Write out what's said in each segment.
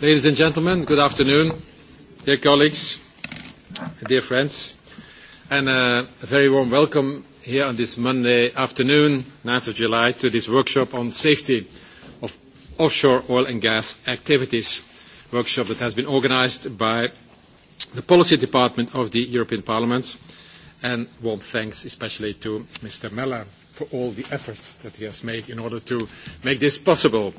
Ladies and gentlemen, good afternoon, dear colleagues, dear friends, and a very warm welcome here on this Monday afternoon, 9th of July, to this workshop on safety of offshore oil and gas activities, workshop that has been organized by the Policy Department of the European Parliament, and warm thanks especially to Mr. Mella for all the efforts that he has made in order to make this possible. Uh,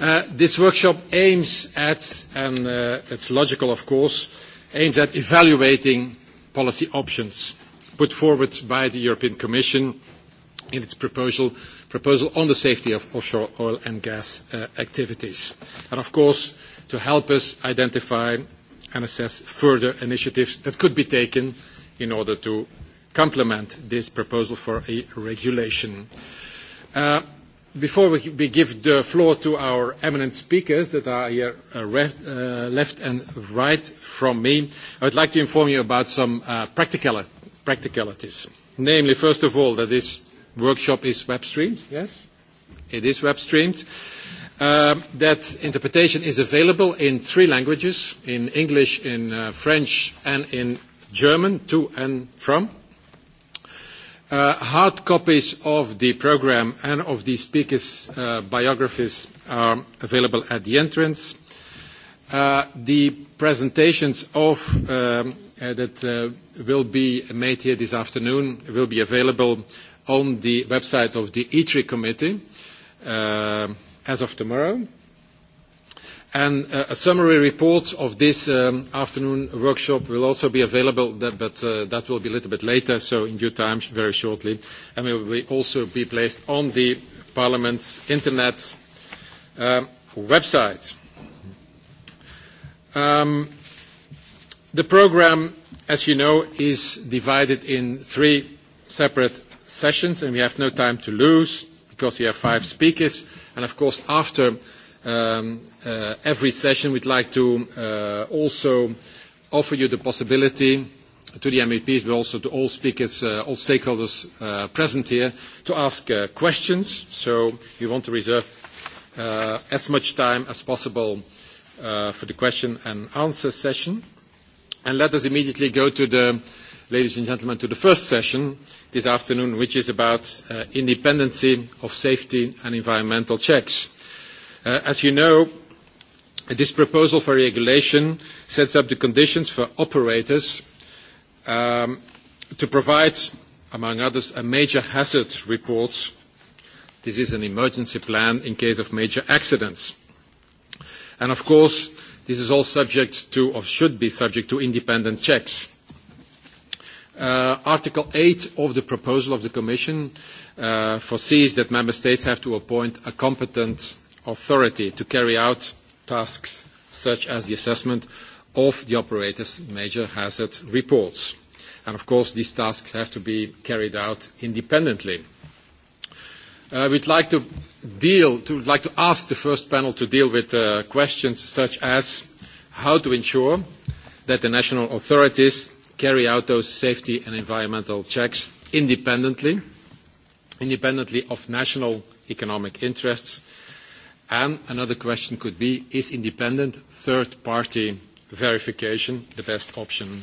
Uh, this workshop aims at, and uh, it's logical of course, aims at evaluating policy options put forward by the European Commission in its proposal, proposal on the safety of offshore oil and gas uh, activities. And of course, to help us identify and assess further initiatives that could be taken in order to complement this proposal for a regulation. Uh, Before we, we give the floor to our eminent speakers that are here uh, re- uh, left and right from me, I would like to inform you about some uh, practical, practicalities. Namely, first of all, that this workshop is web streamed, yes? It is web streamed. Um, uh, that interpretation is available in three languages, in English, in uh, French, and in German, to and from. Uh, hard copies of the program and of the speakers' uh, biographies are available at the entrance. Uh, the presentations of, um, uh, that uh, will be made here this afternoon will be available on the website of the ITRI committee uh, as of tomorrow. And uh, a summary report of this um, afternoon workshop will also be available, that, but uh, that will be a little bit later, so in due time, very shortly. And will be also be placed on the Parliament's internet um, website. Um, the programme, as you know, is divided in three separate sessions, and we have no time to lose because we have five speakers. And of course, after um, uh, every session we'd like to uh, also offer you the possibility to the MEPs but also to all speakers, uh, all stakeholders uh, present here to ask uh, questions. So you want to reserve uh, as much time as possible uh, for the question and answer session. And let us immediately go to the, ladies and gentlemen, to the first session this afternoon, which is about uh, independency of safety and environmental checks. Uh, as you know, this proposal for regulation sets up the conditions for operators um, to provide, among others, a major hazard report. This is an emergency plan in case of major accidents. And of course, this is all subject to, or should be subject to, independent checks. Uh, Article 8 of the proposal of the Commission uh, foresees that Member States have to appoint a competent authority to carry out tasks such as the assessment of the operator's major hazard reports. And of course, these tasks have to be carried out independently. Uh, we'd like to deal, to, we'd like to ask the first panel to deal with uh, questions such as how to ensure that the national authorities carry out those safety and environmental checks independently, independently of national economic interests, And another question could be, is independent third-party verification the best option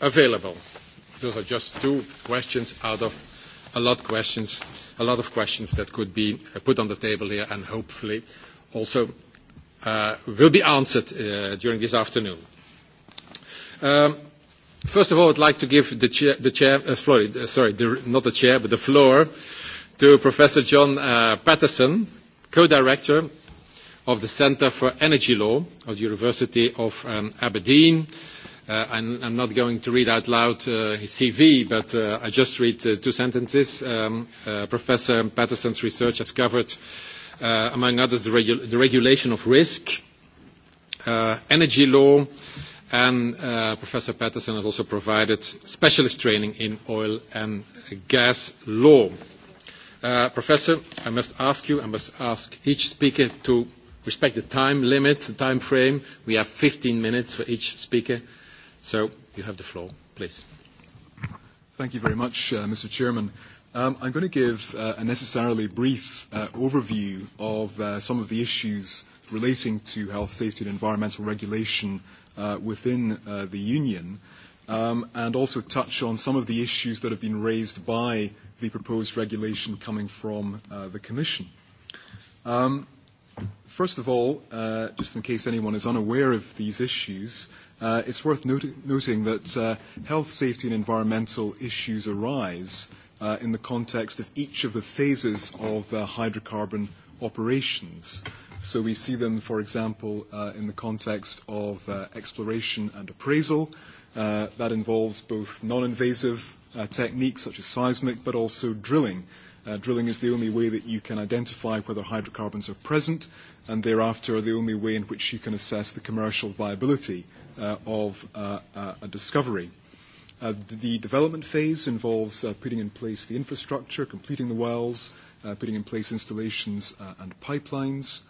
available? Those are just two questions out of a lot, questions, a lot of questions that could be uh, put on the table here and hopefully also uh, will be answered uh, during this afternoon. Um, first of all, I'd like to give the chair, the chair uh, sorry, uh, sorry the, not the chair, but the floor to Professor John uh, Patterson, co-director of the Centre for Energy Law of the University of um, Aberdeen. Uh, I'm, I'm not going to read out loud uh, his CV, but uh, I just read uh, two sentences. Um, uh, Professor Patterson's research has covered, uh, among others, the, regu the regulation of risk, uh, energy law, and uh, Professor Patterson has also provided specialist training in oil and gas law. Uh, professor, I must ask you, I must ask each speaker to respect the time limit, the time frame. We have 15 minutes for each speaker. So you have the floor, please. Thank you very much, uh, Mr. Chairman. Um, I'm going to give uh, a necessarily brief uh, overview of uh, some of the issues relating to health, safety and environmental regulation uh, within uh, the Union um, and also touch on some of the issues that have been raised by the proposed regulation coming from uh, the Commission. Um, First of all, uh, just in case anyone is unaware of these issues, uh, it's worth not noting that uh, health, safety and environmental issues arise uh, in the context of each of the phases of uh, hydrocarbon operations. So we see them, for example, uh, in the context of uh, exploration and appraisal. Uh, that involves both non-invasive uh, techniques such as seismic, but also drilling. Uh, Uh, drilling is the only way that you can identify whether hydrocarbons are present and thereafter the only way in which you can assess the commercial viability uh, of uh, uh, a discovery. Uh, the development phase involves uh, putting in place the infrastructure, completing the wells, uh, putting in place installations uh, and pipelines.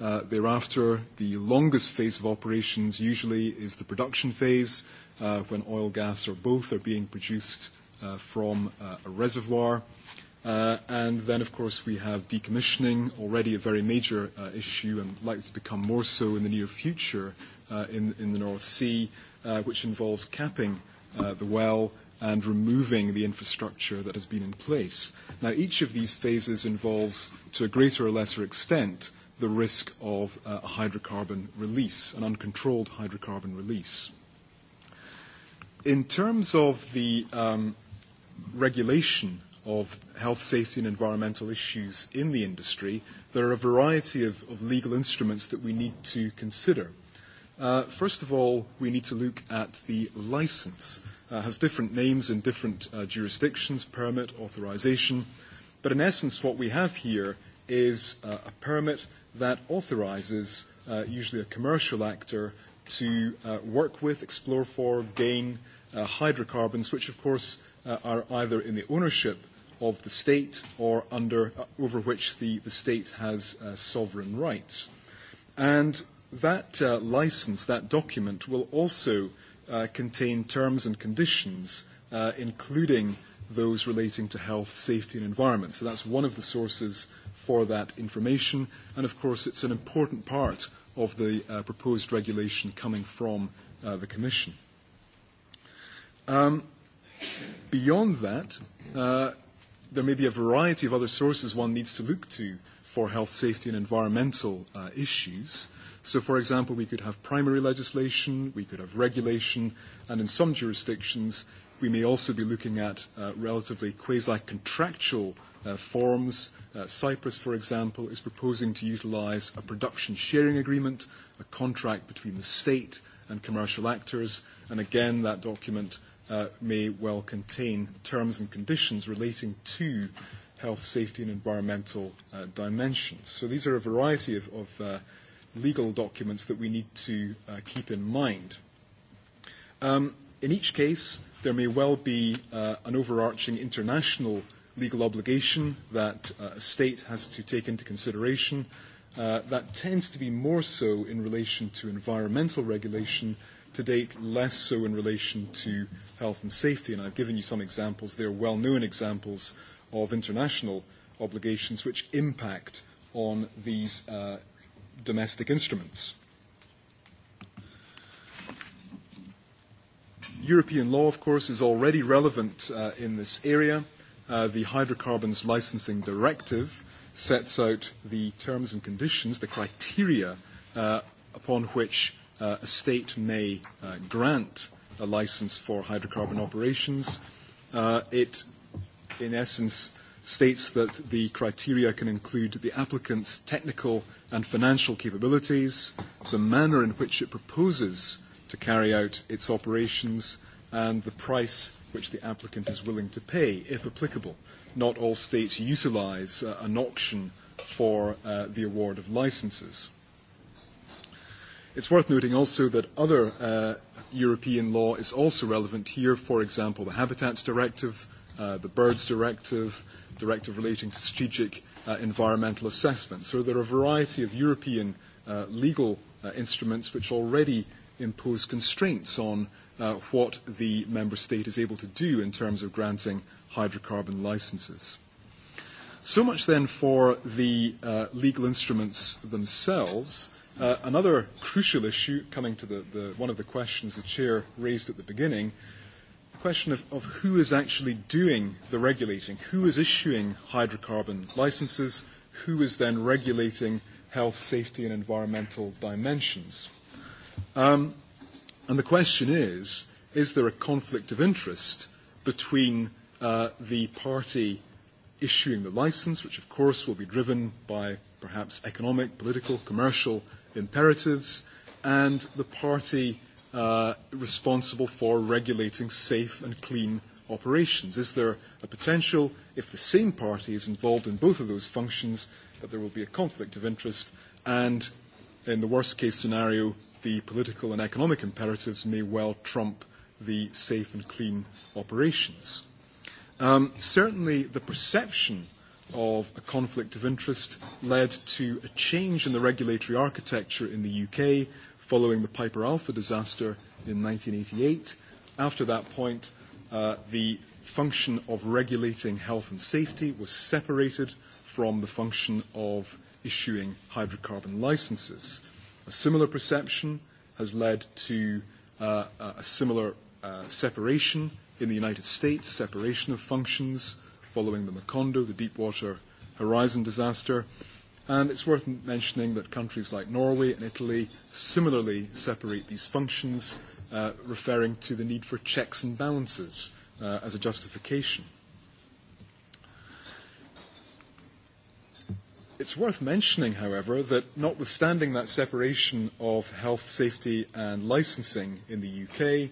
Uh, thereafter, the longest phase of operations usually is the production phase, uh, when oil, gas, or both are being produced uh, from uh, a reservoir. Uh, Uh, and then, of course, we have decommissioning, already a very major uh, issue and likely to become more so in the near future uh, in, in the North Sea, uh, which involves capping uh, the well and removing the infrastructure that has been in place. Now, each of these phases involves, to a greater or lesser extent, the risk of uh, a hydrocarbon release, an uncontrolled hydrocarbon release. In terms of the um, regulation of health, safety and environmental issues in the industry, there are a variety of, of legal instruments that we need to consider. Uh, first of all, we need to look at the license. Uh, has different names in different uh, jurisdictions, permit, authorization. But in essence, what we have here is uh, a permit that authorizes uh, usually a commercial actor to uh, work with, explore for, gain uh, hydrocarbons, which of course uh, are either in the ownership of the state or under, uh, over which the, the state has uh, sovereign rights. And that uh, license, that document, will also uh, contain terms and conditions, uh, including those relating to health, safety and environment. So that's one of the sources for that information. And of course, it's an important part of the uh, proposed regulation coming from uh, the Commission. Um, beyond that, uh, there may be a variety of other sources one needs to look to for health, safety and environmental uh, issues. So, for example, we could have primary legislation, we could have regulation, and in some jurisdictions, we may also be looking at uh, relatively quasi-contractual uh, forms. Uh, Cyprus, for example, is proposing to utilise a production sharing agreement, a contract between the state and commercial actors, and again, that document uh, may well contain terms and conditions relating to health, safety and environmental uh, dimensions. So these are a variety of, of uh, legal documents that we need to uh, keep in mind. Um, in each case, there may well be uh, an overarching international legal obligation that uh, a state has to take into consideration. Uh, that tends to be more so in relation to environmental regulation to date less so in relation to health and safety. And I've given you some examples. They are well-known examples of international obligations which impact on these uh, domestic instruments. European law, of course, is already relevant uh, in this area. Uh, the Hydrocarbons Licensing Directive sets out the terms and conditions, the criteria uh, upon which uh, a state may uh, grant a license for hydrocarbon operations, uh, it in essence states that the criteria can include the applicant's technical and financial capabilities, the manner in which it proposes to carry out its operations, and the price which the applicant is willing to pay, if applicable. Not all states utilise uh, an auction for uh, the award of licences. It's worth noting also that other uh, European law is also relevant here, for example, the Habitats Directive, uh, the Birds Directive, Directive relating to strategic uh, environmental assessment. So there are a variety of European uh, legal uh, instruments which already impose constraints on uh, what the member state is able to do in terms of granting hydrocarbon licenses. So much then for the uh, legal instruments themselves. Uh, another crucial issue, coming to the, the, one of the questions the Chair raised at the beginning, the question of, of who is actually doing the regulating, who is issuing hydrocarbon licenses, who is then regulating health, safety and environmental dimensions. Um, and the question is, is there a conflict of interest between uh, the party issuing the license, which of course will be driven by perhaps economic, political, commercial imperatives and the party uh, responsible for regulating safe and clean operations? Is there a potential, if the same party is involved in both of those functions, that there will be a conflict of interest and, in the worst case scenario, the political and economic imperatives may well trump the safe and clean operations? Um, certainly, the perception of a conflict of interest led to a change in the regulatory architecture in the UK following the Piper Alpha disaster in 1988. After that point, uh, the function of regulating health and safety was separated from the function of issuing hydrocarbon licenses. A similar perception has led to uh, a similar uh, separation in the United States, separation of functions, following the Macondo, the Deepwater Horizon disaster. And it's worth mentioning that countries like Norway and Italy similarly separate these functions, uh, referring to the need for checks and balances uh, as a justification. It's worth mentioning, however, that notwithstanding that separation of health, safety and licensing in the UK,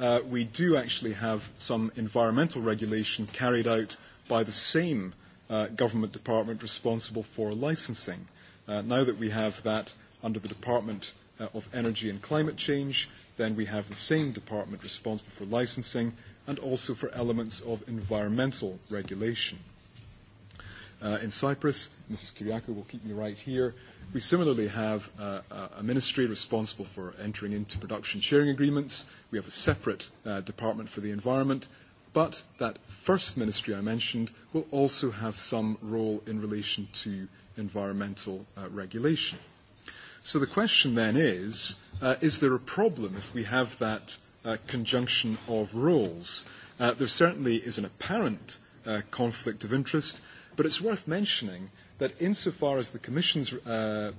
uh, we do actually have some environmental regulation carried out by the same uh, government department responsible for licensing. Uh, now that we have that under the Department uh, of Energy and Climate Change, then we have the same department responsible for licensing and also for elements of environmental regulation. Uh, in Cyprus, Mrs. Kiriakou will keep me right here, we similarly have uh, a ministry responsible for entering into production sharing agreements. We have a separate uh, department for the environment But that first ministry I mentioned will also have some role in relation to environmental uh, regulation. So the question then is, uh, is there a problem if we have that uh, conjunction of roles? Uh, there certainly is an apparent uh, conflict of interest, but it's worth mentioning that insofar as the Commission's uh,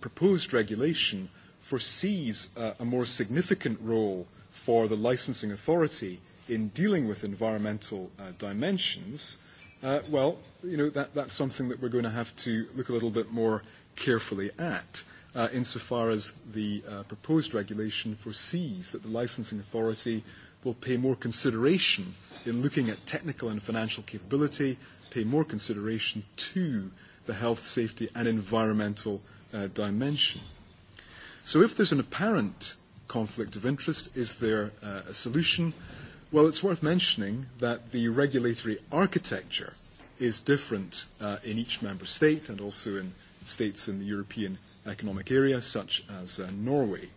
proposed regulation foresees uh, a more significant role for the licensing authority in dealing with environmental uh, dimensions, uh, well, you know, that, that's something that we're going to have to look a little bit more carefully at uh, insofar as the uh, proposed regulation foresees that the licensing authority will pay more consideration in looking at technical and financial capability, pay more consideration to the health, safety and environmental uh, dimension. So if there's an apparent conflict of interest, is there uh, a solution? Well, it's worth mentioning that the regulatory architecture is different uh, in each member state and also in states in the European Economic Area, such as uh, Norway.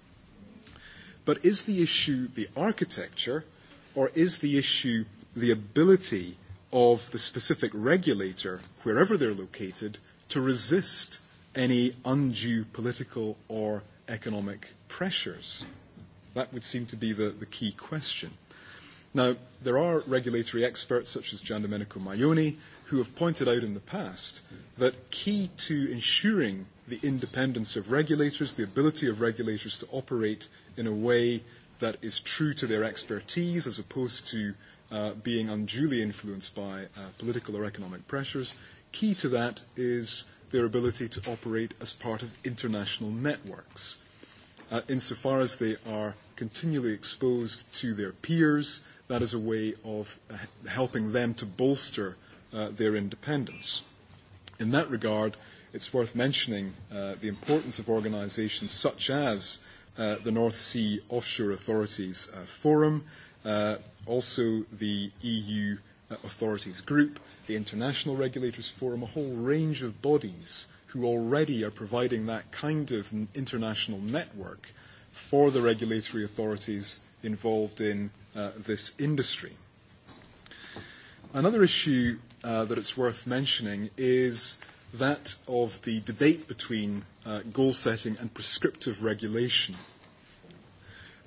But is the issue the architecture, or is the issue the ability of the specific regulator, wherever they're located, to resist any undue political or economic pressures? That would seem to be the, the key question. Now, there are regulatory experts such as Gian Domenico Maioni who have pointed out in the past that key to ensuring the independence of regulators, the ability of regulators to operate in a way that is true to their expertise as opposed to uh, being unduly influenced by uh, political or economic pressures, key to that is their ability to operate as part of international networks. Uh, insofar as they are continually exposed to their peers, that is a way of helping them to bolster uh, their independence. In that regard, it's worth mentioning uh, the importance of organisations such as uh, the North Sea Offshore Authorities uh, Forum, uh, also the EU uh, Authorities Group, the International Regulators Forum, a whole range of bodies who already are providing that kind of international network for the regulatory authorities involved in uh, this industry. Another issue uh, that it's worth mentioning is that of the debate between uh, goal setting and prescriptive regulation.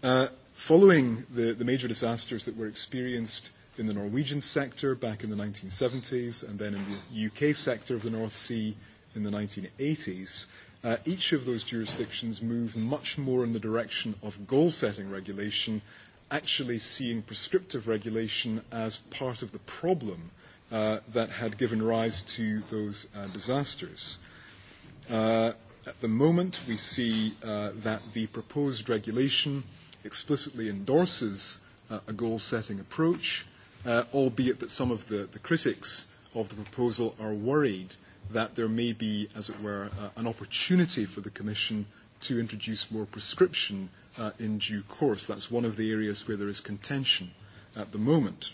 Uh, following the, the major disasters that were experienced in the Norwegian sector back in the 1970s and then in the UK sector of the North Sea in the 1980s, uh, each of those jurisdictions moved much more in the direction of goal setting regulation actually seeing prescriptive regulation as part of the problem uh, that had given rise to those uh, disasters. Uh, at the moment, we see uh, that the proposed regulation explicitly endorses uh, a goal-setting approach, uh, albeit that some of the, the critics of the proposal are worried that there may be, as it were, uh, an opportunity for the Commission to introduce more prescription uh, in due course. That's one of the areas where there is contention at the moment.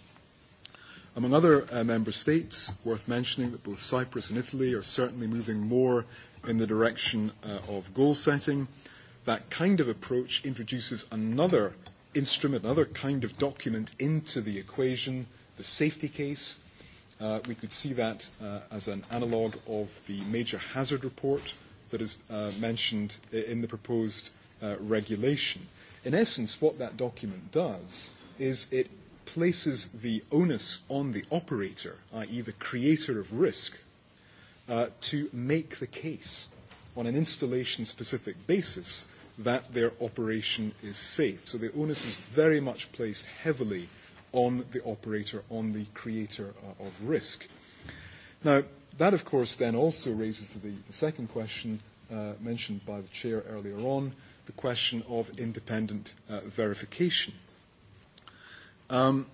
Among other uh, member states, worth mentioning that both Cyprus and Italy are certainly moving more in the direction uh, of goal setting. That kind of approach introduces another instrument, another kind of document into the equation, the safety case. Uh, we could see that uh, as an analogue of the major hazard report that is uh, mentioned in the proposed Uh, regulation. In essence, what that document does is it places the onus on the operator, i.e. the creator of risk, uh, to make the case on an installation-specific basis that their operation is safe. So the onus is very much placed heavily on the operator, on the creator uh, of risk. Now, that of course then also raises the, the second question uh, mentioned by the chair earlier on, the question of independent uh, verification. Um,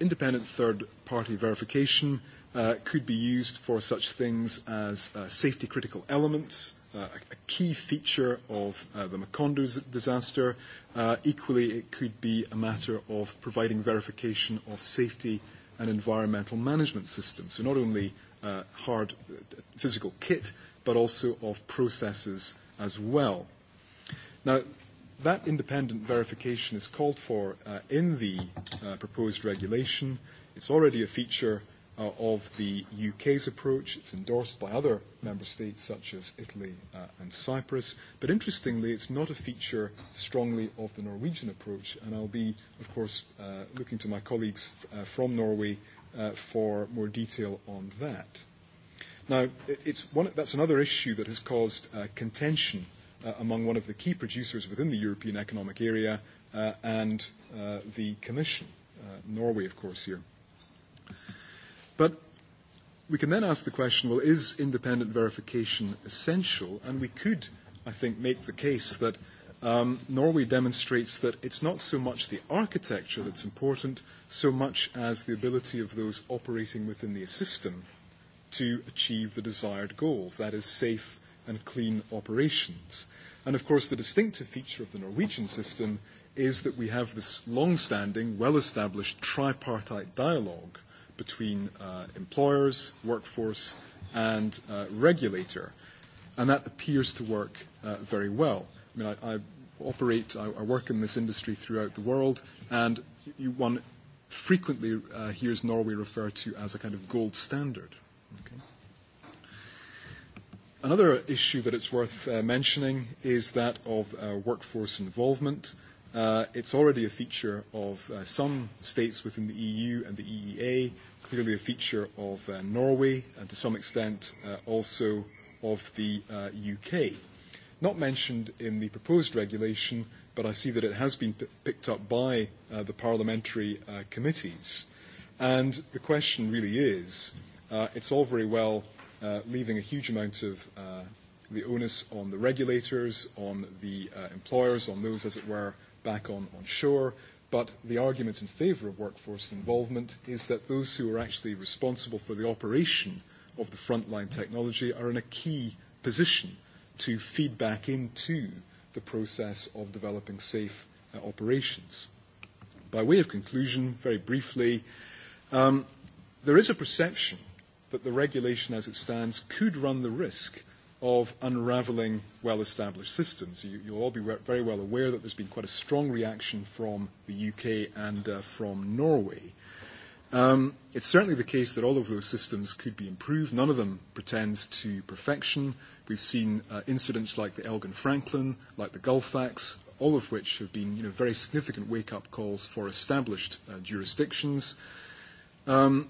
independent third-party verification uh, could be used for such things as uh, safety-critical elements, uh, a key feature of uh, the Macondo disaster. Uh, equally, it could be a matter of providing verification of safety and environmental management systems. So not only uh, hard uh, physical kit, but also of processes as well. Now, that independent verification is called for uh, in the uh, proposed regulation. It's already a feature uh, of the UK's approach. It's endorsed by other member states such as Italy uh, and Cyprus. But interestingly, it's not a feature strongly of the Norwegian approach. And I'll be, of course, uh, looking to my colleagues uh, from Norway uh, for more detail on that. Now, it's one, that's another issue that has caused uh, contention uh, among one of the key producers within the European Economic Area uh, and uh, the Commission, uh, Norway, of course, here. But we can then ask the question, well, is independent verification essential? And we could, I think, make the case that um, Norway demonstrates that it's not so much the architecture that's important, so much as the ability of those operating within the system to achieve the desired goals, that is, safe and clean operations. And of course, the distinctive feature of the Norwegian system is that we have this long-standing, well-established tripartite dialogue between uh, employers, workforce, and uh, regulator. And that appears to work uh, very well. I mean, I, I operate, I, I work in this industry throughout the world, and you, one frequently uh, hears Norway referred to as a kind of gold standard. Okay? Another issue that it's worth uh, mentioning is that of uh, workforce involvement. Uh, it's already a feature of uh, some states within the EU and the EEA, clearly a feature of uh, Norway, and to some extent uh, also of the uh, UK. Not mentioned in the proposed regulation, but I see that it has been p picked up by uh, the parliamentary uh, committees. And the question really is, uh, it's all very well uh, leaving a huge amount of uh, the onus on the regulators, on the uh, employers, on those, as it were, back on, on shore. But the argument in favour of workforce involvement is that those who are actually responsible for the operation of the frontline technology are in a key position to feed back into the process of developing safe uh, operations. By way of conclusion, very briefly, um, there is a perception that the regulation as it stands could run the risk of unravelling well-established systems. You, you'll all be very well aware that there's been quite a strong reaction from the UK and uh, from Norway. Um, it's certainly the case that all of those systems could be improved. None of them pretends to perfection. We've seen uh, incidents like the Elgin Franklin, like the Gulfax, all of which have been you know, very significant wake-up calls for established uh, jurisdictions. Um,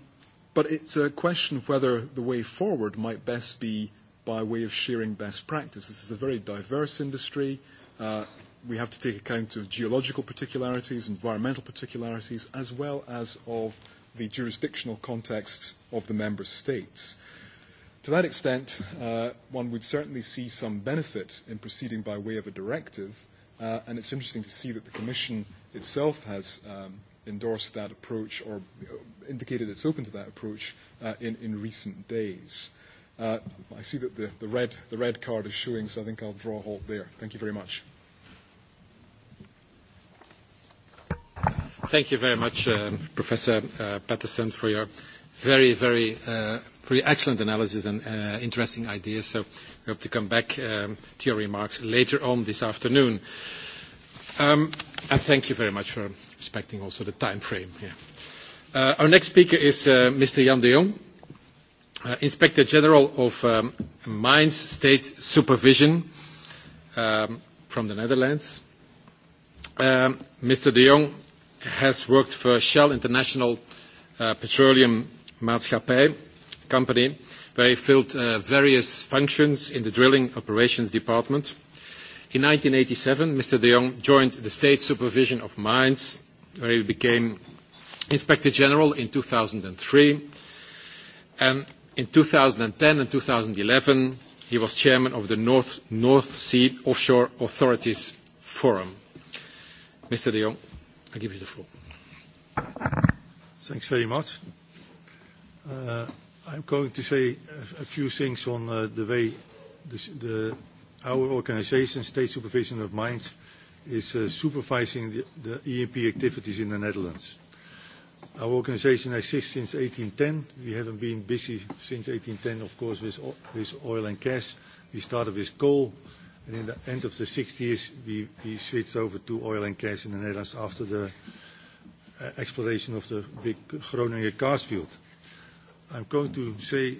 But it's a question whether the way forward might best be by way of sharing best practice. This is a very diverse industry. Uh, we have to take account of geological particularities, environmental particularities, as well as of the jurisdictional contexts of the member states. To that extent, uh, one would certainly see some benefit in proceeding by way of a directive, uh, and it's interesting to see that the Commission itself has um, endorsed that approach or uh, indicated it's open to that approach uh, in, in recent days. Uh, I see that the, the, red, the red card is showing, so I think I'll draw a halt there. Thank you very much. Thank you very much, uh, Professor uh, Patterson, for your very, very, uh, very excellent analysis and uh, interesting ideas. So we hope to come back um, to your remarks later on this afternoon. Uh, Um, and thank you very much for respecting also the time frame here. Uh, our next speaker is uh, Mr. Jan de Jong, uh, Inspector General of um, Mines State Supervision um, from the Netherlands. Um, Mr. de Jong has worked for Shell International uh, Petroleum Maatschappij Company, where he filled uh, various functions in the drilling operations department. In 1987, Mr. de Jong joined the state supervision of mines, where he became Inspector General in 2003. And in 2010 and 2011, he was chairman of the North, North Sea Offshore Authorities Forum. Mr. de Jong, I give you the floor. Thanks very much. Uh, I'm going to say a, a few things on uh, the way the, the our organization, State Supervision of Mines, is uh, supervising the, the EMP activities in the Netherlands. Our organization exists since 1810. We haven't been busy since 1810, of course, with, with oil and gas. We started with coal, and in the end of the 60s, we, we switched over to oil and gas in the Netherlands after the uh, exploration of the big Groningen gas field. I'm going to say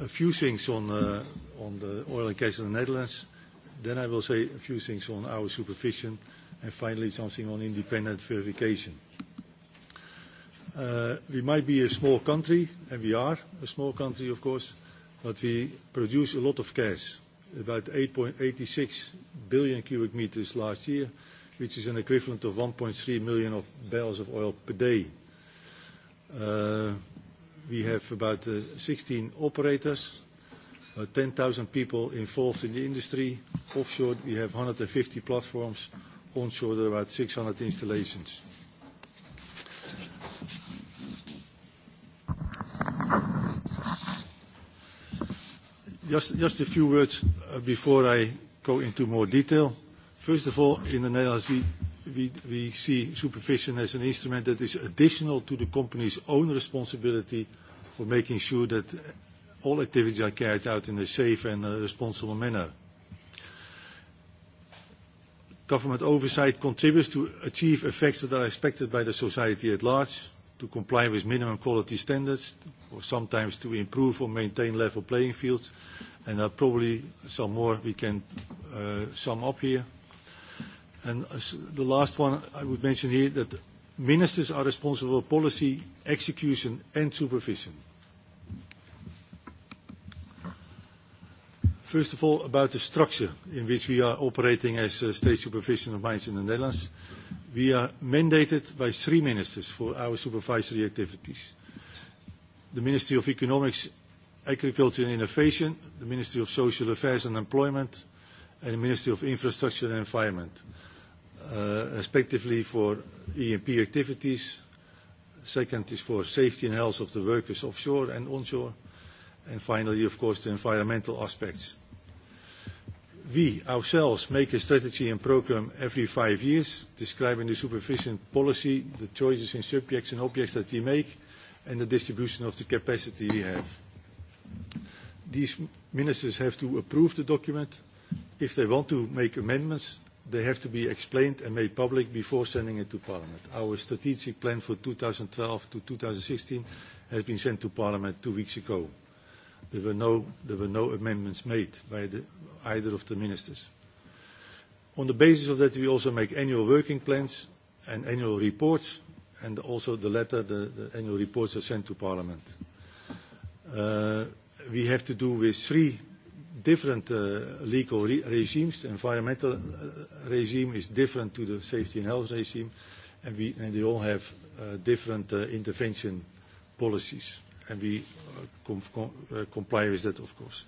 a few things on uh, on the oil and gas in the Netherlands. Then I will say a few things on our supervision and finally something on independent verification. Uh, we might be a small country, and we are a small country, of course, but we produce a lot of gas, about 8.86 billion cubic meters last year, which is an equivalent of 1.3 million of barrels of oil per day. Uh, we have about uh, 16 operators, 10,000 uh, people involved in the industry. Offshore, we have 150 platforms. Onshore, there are about 600 installations. Just, a few words uh, before I go into more detail. First of all, in the Netherlands, we, we, we see supervision as an instrument that is additional to the company's own responsibility for making sure that all activities are carried out in a safe and uh, responsible manner. Government oversight contributes to achieve effects that are expected by the society at large, to comply with minimum quality standards, or sometimes to improve or maintain level playing fields, and there are probably some more we can uh, sum up here. And uh, the last one I would mention here that ministers are responsible for policy execution and supervision. First of all, about the structure in which we are operating as uh, State Supervision of Mines in the Netherlands. We are mandated by three ministers for our supervisory activities. The Ministry of Economics, Agriculture and Innovation, the Ministry of Social Affairs and Employment, and the Ministry of Infrastructure and Environment, uh, respectively for EMP activities. Second is for safety and health of the workers offshore and onshore. And finally, of course, the environmental aspects we ourselves make a strategy and program every five years, describing the supervision policy, the choices in subjects and objects that we make, and the distribution of the capacity we have. These ministers have to approve the document. If they want to make amendments, they have to be explained and made public before sending it to Parliament. Our strategic plan for 2012 to 2016 has been sent to Parliament two weeks ago. There were no, there were no amendments made by the, either of the ministers. On the basis of that, we also make annual working plans and annual reports, and also the letter, the, the annual reports are sent to Parliament. Uh, we have to do with three different uh, legal re regimes. The environmental uh, regime is different to the safety and health regime, and, we, and they all have uh, different uh, intervention policies and we uh, uh, comply with that, of course.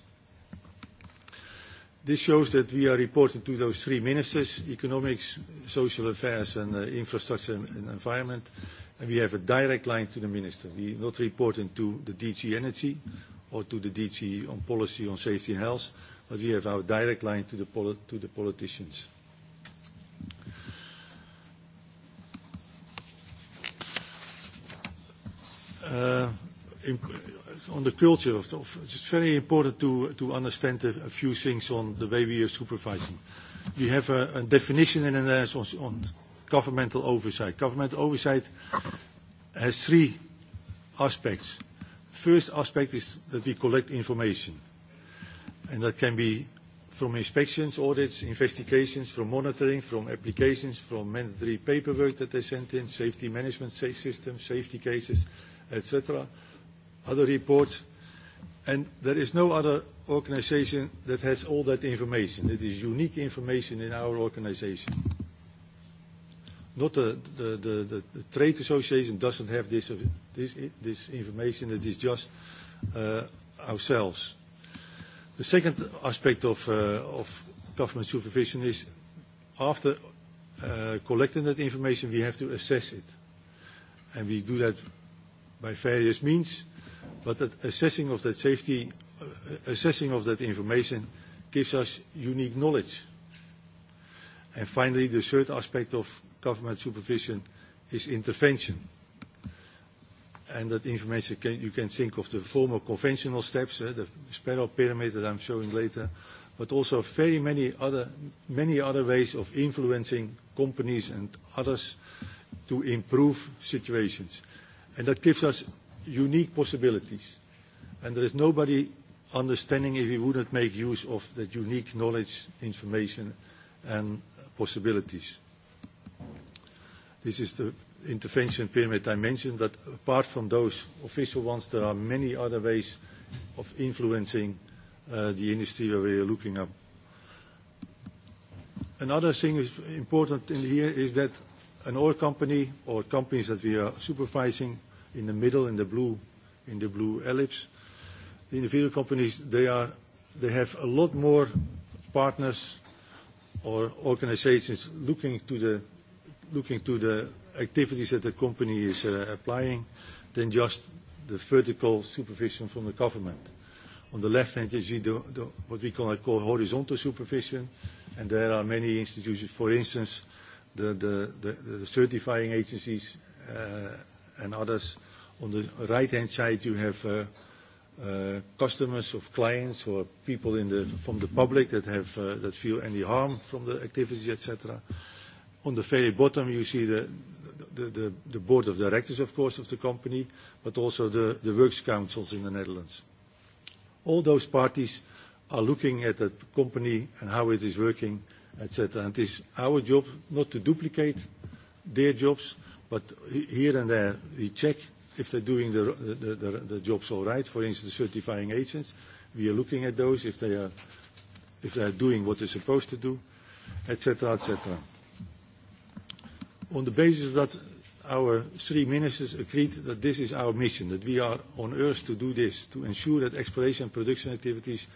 This shows that we are reporting to those three ministers, economics, social affairs, and uh, infrastructure and, environment, and we have a direct line to the minister. We are not reporting to the DG Energy or to the DG on policy on safety and health, but we have our direct line to the, politicians. Uh, on the culture of, of it's very important to, to understand a, a few things on the way we are supervising. We have a, a definition in the on, on governmental oversight. Governmental oversight has three aspects. First aspect is that we collect information, and that can be from inspections, audits, investigations, from monitoring, from applications, from mandatory paperwork that they sent in, safety management systems, safety cases, etc other reports, and there is no other organization that has all that information. It is unique information in our organization. Not the, the, the, the, the trade association doesn't have this, this, this information, it is just uh, ourselves. The second aspect of, uh, of government supervision is after uh, collecting that information, we have to assess it. And we do that by various means. But that assessing of that safety, uh, assessing of that information gives us unique knowledge. And finally, the third aspect of government supervision is intervention. And that information, can, you can think of the former conventional steps, uh, the spiral pyramid that I'm showing later, but also very many other, many other ways of influencing companies and others to improve situations. And that gives us unique possibilities. And there is nobody understanding if we wouldn't make use of that unique knowledge, information and possibilities. This is the intervention pyramid I mentioned, but apart from those official ones, there are many other ways of influencing uh, the industry where we are looking at. Another thing is important in here is that an oil company or companies that we are supervising in the middle, in the blue, in the blue ellipse. The individual companies, they, are, they have a lot more partners or organizations looking to the, looking to the activities that the company is uh, applying than just the vertical supervision from the government. On the left hand, you see the, the, what we call, call horizontal supervision, and there are many institutions, for instance, the, the, the, the certifying agencies uh, and others On the right-hand side, you have uh, uh, customers of clients or people in the, from the public that, have, uh, that feel any harm from the activities, etc. On the very bottom, you see the, the, the, the board of directors, of course, of the company, but also the, the works councils in the Netherlands. All those parties are looking at the company and how it is working, etc. And it is our job not to duplicate their jobs, but here and there we check if they're doing the, the, the, the jobs all right. For instance, certifying agents, we are looking at those if they are, if they are doing what they're supposed to do, etc., etc. On the basis of that, our three ministers agreed that this is our mission, that we are on earth to do this, to ensure that exploration and production activities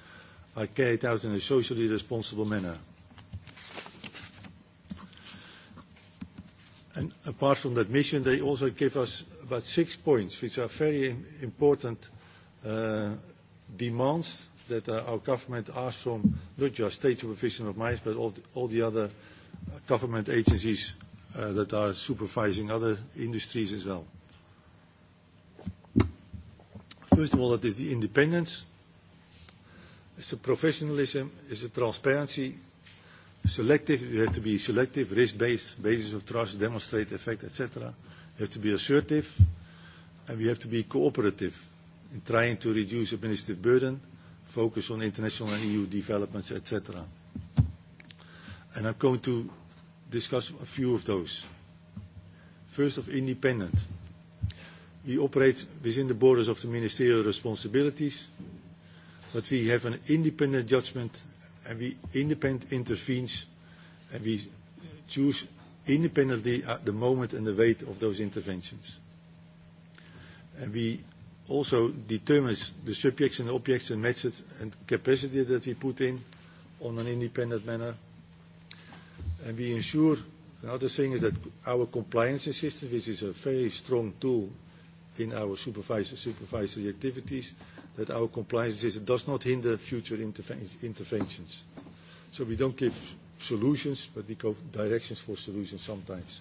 are carried out in a socially responsible manner. And apart from that mission, they also give us but six points which are very important uh, demands that uh, our government asks from not just State Supervision of Mines but all the, all the other uh, government agencies uh, that are supervising other industries as well. First of all, that is the independence, it's the professionalism, it's the transparency, selective, you have to be selective, risk-based, basis of trust, demonstrate effect, etc. We have to be assertive and we have to be cooperative in trying to reduce administrative burden, focus on international and EU developments, etc. And I'm going to discuss a few of those. First of independent. We operate within the borders of the ministerial responsibilities, but we have an independent judgment and we independent intervenes and we choose independently at the moment and the weight of those interventions. And we also determine the subjects and objects and methods and capacity that we put in on an independent manner. And we ensure, another thing is that our compliance system, which is a very strong tool in our supervisor, supervisory activities, that our compliance system does not hinder future interven interventions. So we don't give solutions, but we go directions for solutions sometimes.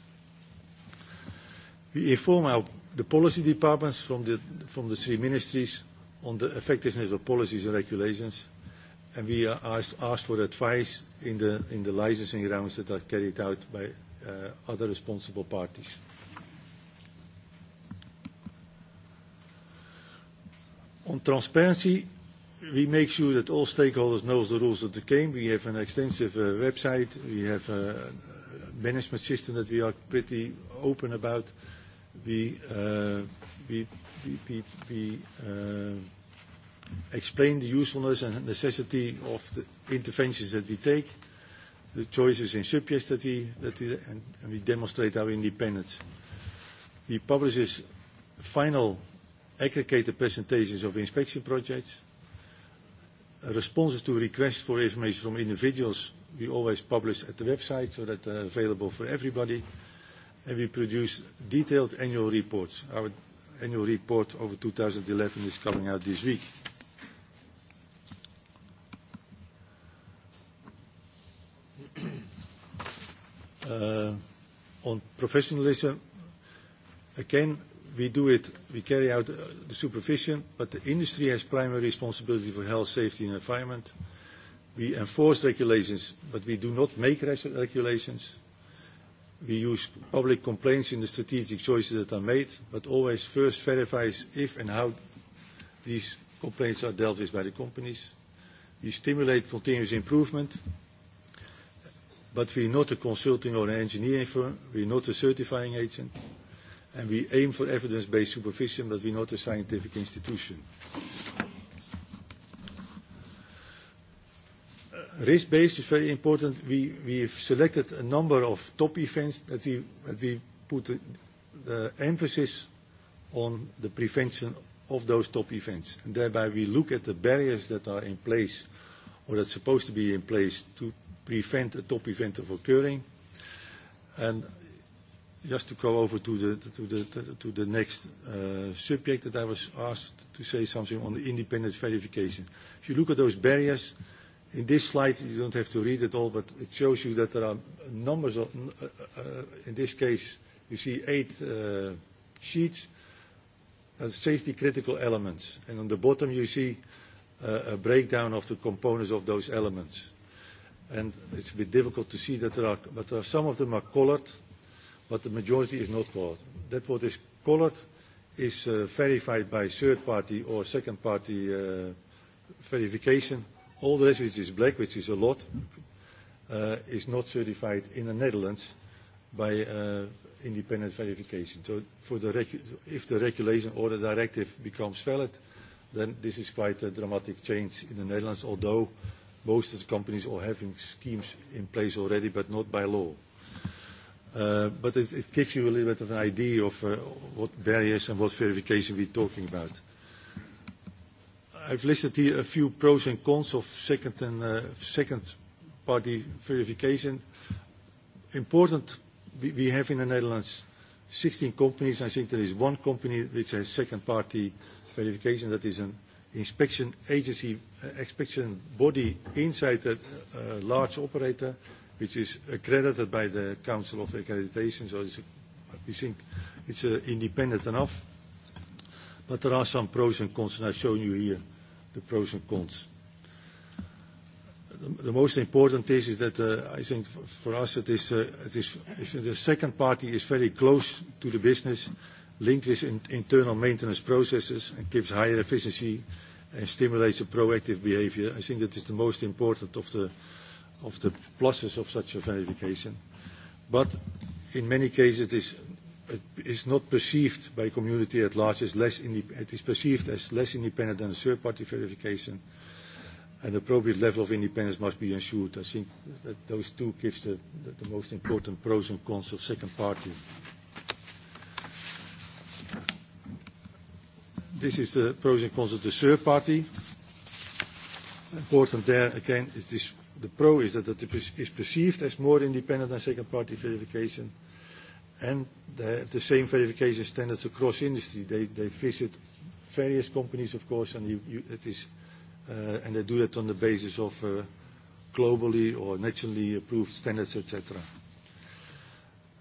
We inform our, the policy departments from the, from the three ministries on the effectiveness of policies and regulations, and we are asked, asked for advice in the, in the licensing rounds that are carried out by uh, other responsible parties. On transparency, we make sure that all stakeholders know the rules of the game. We have an extensive uh, website. We have a management system that we are pretty open about. We, uh, we, we, we, we uh, explain the usefulness and necessity of the interventions that we take, the choices and subjects that we, that we and, and we demonstrate our independence. We publish final aggregated presentations of inspection projects responses to requests for information from individuals we always publish at the website so that they're uh, available for everybody. And we produce detailed annual reports. Our annual report over 2011 is coming out this week. uh, on professionalism, again, we do it, we carry out uh, the supervision, but the industry has primary responsibility for health, safety and environment. We enforce regulations, but we do not make regulations. We use public complaints in the strategic choices that are made, but always first verifies if and how these complaints are dealt with by the companies. We stimulate continuous improvement, but we're not a consulting or an engineering firm. We're not a certifying agent and we aim for evidence-based supervision, but we're not a scientific institution. Uh, Risk-based is very important. We, we have selected a number of top events that we, that we put the emphasis on the prevention of those top events. And thereby we look at the barriers that are in place or that's supposed to be in place to prevent a top event of occurring. And just to go over to the, to the, to the next uh, subject that I was asked to say something on the independent verification. If you look at those barriers, in this slide you don't have to read it all, but it shows you that there are numbers of, uh, uh, in this case, you see eight uh, sheets as uh, safety critical elements. And on the bottom you see uh, a breakdown of the components of those elements. And it's a bit difficult to see that there are, but there are, some of them are colored but the majority is not colored. That what is colored is uh, verified by third party or second party uh, verification. All the rest which is black, which is a lot, uh, is not certified in the Netherlands by uh, independent verification. So for the if the regulation or the directive becomes valid, then this is quite a dramatic change in the Netherlands, although most of the companies are having schemes in place already, but not by law. Uh, but it, it gives you a little bit of an idea of uh, what barriers and what verification we're talking about. I've listed here a few pros and cons of second and uh, second party verification. Important, we, we have in the Netherlands 16 companies. I think there is one company which has second party verification that is an inspection agency, uh, inspection body inside a uh, large operator which is accredited by the Council of Accreditation, so it's, we think it's uh, independent enough. But there are some pros and cons, and I've shown you here the pros and cons. The, the most important is, is that uh, I think for us it is, uh, it is if the second party is very close to the business, linked with in, internal maintenance processes, and gives higher efficiency and stimulates a proactive behavior. I think that is the most important of the of the pluses of such a verification. But in many cases it is, it is not perceived by community at large as less, it is perceived as less independent than a third party verification. and the appropriate level of independence must be ensured. I think that those two gives the, the, the most important pros and cons of second party. This is the pros and cons of the third party. Important there again is this the pro is that it is perceived as more independent than second party verification and they have the same verification standards across industry. They, they visit various companies, of course, and, you, you, it is, uh, and they do that on the basis of uh, globally or nationally approved standards, etc.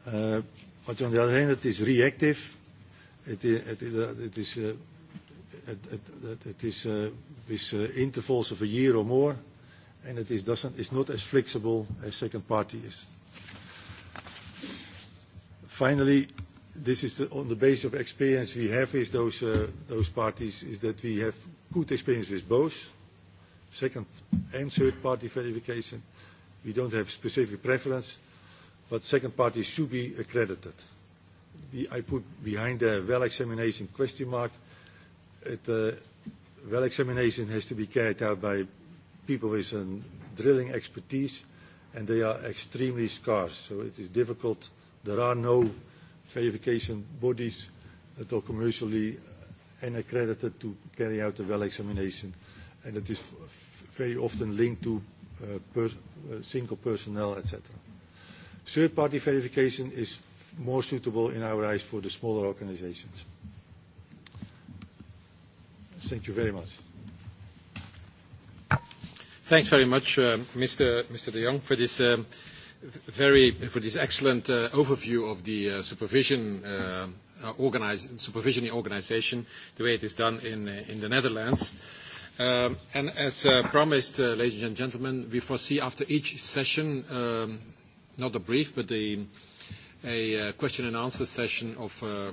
Uh, but on the other hand, it is reactive. It is, uh, it is, uh, it is, uh, it is uh, with uh, intervals of a year or more and it is, doesn't, is not as flexible as second party is. Finally, this is the, on the basis of experience we have with those, uh, those parties, is that we have good experience with both, second and third party verification. We don't have specific preference, but second parties should be accredited. We, I put behind the well examination question mark. It, uh, well examination has to be carried out by people with a drilling expertise, and they are extremely scarce. So it is difficult. There are no verification bodies that are commercially uh, and accredited to carry out the well examination, and it is very often linked to uh, per, uh, single personnel, etc. Third-party verification is more suitable in our eyes for the smaller organizations. Thank you very much. Thanks very much, uh, Mr. Mr. de Jong, for this, um, very, for this excellent uh, overview of the uh, supervision, uh, uh organize, supervision organization, the way it is done in, uh, in the Netherlands. Um, and as uh, promised, uh, ladies and gentlemen, we foresee after each session, um, not a brief, but the a uh, question and answer session of uh,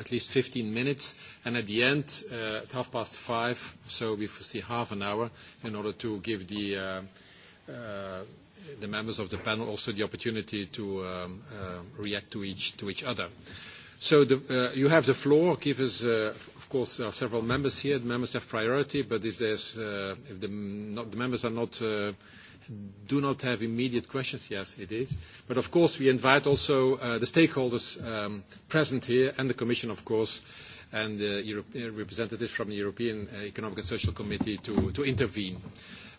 at least 15 minutes, and at the end, uh, at half past five, so we foresee half an hour, in order to give the, uh, uh, the members of the panel also the opportunity to um, uh, react to each, to each other. So the, uh, you have the floor. Give us, uh, of course, there are several members here. The members have priority, but if, there's, uh, if the, not, the members are not uh, do not have immediate questions. Yes, it is. But of course, we invite also uh, the stakeholders um, present here and the Commission, of course, and the Euro uh, representatives from the European uh, Economic and Social Committee to, to intervene.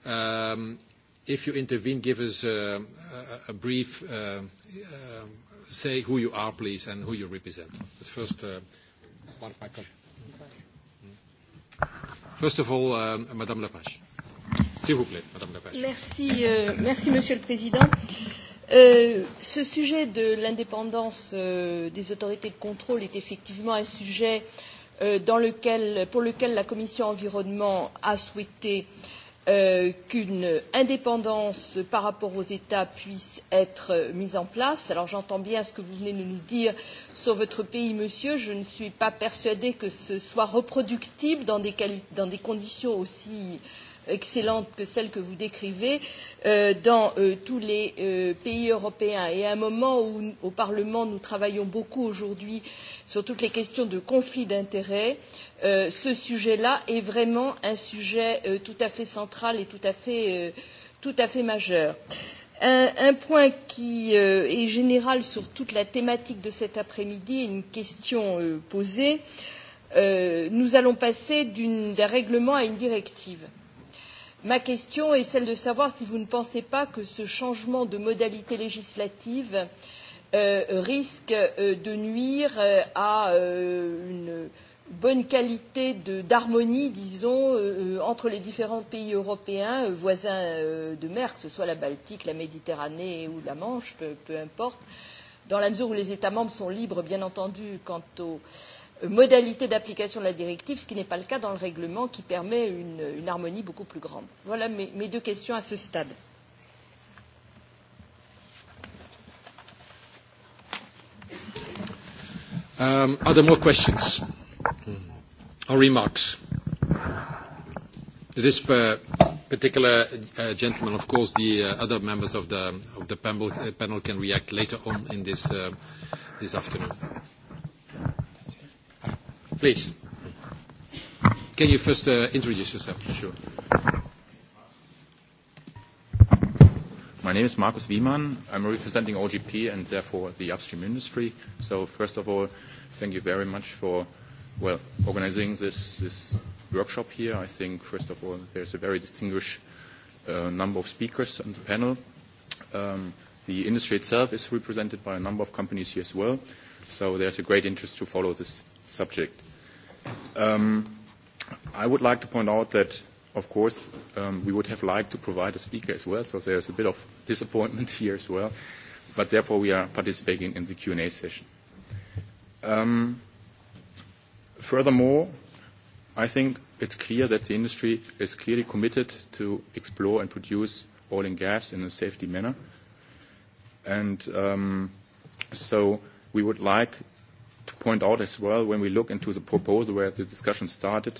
Um, if you intervene, give us uh, a, a brief, uh, uh, say who you are, please, and who you represent. But first, uh, one of my First of all, uh, Madame Lepage. S'il vous plaît, Madame Lepage. Merci, euh, merci Monsieur le Président. Euh, ce sujet de l'indépendance euh, des autorités de contrôle est effectivement un sujet euh, dans lequel, pour lequel la Commission environnement a souhaité euh, qu'une indépendance par rapport aux États puisse être euh, mise en place. Alors j'entends bien ce que vous venez de nous dire sur votre pays, monsieur. Je ne suis pas persuadée que ce soit reproductible dans des, dans des conditions aussi euh, excellente que celle que vous décrivez euh, dans euh, tous les euh, pays européens. Et à un moment où, au Parlement, nous travaillons beaucoup aujourd'hui sur toutes les questions de conflits d'intérêts, euh, ce sujet-là est vraiment un sujet euh, tout à fait central et tout à fait, euh, tout à fait majeur. Un, un point qui euh, est général sur toute la thématique de cet après-midi, une question euh, posée, euh, nous allons passer d'un règlement à une directive. Euh, Ma question est celle de savoir si vous ne pensez pas que ce changement de modalité législative euh, risque euh, de nuire euh, à euh, une bonne qualité d'harmonie, disons, euh, euh, entre les différents pays européens, euh, voisins euh, de mer, que ce soit la Baltique, la Méditerranée ou la Manche, peu, peu importe, dans la mesure où les États membres sont libres, bien entendu, quant aux modalités d'application de la directive, ce qui n'est pas le cas dans le règlement qui permet une, une harmonie beaucoup plus grande. Voilà mes, mes deux questions à ce stade. Um, are there more questions or remarks? This particular uh, gentleman, of course, the uh, other members of the, of the panel, uh, panel can react later on in this, uh, this afternoon. Please. Can you first uh, introduce yourself? Sure. My name is Markus Wiemann. I'm representing OGP and therefore the upstream industry. So first of all, thank you very much for, well, organizing this, this workshop here. I think, first of all, there's a very distinguished uh, number of speakers on the panel. Um, the industry itself is represented by a number of companies here as well. So there's a great interest to follow this subject. Um, I would like to point out that, of course, um, we would have liked to provide a speaker as well, so there's a bit of disappointment here as well, but therefore we are participating in the Q&A session. Um, furthermore, I think it's clear that the industry is clearly committed to explore and produce oil and gas in a safety manner. And um, so we would like to point out as well, when we look into the proposal where the discussion started,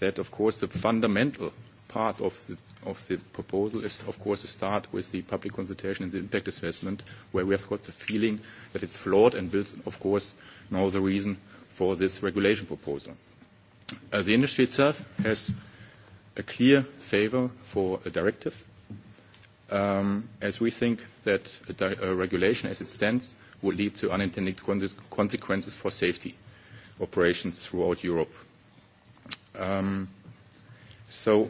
that of course the fundamental part of the, of the proposal is of course to start with the public consultation and the impact assessment where we have got the feeling that it's flawed and builds of course now the reason for this regulation proposal. Uh, the industry itself has a clear favor for a directive um, as we think that a, di a regulation as it stands would lead to unintended consequences for safety operations throughout Europe. Um, so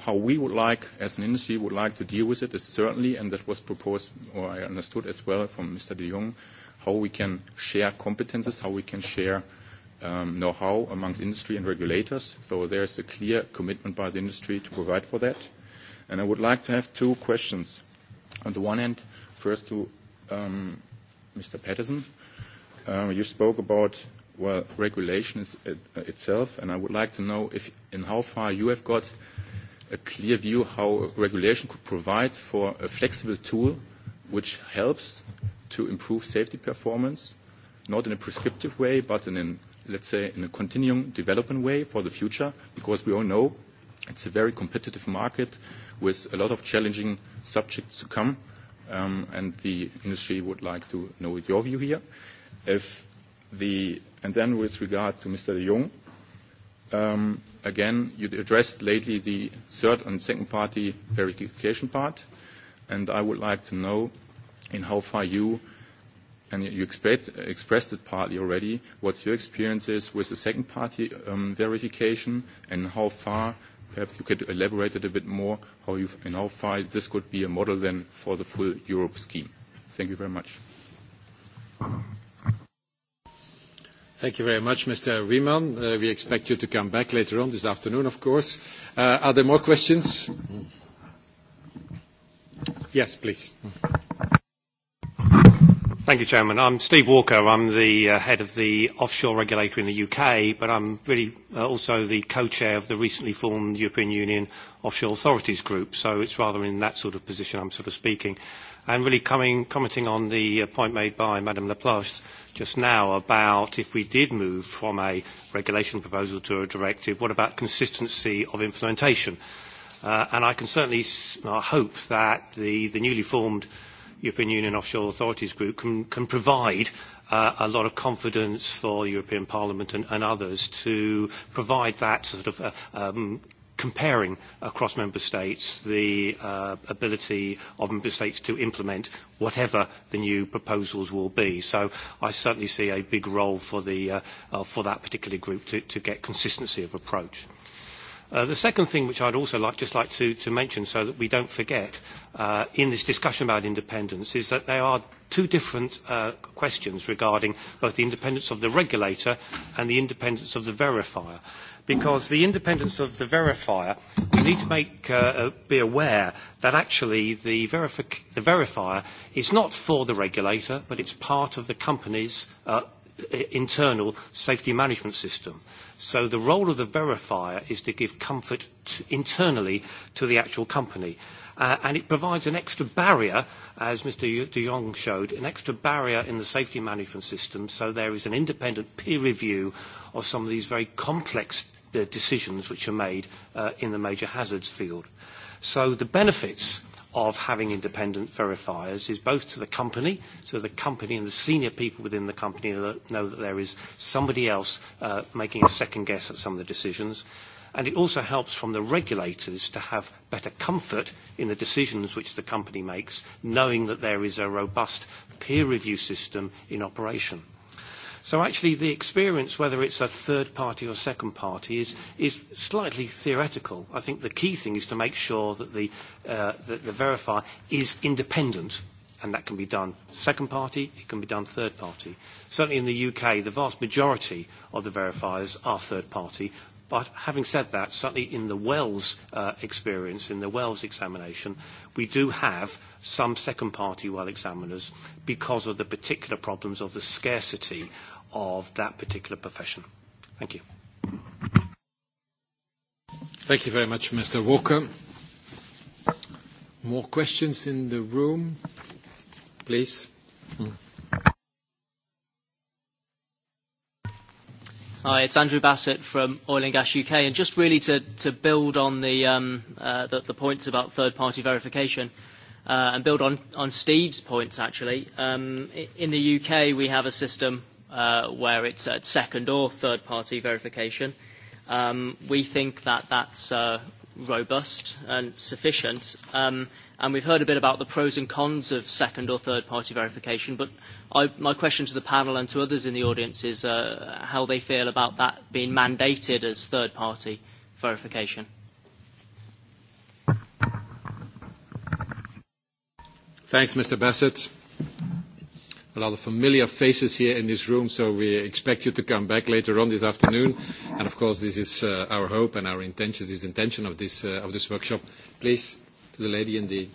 how we would like, as an industry, would like to deal with it is certainly, and that was proposed, or I understood as well from Mr. de Jong, how we can share competences, how we can share um, know-how amongst industry and regulators. So there is a clear commitment by the industry to provide for that. And I would like to have two questions. On the one hand, first to um, Mr. Patterson. Um, you spoke about, well, regulation it, uh, itself, and I would like to know if in how far you have got a clear view how regulation could provide for a flexible tool which helps to improve safety performance, not in a prescriptive way, but in in let's say, in a continuing development way for the future, because we all know it's a very competitive market with a lot of challenging subjects to come um, and the industry would like to know your view here. If the, and then with regard to Mr. de Jong, um, again, you addressed lately the third and second party verification part, and I would like to know in how far you, and you expect, expressed it partly already, what your experience is with the second party um, verification and how far Perhaps you could elaborate it a bit more, how you, in how far this could be a model then for the full Europe scheme. Thank you very much. Thank you very much, Mr. Riemann. Uh, we expect you to come back later on this afternoon, of course. Uh, are there more questions? Mm. Yes, please. Mm. Thank you, Chairman. I'm Steve Walker. I'm the uh, head of the offshore regulator in the UK, but I'm really uh, also the co-chair of the recently formed European Union Offshore Authorities Group. So it's rather in that sort of position I'm sort of speaking. And really coming, commenting on the uh, point made by Madame Laplace just now about if we did move from a regulation proposal to a directive, what about consistency of implementation? Uh, and I can certainly s- uh, hope that the, the newly formed European Union Offshore Authorities Group can, can provide uh, a lot of confidence for European Parliament and, and others to provide that sort of uh, um, comparing across member states the uh, ability of member states to implement whatever the new proposals will be. So I certainly see a big role for, the, uh, uh, for that particular group to, to get consistency of approach. Uh, the second thing which I'd also like, just like to, to mention so that we don't forget uh, in this discussion about independence is that there are two different uh, questions regarding both the independence of the regulator and the independence of the verifier. Because the independence of the verifier, we need to make, uh, uh be aware that actually the, verifi the verifier is not for the regulator, but it's part of the company's uh, Uh, internal safety management system. So the role of the verifier is to give comfort to, internally to the actual company. Uh, and it provides an extra barrier, as Mr. de Jong showed, an extra barrier in the safety management system, so there is an independent peer review of some of these very complex uh, decisions which are made uh, in the major hazards field. So the benefits of having independent verifiers is both to the company, so the company and the senior people within the company know that there is somebody else uh, making a second guess at some of the decisions. And it also helps from the regulators to have better comfort in the decisions which the company makes, knowing that there is a robust peer review system in operation. So actually the experience, whether it's a third party or second party, is, is slightly theoretical. I think the key thing is to make sure that the, uh, that the verifier is independent and that can be done second party, it can be done third party. Certainly in the UK, the vast majority of the verifiers are third party, But having said that, certainly in the Wells uh, experience, in the Wells examination, we do have some second-party well examiners because of the particular problems of the scarcity of that particular profession. Thank you. Thank you very much, Mr. Walker. More questions in the room, please? Hmm. Hi, it's Andrew Bassett from Oil and Gas UK, and just really to, to build on the, um, uh, the, the points about third-party verification uh, and build on, on Steve's points, actually. Um, in the UK, we have a system uh, where it's at second or third party verification. Um, we think that that's uh, robust and sufficient. Um, and we've heard a bit about the pros and cons of second or third party verification, but I, my question to the panel and to others in the audience is uh, how they feel about that being mandated as third party verification. Thanks, Mr. Bassett a lot of familiar faces here in this room, so we expect you to come back later on this afternoon. And of course, this is uh, our hope and our intention, this is the intention of this, uh, of this workshop. Please, to the lady in the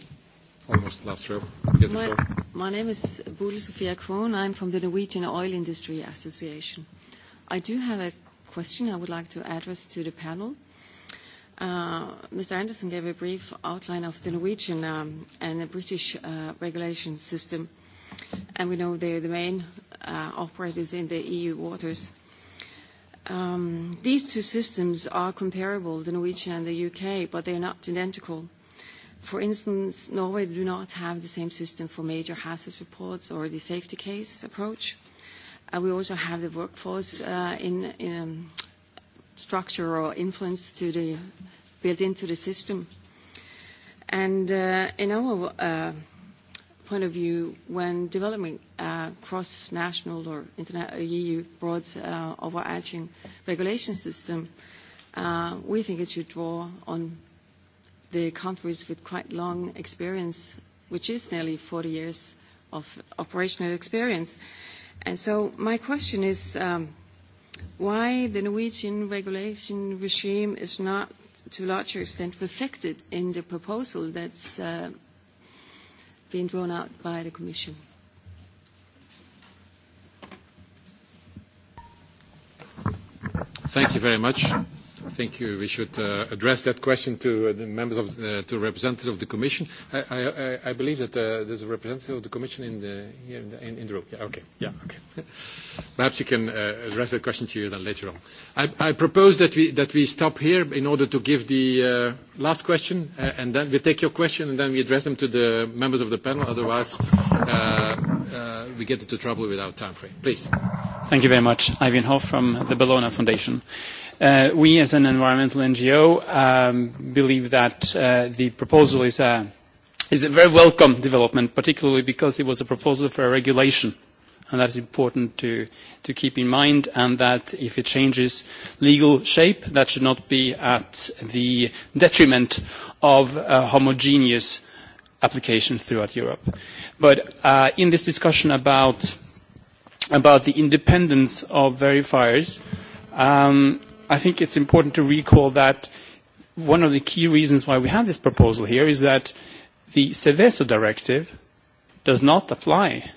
almost last row. the my, floor. my name is Bule Sofia Krohn. I'm from the Norwegian Oil Industry Association. I do have a question I would like to address to the panel. Uh, Mr. Anderson gave a brief outline of the Norwegian um, and the British uh, regulation system and we know they're the main uh, operators in the EU waters. Um, these two systems are comparable, the Norwegian and the UK, but they are not identical. For instance, Norway do not have the same system for major hazards reports or the safety case approach. Uh, we also have the workforce uh, in, in um, structure or influence to the, built into the system. And uh, in our uh, point of view when developing uh, cross-national or internet, uh, EU broad uh, overarching regulation system, uh, we think it should draw on the countries with quite long experience, which is nearly 40 years of operational experience. And so my question is um, why the Norwegian regulation regime is not to a larger extent reflected in the proposal that's uh, being drawn out by the Commission. Thank you very much. I think we should uh, address that question to uh, the members of the, uh, to representatives of the Commission. I, I, I believe that uh, there's a representative of the Commission in the, here in the, in, in the room. Yeah, okay. Yeah, okay. Perhaps you can uh, address that question to you then later on. I, I propose that we, that we stop here in order to give the uh, last question, uh, and then we take your question, and then we address them to the members of the panel. Otherwise, uh, uh, we get into trouble our time frame. Please. Thank you very much. Ivan Hoff from the Bologna Foundation. Uh, we as an environmental NGO um, believe that uh, the proposal is a, is a very welcome development, particularly because it was a proposal for a regulation and that's important to, to keep in mind, and that if it changes legal shape, that should not be at the detriment of a uh, homogeneous application throughout Europe. But uh, in this discussion about, about the independence of verifiers, um, I think it's important to recall that one of the key reasons why we have this proposal here is that the Seveso directive does not apply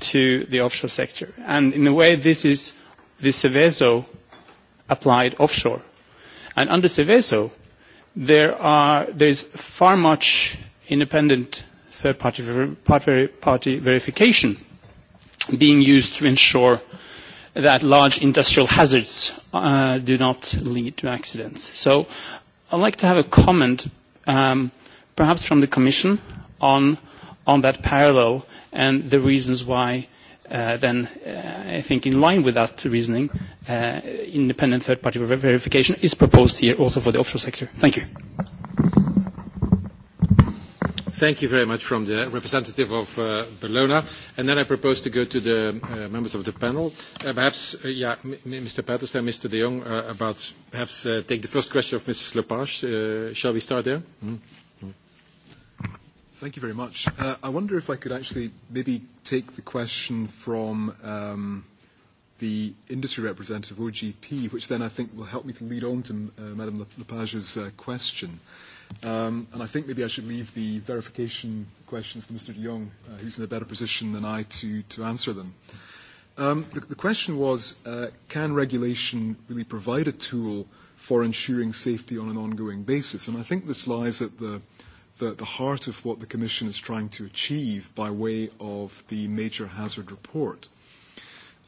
to the offshore sector. And in a way, this is the Seveso applied offshore. And under Seveso, there, are, there is far much independent third-party ver party verification being used to ensure that large industrial hazards uh, do not lead to accidents. So I'd like to have a comment, um, perhaps from the Commission, on, on that parallel and the reasons why uh, then uh, I think in line with that reasoning, uh, independent third-party ver verification is proposed here also for the offshore sector. Thank you thank you very much from the representative of uh, Bologna. And then I propose to go to the uh, members of the panel. Uh, perhaps, uh, yeah, M Mr. Patterson and Mr. de Jong, uh, about perhaps uh, take the first question of Mrs. Lepage. Uh, shall we start there? Mm. Thank you very much. Uh, I wonder if I could actually maybe take the question from um, the industry representative, OGP, which then I think will help me to lead on to uh, Madame Lepage's uh, question. Uh, Um, and I think maybe I should leave the verification questions to Mr. de Jong, uh, who's in a better position than I to, to answer them. Um, the, the question was, uh, can regulation really provide a tool for ensuring safety on an ongoing basis? And I think this lies at the, the, the heart of what the Commission is trying to achieve by way of the major hazard report.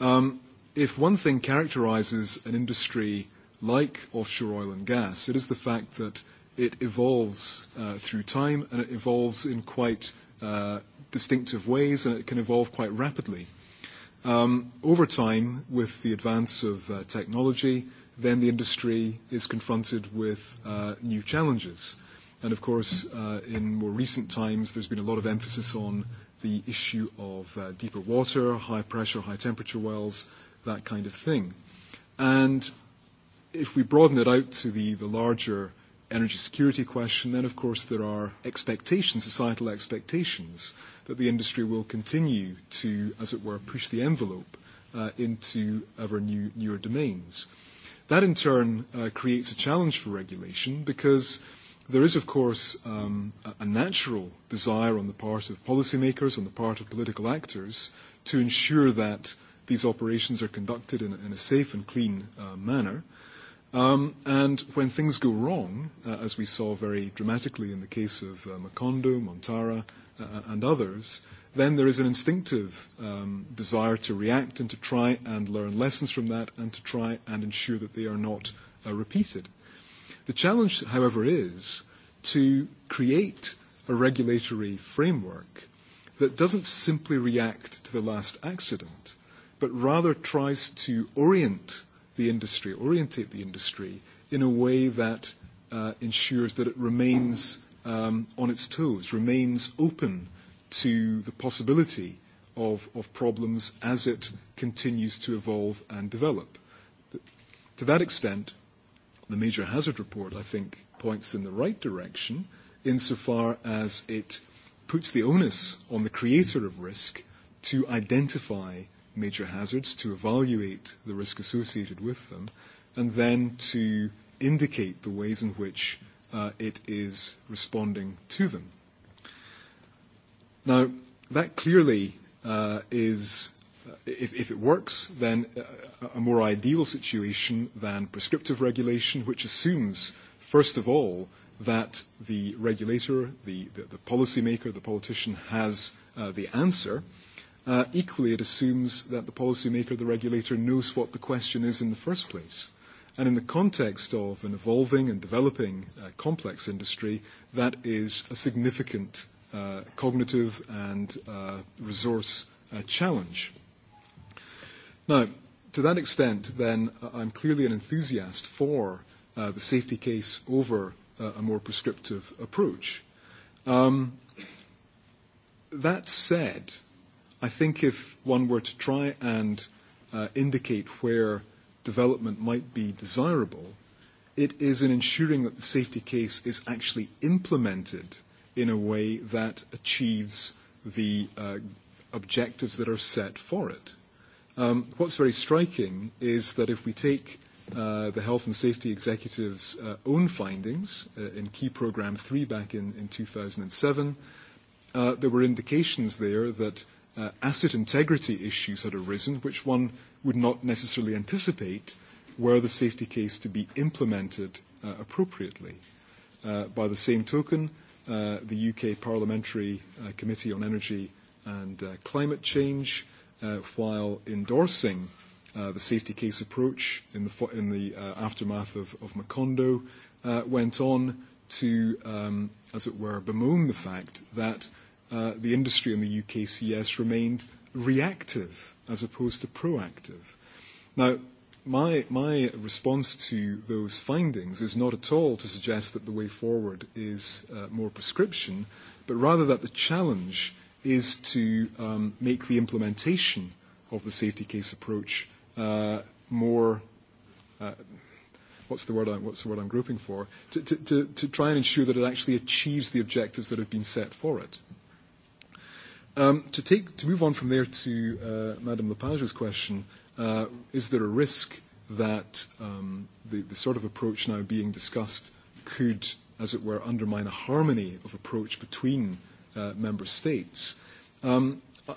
Um, if one thing characterizes an industry like offshore oil and gas, it is the fact that It evolves uh, through time and it evolves in quite uh, distinctive ways and it can evolve quite rapidly. Um, over time, with the advance of uh, technology, then the industry is confronted with uh, new challenges. And of course, uh, in more recent times, there's been a lot of emphasis on the issue of uh, deeper water, high pressure, high temperature wells, that kind of thing. And if we broaden it out to the, the larger energy security question, then of course there are expectations, societal expectations, that the industry will continue to, as it were, push the envelope uh, into ever new, newer domains. That in turn uh, creates a challenge for regulation because there is, of course, um, a natural desire on the part of policymakers, on the part of political actors, to ensure that these operations are conducted in, in a safe and clean uh, manner. Um, and when things go wrong, uh, as we saw very dramatically in the case of uh, Macondo, Montara, uh, uh, and others, then there is an instinctive um, desire to react and to try and learn lessons from that and to try and ensure that they are not uh, repeated. The challenge, however, is to create a regulatory framework that doesn't simply react to the last accident, but rather tries to orient the industry, orientate the industry in a way that uh, ensures that it remains um, on its toes, remains open to the possibility of, of problems as it continues to evolve and develop. The, to that extent, the major hazard report, I think, points in the right direction insofar as it puts the onus on the creator of risk to identify major hazards, to evaluate the risk associated with them, and then to indicate the ways in which uh, it is responding to them. Now, that clearly uh, is, uh, if, if it works, then a, uh, a more ideal situation than prescriptive regulation, which assumes, first of all, that the regulator, the, the, the policymaker, the politician has uh, the answer, uh, Uh, equally, it assumes that the policymaker, the regulator, knows what the question is in the first place. And in the context of an evolving and developing uh, complex industry, that is a significant uh, cognitive and uh, resource uh, challenge. Now, to that extent, then, uh, I'm clearly an enthusiast for uh, the safety case over uh, a more prescriptive approach. Um, that said, I think if one were to try and uh, indicate where development might be desirable, it is in ensuring that the safety case is actually implemented in a way that achieves the uh, objectives that are set for it. Um, what's very striking is that if we take uh, the health and safety executive's uh, own findings uh, in Key Programme 3 back in, in 2007, uh, there were indications there that uh, asset integrity issues had arisen, which one would not necessarily anticipate were the safety case to be implemented uh, appropriately. Uh, by the same token, uh, the UK Parliamentary uh, Committee on Energy and uh, Climate Change, uh, while endorsing uh, the safety case approach in the, fo- in the uh, aftermath of, of Macondo, uh, went on to, um, as it were, bemoan the fact that uh, the industry in the UKCS remained reactive as opposed to proactive. Now, my, my response to those findings is not at all to suggest that the way forward is uh, more prescription, but rather that the challenge is to um, make the implementation of the safety case approach uh, more uh, what's the word I'm, what's the word I'm groping for to, to, to, to try and ensure that it actually achieves the objectives that have been set for it. Um, to, take, to move on from there to uh, Madame Lepage's question, uh, is there a risk that um, the, the sort of approach now being discussed could, as it were, undermine a harmony of approach between uh, member states? Um, I,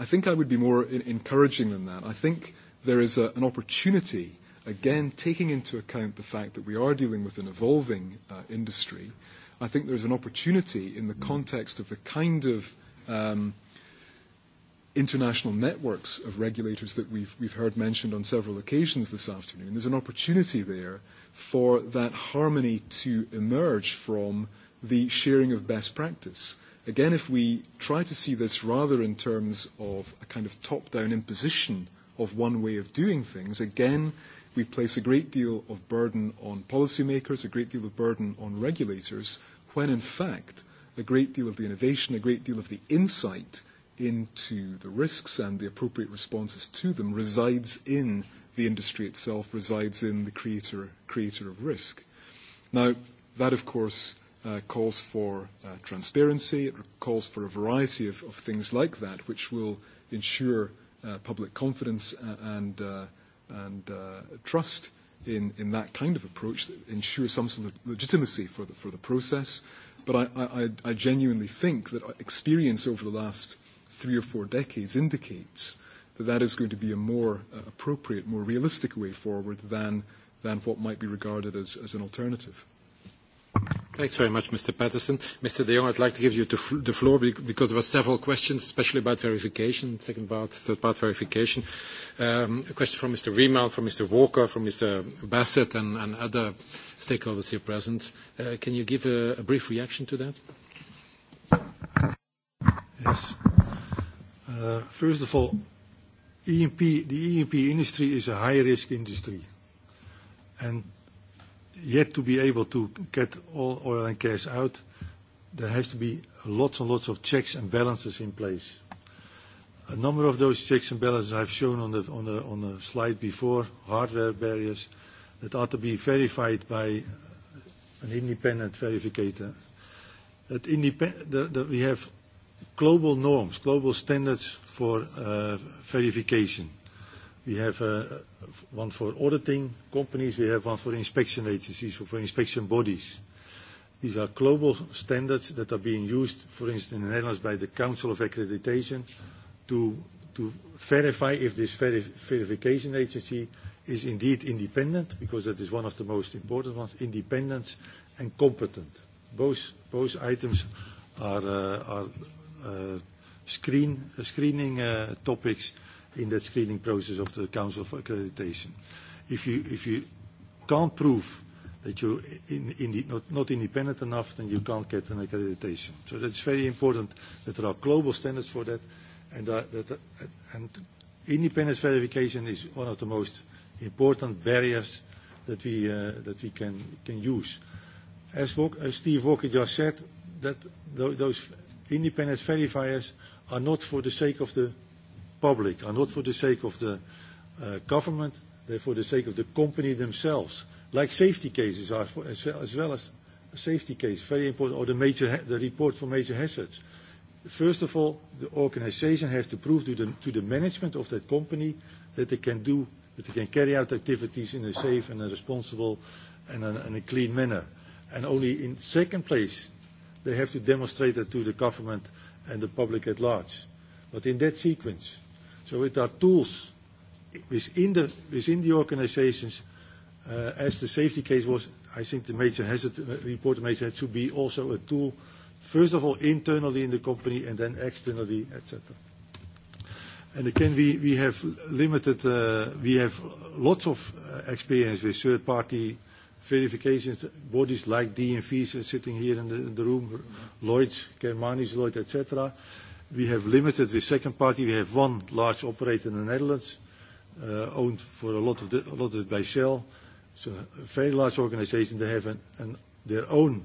I think I would be more in, encouraging than that. I think there is a, an opportunity, again, taking into account the fact that we are dealing with an evolving uh, industry. I think there's an opportunity in the context of the kind of Um, international networks of regulators that we've, we've heard mentioned on several occasions this afternoon. There's an opportunity there for that harmony to emerge from the sharing of best practice. Again, if we try to see this rather in terms of a kind of top-down imposition of one way of doing things, again, we place a great deal of burden on policymakers, a great deal of burden on regulators, when in fact – a great deal of the innovation, a great deal of the insight into the risks and the appropriate responses to them resides in the industry itself, resides in the creator, creator of risk. Now, that of course uh, calls for uh, transparency, it calls for a variety of, of things like that, which will ensure uh, public confidence uh, and, uh, and uh, trust in, in that kind of approach, ensure some sort of legitimacy for the, for the process But I, I, I genuinely think that experience over the last three or four decades indicates that that is going to be a more uh, appropriate, more realistic way forward than, than what might be regarded as, as an alternative. Thanks very much, Mr. Patterson. Mr. De Jong, I'd like to give you the floor because there were several questions, especially about verification, second part, third part verification. Um, a question from Mr. Riemann, from Mr. Walker, from Mr. Bassett, and, and other stakeholders here present. Uh, can you give a, a brief reaction to that? Yes. Uh, first of all, EMP, the EMP industry is a high-risk industry. And yet to be able to get all oil and gas out, there has to be lots and lots of checks and balances in place. A number of those checks and balances I've shown on the, on the, on the slide before, hardware barriers, that are to be verified by an independent verificator. That independ the, the, we have global norms, global standards for uh, verification. We have a, one for auditing companies, we have one for inspection agencies or for inspection bodies. These are global standards that are being used, for instance, in the Netherlands by the Council of Accreditation to, to verify if this verif verification agency is indeed independent, because that is one of the most important ones, independent and competent. Both, both items are, uh, are uh, screen, uh, screening uh, topics in that screening process of the Council for Accreditation. If you, if you can't prove that you're in, in, not, not independent enough, then you can't get an accreditation. So that's very important that there are global standards for that, and, uh, that, uh, and independent verification is one of the most important barriers that we, uh, that we can, can use. As, Walk, as Steve Walker just said, that th those independent verifiers are not for the sake of the public are not for the sake of the uh, government, they're for the sake of the company themselves. Like safety cases are for, as, well, as well as safety case, very important, or the, major, the report for major hazards. First of all, the organization has to prove to the, to the management of that company that they can do, that they can carry out activities in a safe and a responsible and a, and a clean manner. And only in second place, they have to demonstrate that to the government and the public at large. But in that sequence, So it are tools within the, within the organizations, uh, as the safety case was, I think the major hazard uh, report the major hazard should be also a tool, first of all, internally in the company and then externally, etc. And again, we, we have limited, uh, we have lots of uh, experience with third-party verification bodies like DMVs sitting here in the, in the room, Lloyds, Germanis, Lloyd, etc. We have limited the second party. We have one large operator in the Netherlands, uh, owned for a lot of, the, a lot of it by Shell. It's a very large organization. They have an, an, their own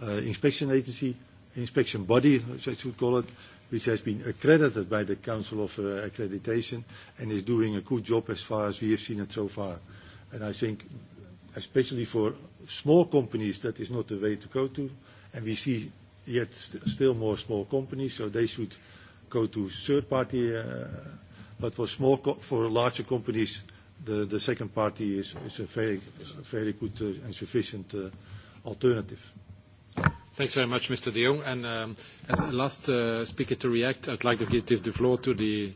uh, inspection agency, inspection body, as I should call it, which has been accredited by the Council of uh, Accreditation and is doing a good job as far as we have seen it so far. And I think, especially for small companies, that is not the way to go to. And we see yet st still more small companies, so they should go to third party. Uh, but for small co for larger companies, the, the second party is, is a very, a very good uh, and sufficient uh, alternative. Thanks very much, Mr. de Jong. And um, as a last uh, speaker to react, I'd like to give the floor to, the,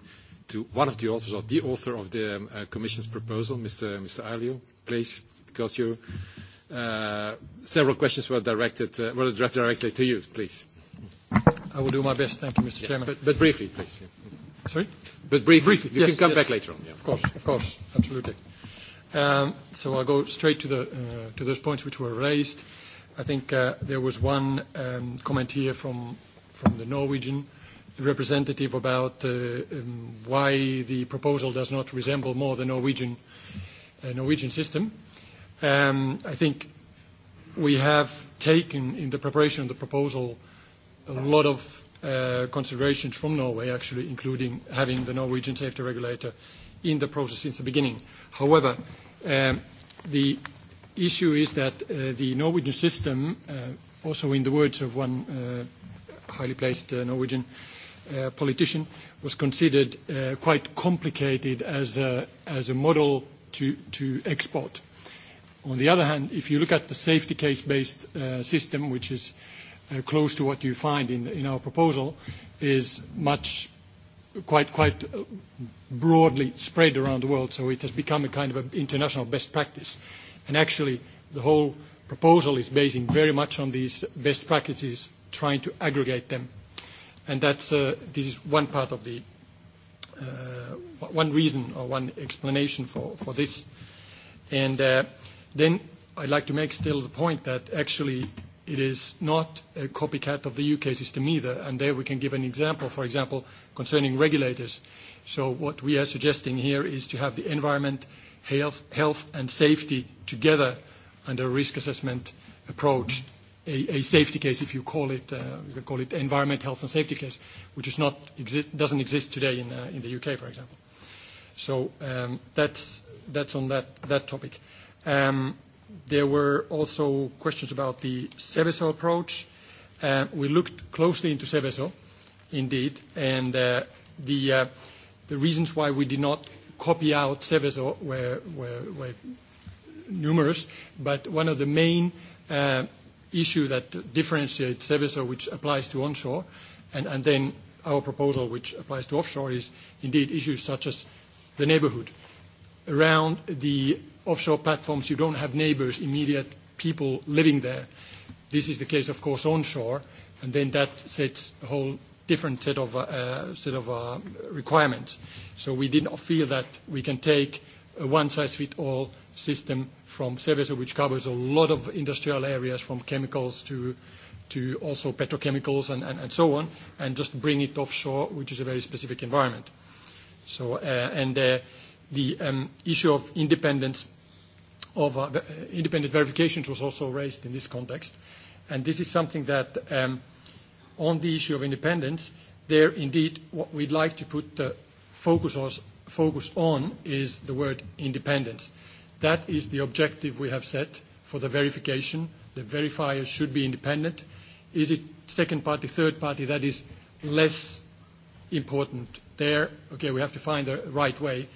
to one of the authors, or the author of the um, uh, Commission's proposal, Mr. Mr. Alio, please, because you Uh, several questions were directed, uh, were addressed directly to you, please. I will do my best. Thank you, Mr. Yeah, Chairman. But, but briefly, please. Sorry? But briefly. briefly you yes, can come yes. back later on. Yeah. Of course, of course. Absolutely. Um, so I'll go straight to, the, uh, to those points which were raised. I think uh, there was one um, comment here from, from the Norwegian representative about uh, um, why the proposal does not resemble more the Norwegian, uh, Norwegian system. Um, I think we have taken in the preparation of the proposal a lot of uh, considerations from Norway, actually, including having the Norwegian safety regulator in the process since the beginning. However, um, the issue is that uh, the Norwegian system, uh, also in the words of one uh, highly placed uh, Norwegian uh, politician, was considered uh, quite complicated as a, as a model to, to export. On the other hand, if you look at the safety case-based uh, system, which is uh, close to what you find in, in our proposal, is much quite, quite uh, broadly spread around the world, so it has become a kind of an international best practice. And actually, the whole proposal is basing very much on these best practices, trying to aggregate them. And that's, uh, this is one part of the, uh, one reason or one explanation for, for this. And uh, Then I'd like to make still the point that actually it is not a copycat of the UK system either, and there we can give an example, for example, concerning regulators. So what we are suggesting here is to have the environment, health, health and safety together under a risk assessment approach, a, a safety case, if you call it, uh, you can call it environment, health and safety case, which is not, exi doesn't exist today in, uh, in the UK, for example. So um, that's, that's on that, that topic. Um, there were also questions about the Seveso approach. Uh, we looked closely into Seveso, indeed, and uh, the, uh, the reasons why we did not copy out Seveso were, were, were numerous, but one of the main uh, issue that differentiates Seveso, which applies to onshore, and, and then our proposal, which applies to offshore, is indeed issues such as the neighborhood around the offshore platforms, you don't have neighbors, immediate people living there. This is the case, of course, onshore, and then that sets a whole different set of, uh, uh set of uh, requirements. So we not feel that we can take a one-size-fits-all system from Seveso, which covers a lot of industrial areas, from chemicals to, to also petrochemicals and, and, and so on, and just bring it offshore, which is a very specific environment. So, uh, and uh, the um, issue of independence of uh, independent verifications was also raised in this context. And this is something that, um, on the issue of independence, there indeed what we'd like to put the uh, focus, on, focus on is the word independence. That is the objective we have set for the verification. The verifier should be independent. Is it second party, third party? That is less important there. Okay, we have to find the right way.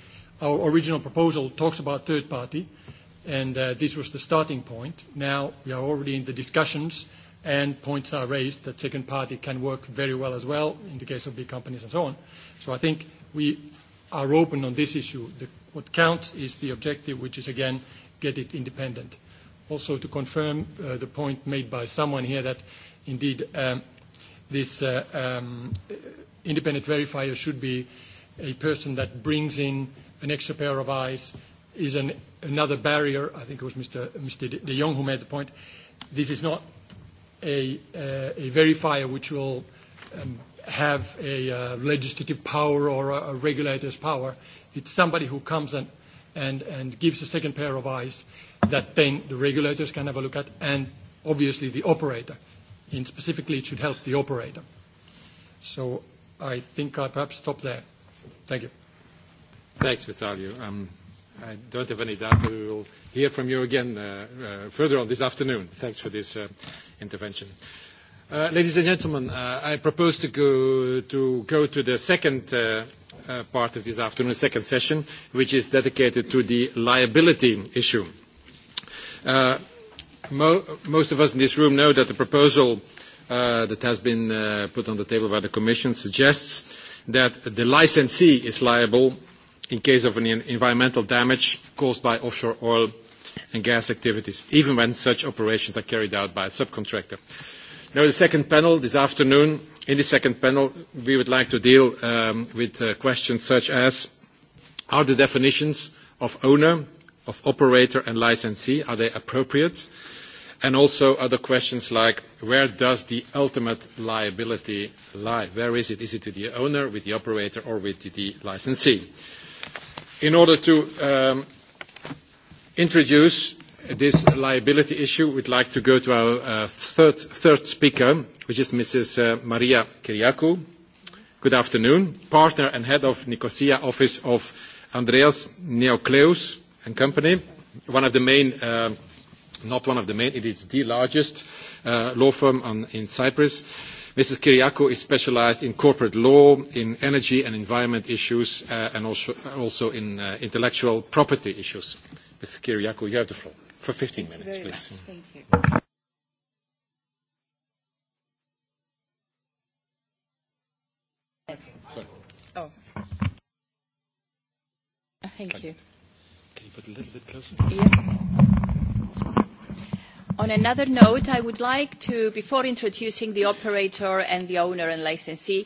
Our original proposal talks about third party and uh, this was the starting point. Now we are already in the discussions and points are raised that second party can work very well as well in the case of big companies and so on. So I think we are open on this issue. The, what counts is the objective, which is again, get it independent. Also to confirm uh, the point made by someone here that indeed um, this uh, um, independent verifier should be a person that brings in an extra pair of eyes, is an, another barrier. I think it was Mr. Mr. De Jong who made the point. This is not a, uh, a verifier which will um, have a uh, legislative power or a, a regulator's power. It's somebody who comes and, and, and gives a second pair of eyes that then the regulators can have a look at and obviously the operator. And specifically, it should help the operator. So I think I'll perhaps stop there. Thank you. Thanks, Vitaly. Um, I don't have any doubt that we will hear from you again uh, uh, further on this afternoon. Thanks for this uh, intervention. Uh, ladies and gentlemen, uh, I propose to go, to go to the second uh, uh, part of this afternoon, second session, which is dedicated to the liability issue. Uh, mo most of us in this room know that the proposal uh, that has been uh, put on the table by the Commission suggests that the licensee is liable in case of an environmental damage caused by offshore oil and gas activities, even when such operations are carried out by a subcontractor. Now, the second panel this afternoon, in the second panel, we would like to deal um, with uh, questions such as, are the definitions of owner, of operator and licensee, are they appropriate? And also other questions like, where does the ultimate liability lie? Where is it? Is it with the owner, with the operator, or with the licensee? in order to um, introduce this liability issue, we'd like to go to our uh, third, third speaker, which is Mrs. Uh, Maria Kiriakou. Good afternoon, partner and head of Nicosia office of Andreas Neocleus and Company, one of the main, uh, not one of the main, it is the largest uh, law firm on, in Cyprus Mrs. Kiriakou is specialized in corporate law, in energy and environment issues, uh, and also, also in uh, intellectual property issues. Mrs. Kiriakou, you have the floor for 15 Thank minutes, please. Much. Thank you. Oh. Thank you. Can you put a little bit closer? Yeah. On another note, I would like to, before introducing the operator and the owner and licensee,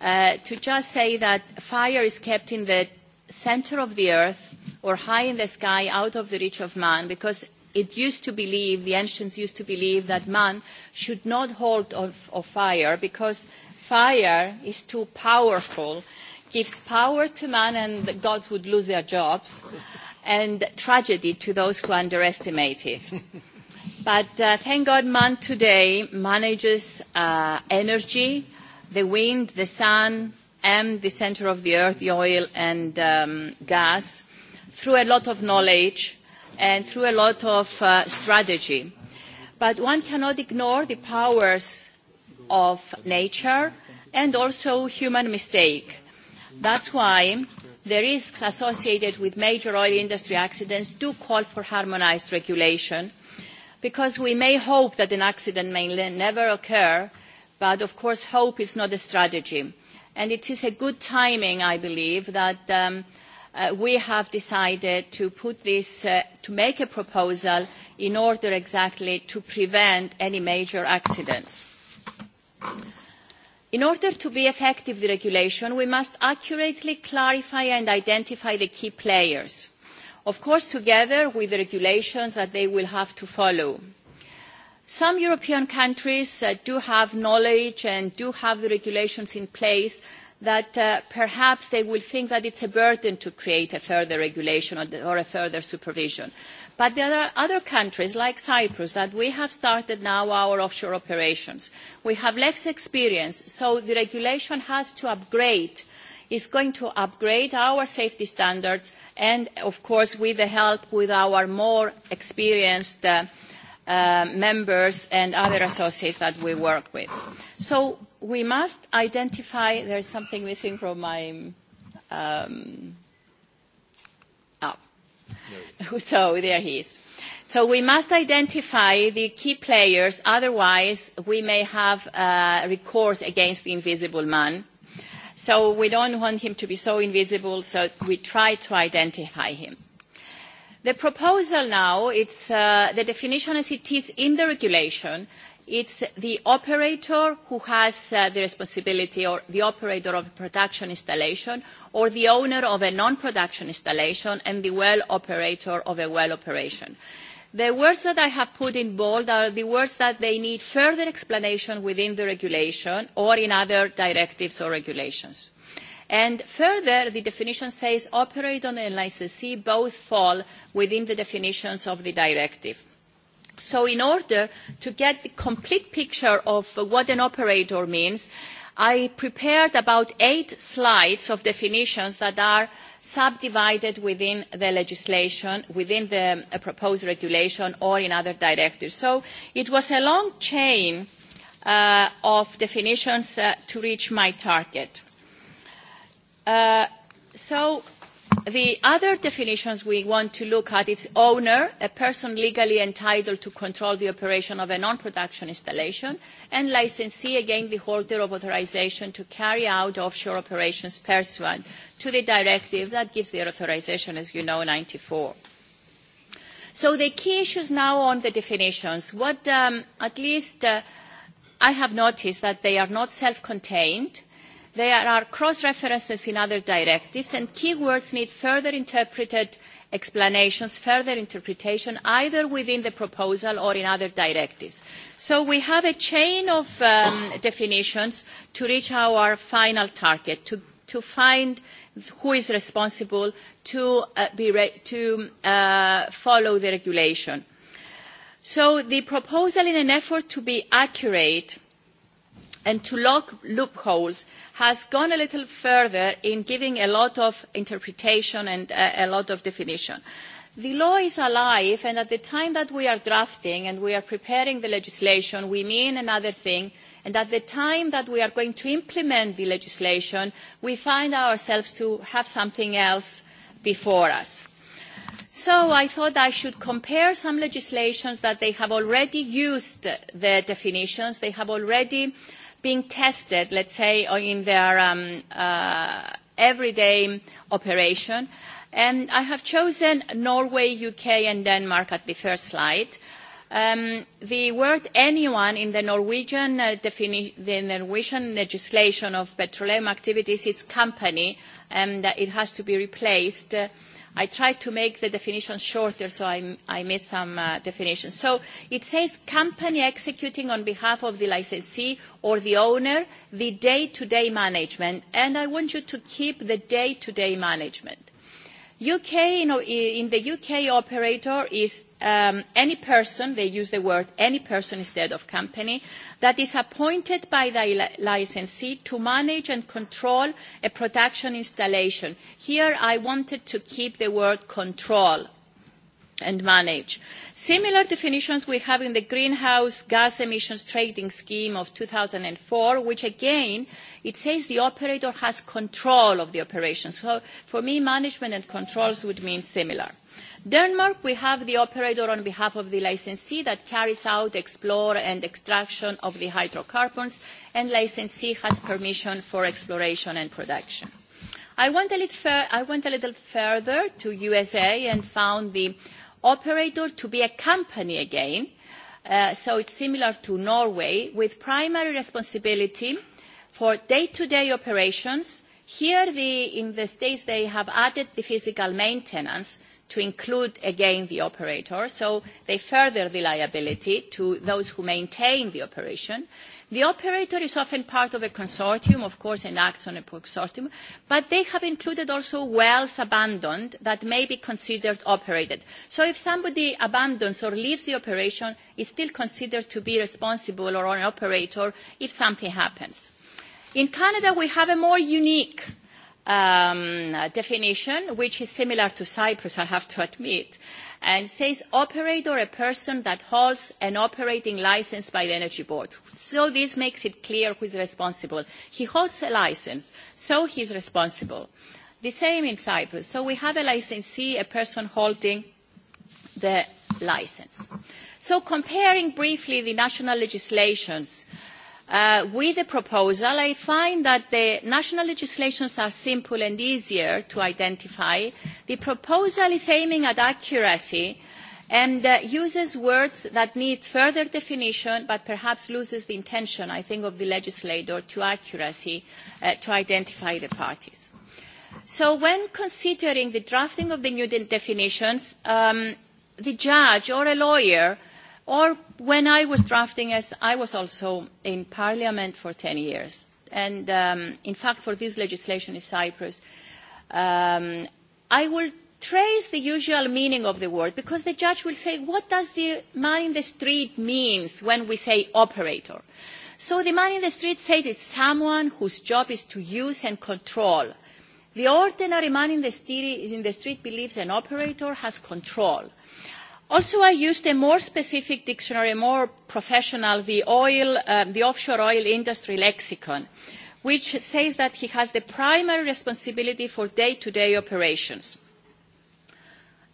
uh, to just say that fire is kept in the center of the earth or high in the sky out of the reach of man because it used to believe, the ancients used to believe that man should not hold of, of fire because fire is too powerful, gives power to man and the gods would lose their jobs and tragedy to those who underestimate it. But uh, thank God man today manages uh, energy, the wind, the sun, and the center of the earth, the oil and um, gas, through a lot of knowledge and through a lot of uh, strategy. But one cannot ignore the powers of nature and also human mistake. That's why the risks associated with major oil industry accidents do call for harmonized regulation because we may hope that an accident may never occur, but of course hope is not a strategy. And it is a good timing, I believe, that um, uh, we have decided to put this, uh, to make a proposal in order exactly to prevent any major accidents. In order to be effective, the regulation, we must accurately clarify and identify the key players of course together with the regulations that they will have to follow. Some European countries uh, do have knowledge and do have the regulations in place that uh, perhaps they will think that it's a burden to create a further regulation or, or a further supervision. But there are other countries like Cyprus that we have started now our offshore operations. We have less experience, so the regulation has to upgrade is going to upgrade our safety standards and, of course, with the help with our more experienced uh, uh, members and other associates that we work with. So we must identify, there is something missing from my, um, oh. so there he is. So we must identify the key players, otherwise we may have uh, recourse against the invisible man. So we don't want him to be so invisible, so we try to identify him. The proposal now, it's, uh, the definition as it is in the regulation, it's the operator who has uh, the responsibility or the operator of a production installation or the owner of a non-production installation and the well operator of a well operation. The words that I have put in bold are the words that they need further explanation within the regulation or in other directives or regulations. And further, the definition says operator and licensee both fall within the definitions of the directive. So in order to get the complete picture of what an operator means, I prepared about eight slides of definitions that are subdivided within the legislation, within the uh, proposed regulation or in other directives. So it was a long chain uh, of definitions uh, to reach my target. Uh, so The other definitions we want to look at is owner, a person legally entitled to control the operation of a non-production installation, and licensee, again, the holder of authorization to carry out offshore operations pursuant to the directive that gives the authorization, as you know, 94. So the key issues now on the definitions. What um, at least uh, I have noticed that they are not self-contained, There are cross-references in other directives and keywords need further interpreted explanations, further interpretation, either within the proposal or in other directives. So we have a chain of um, definitions to reach our final target, to, to find who is responsible to, uh, be re to uh, follow the regulation. So the proposal in an effort to be accurate and to lock loopholes has gone a little further in giving a lot of interpretation and a, uh, a lot of definition. The law is alive and at the time that we are drafting and we are preparing the legislation, we mean another thing and at the time that we are going to implement the legislation, we find ourselves to have something else before us. So I thought I should compare some legislations that they have already used the definitions, they have already uh, being tested, let's say, in their um, uh, everyday operation. And I have chosen Norway, UK, and Denmark at the first slide. Um, the word anyone in the Norwegian, uh, defini the Norwegian legislation of petroleum activities is company, um, and uh, it has to be replaced uh, I tried to make the definition shorter, so I, I missed some uh, definitions. So it says company executing on behalf of the licensee or the owner the day-to-day -day management, and I want you to keep the day-to-day -day management. UK, you know, in the UK, operator is um, any person, they use the word any person instead of company, that is appointed by the licensee to manage and control a production installation. Here I wanted to keep the word control and manage. Similar definitions we have in the Greenhouse Gas Emissions Trading Scheme of 2004, which again, it says the operator has control of the operation. So for me, management and controls would mean similar. Denmark, we have the operator on behalf of the licensee that carries out explore and extraction of the hydrocarbons, and licensee has permission for exploration and production. I went a little, I went a little further to USA and found the operator to be a company again, uh, so it's similar to Norway, with primary responsibility for day-to-day -day operations. Here, the, in the states, they have added the physical maintenance, to include again the operator, so they further the liability to those who maintain the operation. The operator is often part of a consortium, of course, and acts on a consortium, but they have included also wells abandoned that may be considered operated. So if somebody abandons or leaves the operation, is still considered to be responsible or an operator if something happens. In Canada, we have a more unique um, definition, which is similar to Cyprus, I have to admit, and says operator a person that holds an operating license by the Energy Board. So this makes it clear who is responsible. He holds a license, so he is responsible. The same in Cyprus. So we have a licensee, a person holding the license. So comparing briefly the national legislations, uh, Uh, with the proposal, I find that the national legislations are simple and easier to identify. The proposal is aiming at accuracy and uh, uses words that need further definition but perhaps loses the intention, I think, of the legislator to accuracy uh, to identify the parties. So when considering the drafting of the new de definitions, um, the judge or a lawyer – Or when I was drafting, as I was also in Parliament for 10 years, and um, in fact for this legislation in Cyprus, um, I will trace the usual meaning of the word because the judge will say, what does the man in the street means when we say operator? So the man in the street says it's someone whose job is to use and control. The ordinary man in the, street, in the street believes an operator has control. Also, I used a more specific dictionary, more professional, the oil, um, the offshore oil industry lexicon, which says that he has the primary responsibility for day-to-day -day operations.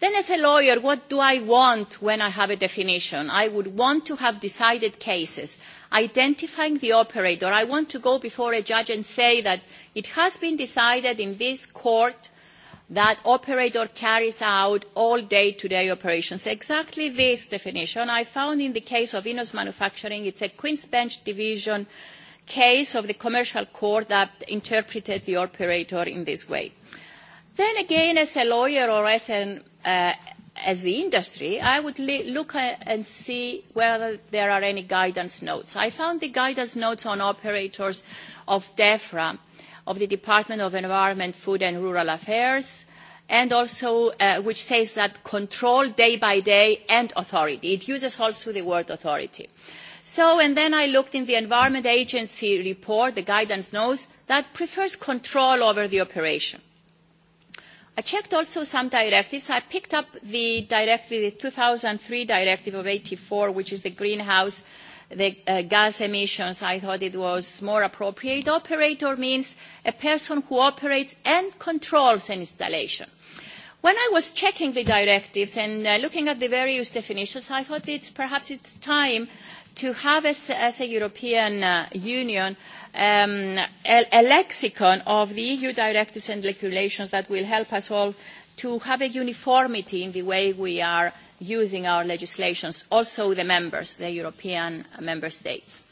Then as a lawyer, what do I want when I have a definition? I would want to have decided cases, identifying the operator. I want to go before a judge and say that it has been decided in this court that operator carries out all day-to-day -day operations. Exactly this definition I found in the case of Inos Manufacturing. It's a Queen's Bench Division case of the commercial court that interpreted the operator in this way. Then again, as a lawyer or as, an, uh, as the industry, I would look at and see whether there are any guidance notes. I found the guidance notes on operators of DEFRA of the Department of Environment, Food and Rural Affairs, and also uh, which says that control day by day and authority. It uses also the word authority. So, and then I looked in the Environment Agency report, the guidance notes, that prefers control over the operation. I checked also some directives. I picked up the directive, the 2003 directive of 84, which is the greenhouse the uh, gas emissions. I thought it was more appropriate. Operator means a person who operates and controls an installation. When I was checking the directives and uh, looking at the various definitions, I thought it's perhaps it's time to have, as, as a European uh, Union, um, a, a lexicon of the EU directives and regulations that will help us all to have a uniformity in the way we are using our legislations, also the members, the European member states.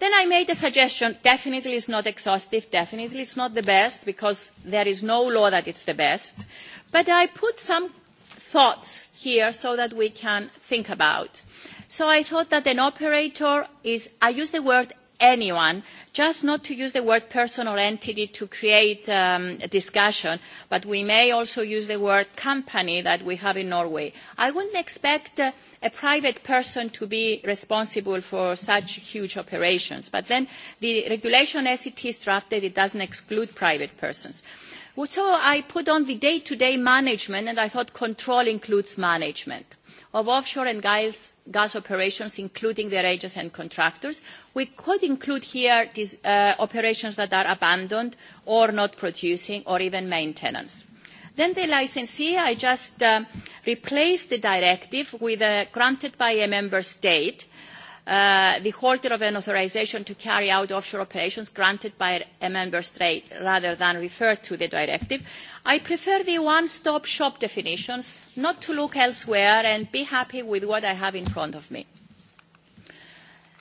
Then I made a suggestion, definitely it's not exhaustive, definitely it's not the best, because there is no law that it's the best. But I put some thoughts here so that we can think about. So I thought that an operator is, I use the word anyone, just not to use the word person or entity to create um, a discussion, but we may also use the word company that we have in Norway. I wouldn't expect uh, a private person to be responsible for such huge operations. But then the regulation as it is drafted, it doesn't exclude private persons. So I put on the day-to-day -day management and I thought control includes management of offshore and gas, gas operations, including their agents and contractors. We could include here these uh, operations that are abandoned or not producing or even maintenance. Then the licensee, I just um, replaced the directive with a, granted by a member state, uh, the holder of an authorization to carry out offshore operations granted by a member state rather than referred to the directive. I prefer the one-stop shop definitions, not to look elsewhere and be happy with what I have in front of me.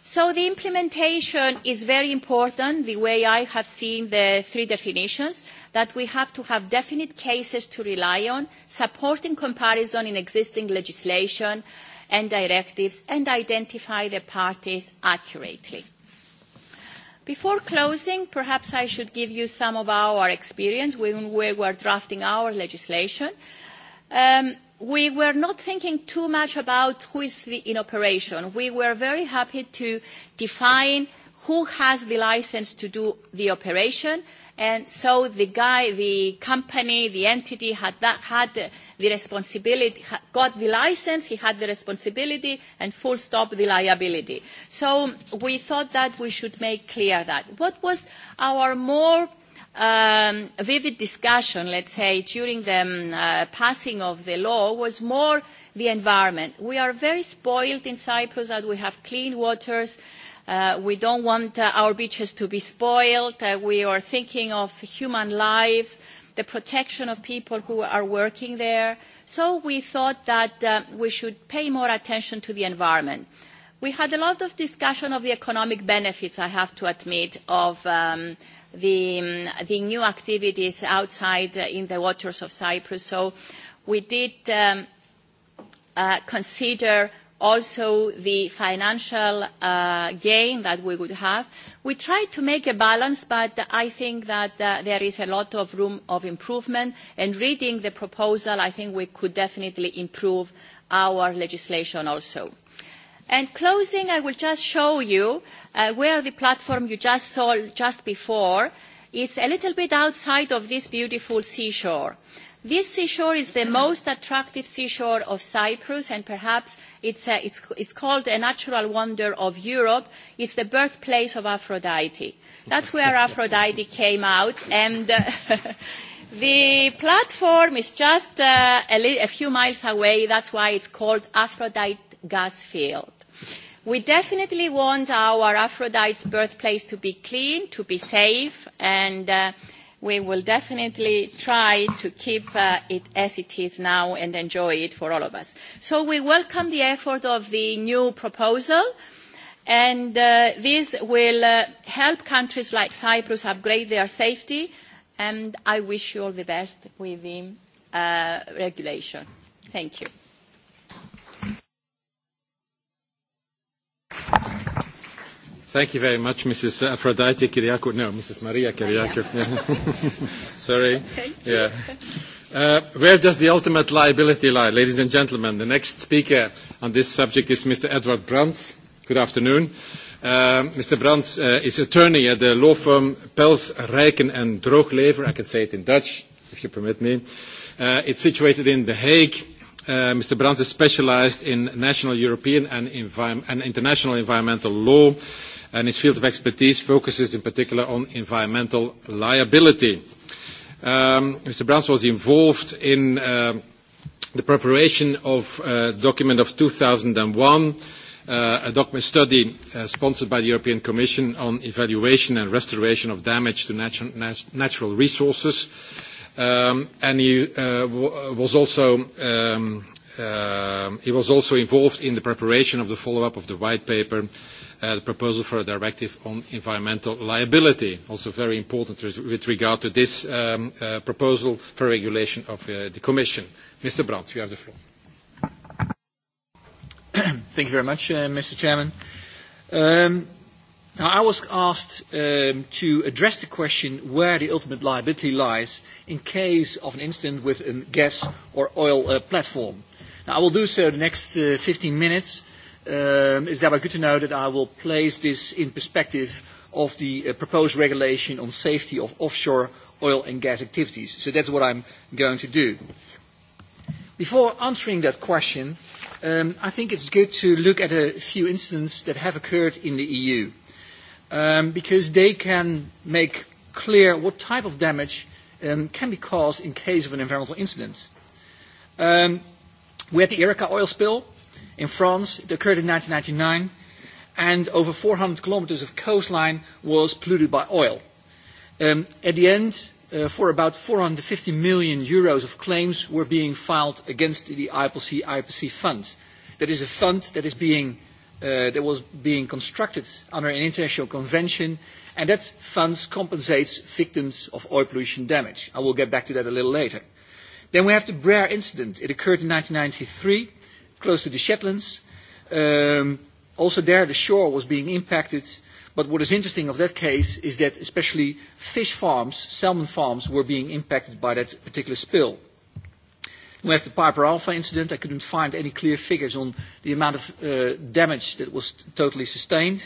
So the implementation is very important, the way I have seen the three definitions that we have to have definite cases to rely on, supporting comparison in existing legislation and directives, and identify the parties accurately. Before closing, perhaps I should give you some of our experience when we were drafting our legislation. Um, we were not thinking too much about who is the, in operation. We were very happy to define who has the license to do the operation, And so the guy, the company, the entity had, that, had the responsibility, got the license, he had the responsibility, and full stop the liability. So we thought that we should make clear that. What was our more um, vivid discussion, let's say, during the um, uh, passing of the law was more the environment. We are very spoiled in Cyprus that we have clean waters, Uh, we don't want uh, our beaches to be spoiled. Uh, we are thinking of human lives, the protection of people who are working there. So we thought that uh, we should pay more attention to the environment. We had a lot of discussion of the economic benefits, I have to admit, of um, the, um, the new activities outside uh, in the waters of Cyprus. So we did um, uh, consider also the financial uh, gain that we would have. We tried to make a balance, but I think that uh, there is a lot of room of improvement. And reading the proposal, I think we could definitely improve our legislation also. And closing, I will just show you uh, where the platform you just saw just before. It's a little bit outside of this beautiful seashore. This seashore is the most attractive seashore of Cyprus and perhaps it's, a, uh, it's, it's called a natural wonder of Europe. It's the birthplace of Aphrodite. That's where Aphrodite came out and uh, the platform is just uh, a, a few miles away. That's why it's called Aphrodite Gas Field. We definitely want our Aphrodite's birthplace to be clean, to be safe and uh, we will definitely try to keep uh, it as it is now and enjoy it for all of us. So we welcome the effort of the new proposal and uh, this will uh, help countries like Cyprus upgrade their safety and I wish you all the best with the uh, regulation. Thank you. Thank you very much, Mrs. Aphrodite Kiriakou. No, Mrs. Maria Kiriakou. Yeah. Sorry. Thank you. Yeah. Uh, where does the ultimate liability lie, ladies and gentlemen? The next speaker on this subject is Mr. Edward Brands. Good afternoon. Uh, Mr. Brands uh, is attorney at the law firm Pels, Rijken and Drooglever. I can say it in Dutch, if you permit me. Uh, it's situated in The Hague. Uh, Mr. Brands is specialized in national, European, and, envi- and international environmental law and its field of expertise focuses in particular on environmental liability. Um, Mr. Brands was involved in uh, the preparation of a uh, document of 2001, uh, a document study uh, sponsored by the European Commission on evaluation and restoration of damage to natu nat natural resources. Um, and he uh, w was also um, um, he was also involved in the preparation of the follow-up of the white paper, uh, the proposal for a directive on environmental liability, also very important with regard to this um, uh, proposal for regulation of uh, the Commission. Mr. Brandt, you have the floor. Thank you very much, uh, Mr. Chairman. Um, Now, I was asked um, to address the question where the ultimate liability lies in case of an incident with a gas or oil uh, platform. Now, I will do so the next uh, 15 minutes. Um, it's thereby good to know that I will place this in perspective of the uh, proposed regulation on safety of offshore oil and gas activities. So that's what I'm going to do. Before answering that question, um, I think it's good to look at a few incidents that have occurred in the EU, um, because they can make clear what type of damage um, can be caused in case of an environmental incident. Um, We had the Erika oil spill in France. It occurred in 1999. And over 400 kilometers of coastline was polluted by oil. Um, at the end, uh, for about 450 million euros of claims were being filed against the IPC IPC fund. That is a fund that is being uh, that was being constructed under an international convention, and that funds compensates victims of oil pollution damage. I will get back to that a little later. Then we have the Brer incident. It occurred in 1993, close to the Shetlands. Um, also there, the shore was being impacted. But what is interesting of that case is that especially fish farms, salmon farms, were being impacted by that particular spill. We have the Piper Alpha incident. I couldn't find any clear figures on the amount of uh, damage that was totally sustained.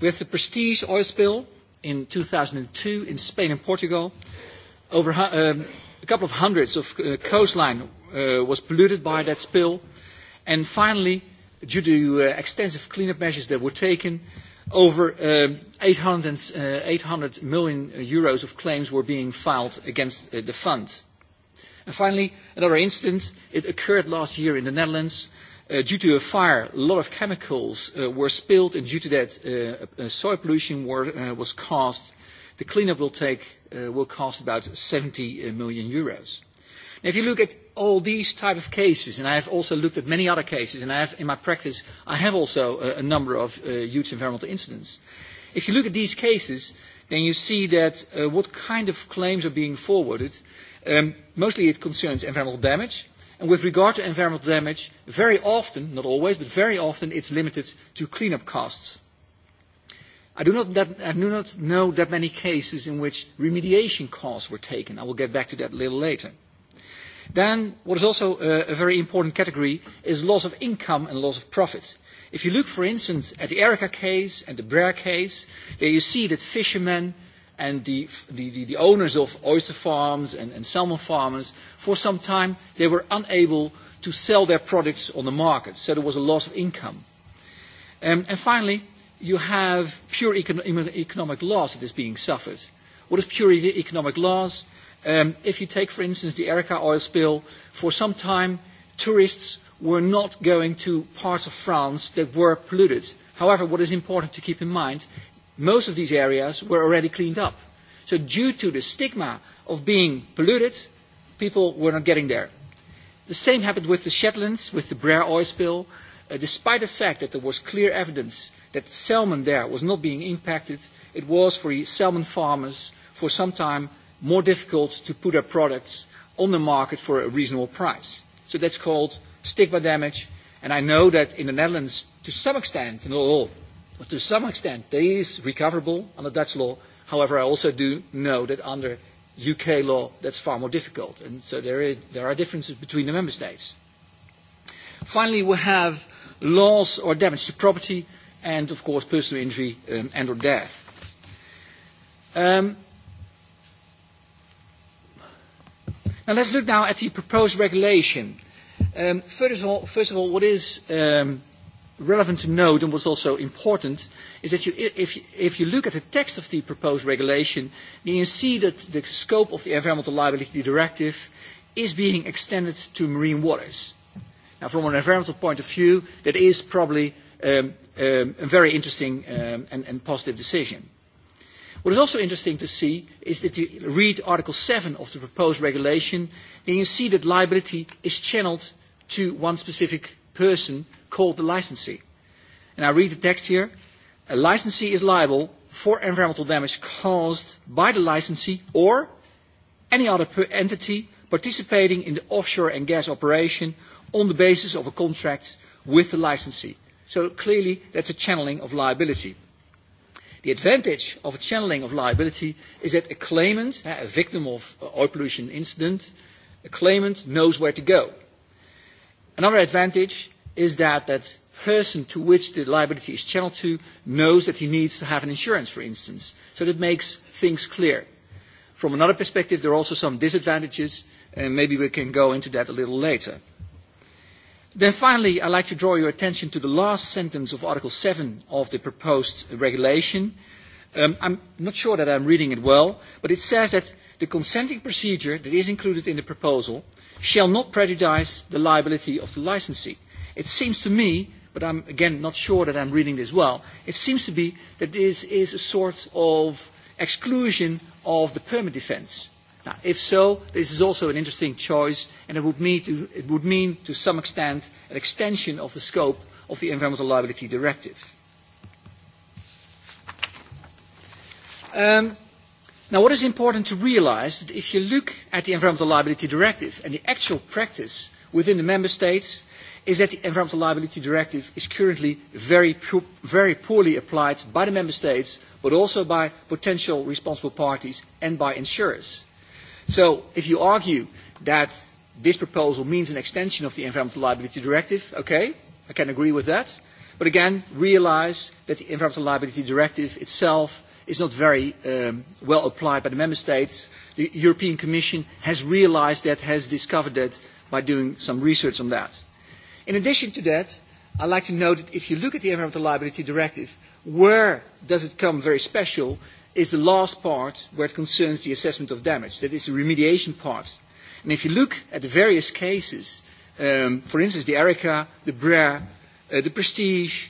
We have the Prestige oil spill in 2002 in Spain and Portugal. Over um, a couple of hundreds of uh, coastline uh, was polluted by that spill. And finally, due to uh, extensive cleanup measures that were taken, over um, 800, and, uh, 800 million euros of claims were being filed against uh, the fund. And finally, another incident, it occurred last year in the Netherlands. Uh, due to a fire, a lot of chemicals uh, were spilled, and due to that, uh, uh, soil pollution were, uh, was caused The cleanup will, take, uh, will cost about 70 uh, million euros. Now, if you look at all these type of cases, and I have also looked at many other cases, and I have, in my practice, I have also a, a number of uh, huge environmental incidents. If you look at these cases, then you see that uh, what kind of claims are being forwarded. Um, mostly it concerns environmental damage, and with regard to environmental damage, very often, not always, but very often, it's limited to cleanup costs. I do, not that, I do not know that many cases in which remediation costs were taken. I will get back to that a little later. Then, what is also a, uh, a very important category is loss of income and loss of profit. If you look, for instance, at the Erica case and the Brer case, there you see that fishermen and the, the, the owners of oyster farms and, and salmon farmers, for some time, they were unable to sell their products on the market, so there was a loss of income. Um, and finally, you have pure econ economic loss that is being suffered. What is pure e economic loss? Um, if you take, for instance, the Erika oil spill, for some time, tourists were not going to parts of France that were polluted. However, what is important to keep in mind, most of these areas were already cleaned up. So due to the stigma of being polluted, people were not getting there. The same happened with the Shetlands, with the Brer oil spill. Uh, despite the fact that there was clear evidence that salmon there was not being impacted. It was for salmon farmers for some time more difficult to put their products on the market for a reasonable price. So that's called stigma damage. And I know that in the Netherlands, to some extent, not all, but to some extent, that is recoverable under Dutch law. However, I also do know that under UK law, that's far more difficult. And so there, is, there are differences between the member states. Finally, we have loss or damage to property and, of course, personal injury um, and or death. Um, now, let's look now at the proposed regulation. Um, first, of all, first of all, what is um, relevant to note and what's also important is that you, if, you, if you look at the text of the proposed regulation, then you see that the scope of the Environmental Liability Directive is being extended to marine waters. Now, from an environmental point of view, that is probably Um, um, a very interesting um, and, and positive decision. What is also interesting to see is that you read Article 7 of the proposed regulation, and you see that liability is channeled to one specific person called the licensee. And I read the text here. A licensee is liable for environmental damage caused by the licensee or any other entity participating in the offshore and gas operation on the basis of a contract with the licensee. So clearly that's a channeling of liability. The advantage of a channeling of liability is that a claimant, uh, a victim of an oil pollution incident, a claimant knows where to go. Another advantage is that that person to which the liability is channeled to knows that he needs to have an insurance, for instance. So that makes things clear. From another perspective, there are also some disadvantages, and maybe we can go into that a little later. Then finally, I'd like to draw your attention to the last sentence of Article 7 of the proposed regulation. Um, I'm not sure that I'm reading it well, but it says that the consenting procedure that is included in the proposal shall not prejudice the liability of the licensee. It seems to me, but I'm again not sure that I'm reading this well, it seems to be that this is a sort of exclusion of the permit defense. Now, if so, this is also an interesting choice, and it would, mean to, it would mean, to some extent, an extension of the scope of the Environmental Liability Directive. Um, now, what is important to realize that if you look at the Environmental Liability Directive and the actual practice within the Member States, is that the Environmental Liability Directive is currently very, very poorly applied by the Member States, but also by potential responsible parties and by insurers. So if you argue that this proposal means an extension of the Environmental Liability Directive, okay, I can agree with that. But again, realize that the Environmental Liability Directive itself is not very um, well applied by the Member States. The European Commission has realized that, has discovered that by doing some research on that. In addition to that, I'd like to note that if you look at the Environmental Liability Directive, where does it come very special is the last part where it concerns the assessment of damage. That is the remediation part. And if you look at the various cases, um, for instance, the Erica, the Brer, uh, the Prestige,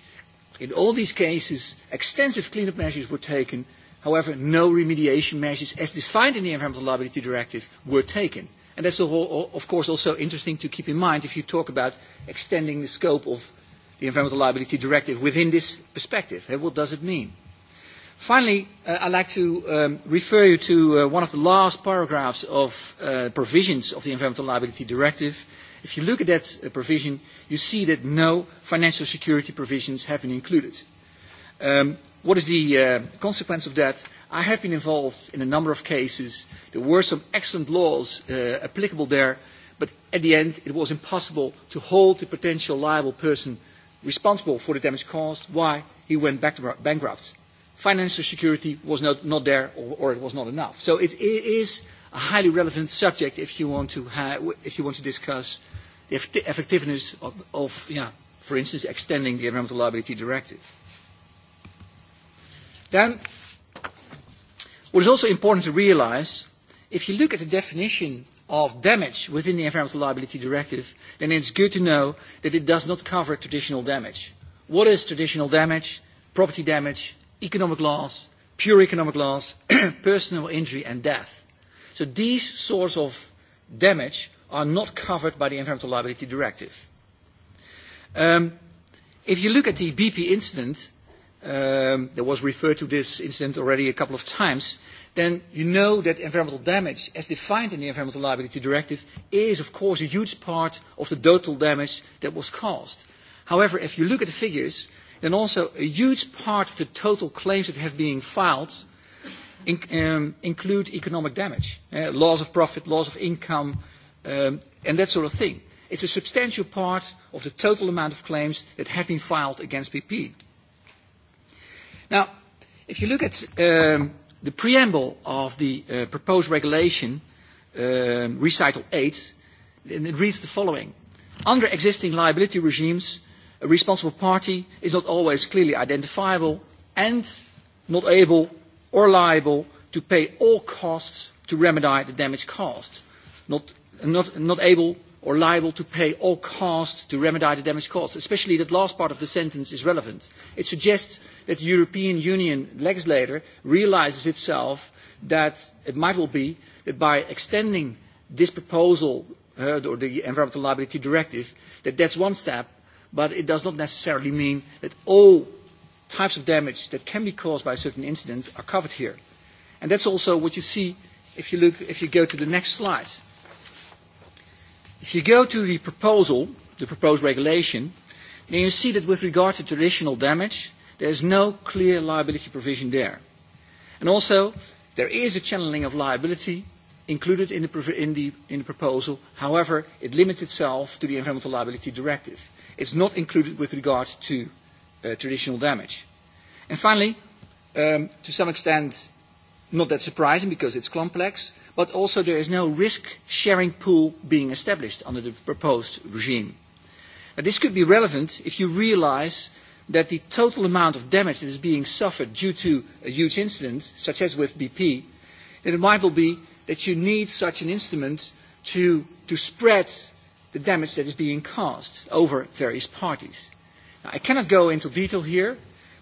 in all these cases, extensive cleanup measures were taken. However, no remediation measures, as defined in the Environmental Liability Directive, were taken. And that's, whole, of course, also interesting to keep in mind if you talk about extending the scope of the Environmental Liability Directive within this perspective. Hey, what does it mean? Finally, uh, I'd like to um, refer you to uh, one of the last paragraphs of uh, provisions of the Environmental Liability Directive. If you look at that uh, provision, you see that no financial security provisions have been included. Um, what is the uh, consequence of that? I have been involved in a number of cases. There were some excellent laws uh, applicable there, but at the end it was impossible to hold the potential liable person responsible for the damage caused. Why? He went back bankrupt financial security was not, not there or, or it was not enough. So it, it is a highly relevant subject if you want to, ha if you want to discuss the effectiveness of, of yeah, for instance, extending the Environmental Liability Directive. Then, what is also important to realize, if you look at the definition of damage within the Environmental Liability Directive, then it's good to know that it does not cover traditional damage. What is traditional damage? Property damage, economic loss, pure economic loss, personal injury and death. So these sorts of damage are not covered by the Environmental Liability Directive. Um, if you look at the BP incident, um, there was referred to this incident already a couple of times, then you know that environmental damage, as defined in the Environmental Liability Directive, is of course a huge part of the total damage that was caused. However, if you look at the figures, and also a huge part of the total claims that have been filed in, um, include economic damage, uh, loss of profit, loss of income, um, and that sort of thing. It's a substantial part of the total amount of claims that have been filed against BP. Now, if you look at um, the preamble of the uh, proposed regulation, um, recital 8, it reads the following. Under existing liability regimes, A responsible party is not always clearly identifiable and not able or liable to pay all costs to remedy the damage caused. Not, not, not able or liable to pay all costs to remedy the damage caused. Especially that last part of the sentence is relevant. It suggests that the European Union legislator realizes itself that it might well be that by extending this proposal uh, or the Environmental Liability Directive, that that's one step but it does not necessarily mean that all types of damage that can be caused by a certain incident are covered here. And that's also what you see if you, look, if you go to the next slide. If you go to the proposal, the proposed regulation, then you see that with regard to traditional damage, there is no clear liability provision there. And also, there is a channeling of liability included in the, in the, in the proposal. However, it limits itself to the Environmental Liability Directive. It's not included with regard to uh, traditional damage. And finally, um, to some extent, not that surprising because it's complex, but also there is no risk-sharing pool being established under the proposed regime. Now, this could be relevant if you realize that the total amount of damage that is being suffered due to a huge incident, such as with BP, then it might well be that you need such an instrument to, to spread the damage that is being caused over various parties. Now, I cannot go into detail here,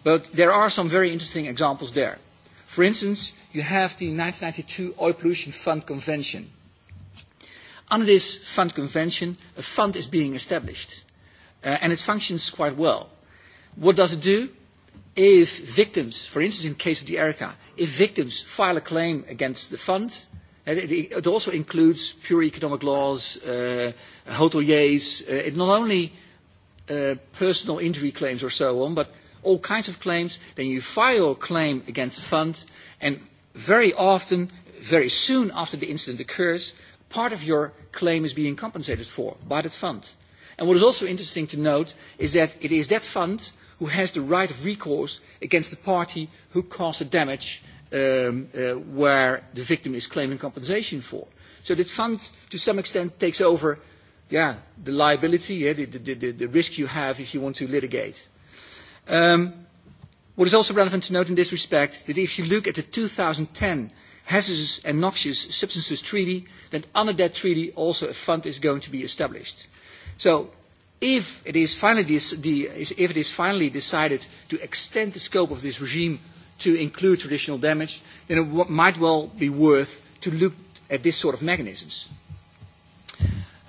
but there are some very interesting examples there. For instance, you have the 1992 Oil Pollution Fund Convention. Under this fund convention, a fund is being established, uh, and it functions quite well. What does it do? If victims, for instance in the case of the ERICA, if victims file a claim against the fund, And it, it also includes pure economic laws, uh, hoteliers, uh, it not only uh, personal injury claims or so on, but all kinds of claims. Then you file a claim against the fund, and very often, very soon after the incident occurs, part of your claim is being compensated for by that fund. And what is also interesting to note is that it is that fund who has the right of recourse against the party who caused the damage um, uh, where the victim is claiming compensation for. So that fund, to some extent, takes over yeah, the liability, yeah, the, the, the, the risk you have if you want to litigate. Um, what is also relevant to note in this respect, that if you look at the 2010 Hazardous and Noxious Substances Treaty, then under that treaty also a fund is going to be established. So if it is finally, de- the, if it is finally decided to extend the scope of this regime to include traditional damage, then it might well be worth to look at this sort of mechanisms.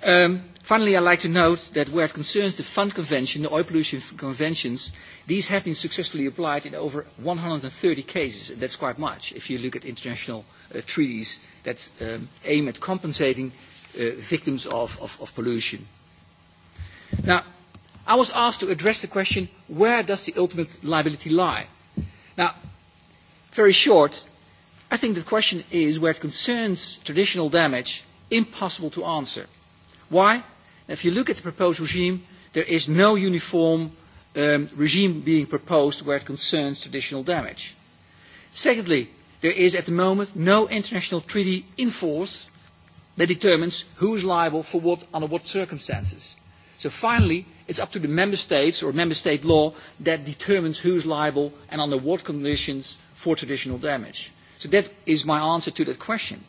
Um, finally, I'd like to note that where it concerns the Fund Convention, the Oil Pollution Conventions, these have been successfully applied in over 130 cases. That's quite much if you look at international uh, treaties that um, aim at compensating uh, victims of, of, of pollution. Now, I was asked to address the question, where does the ultimate liability lie? Now, Very short, I think the question is where it concerns traditional damage, impossible to answer. Why? If you look at the proposed regime, there is no uniform um, regime being proposed where it concerns traditional damage. Secondly, there is at the moment no international treaty in force that determines who is liable for what under what circumstances. So finally, it's up to the member states or member state law that determines who's liable and under what conditions for traditional damage. So that is my answer to that question.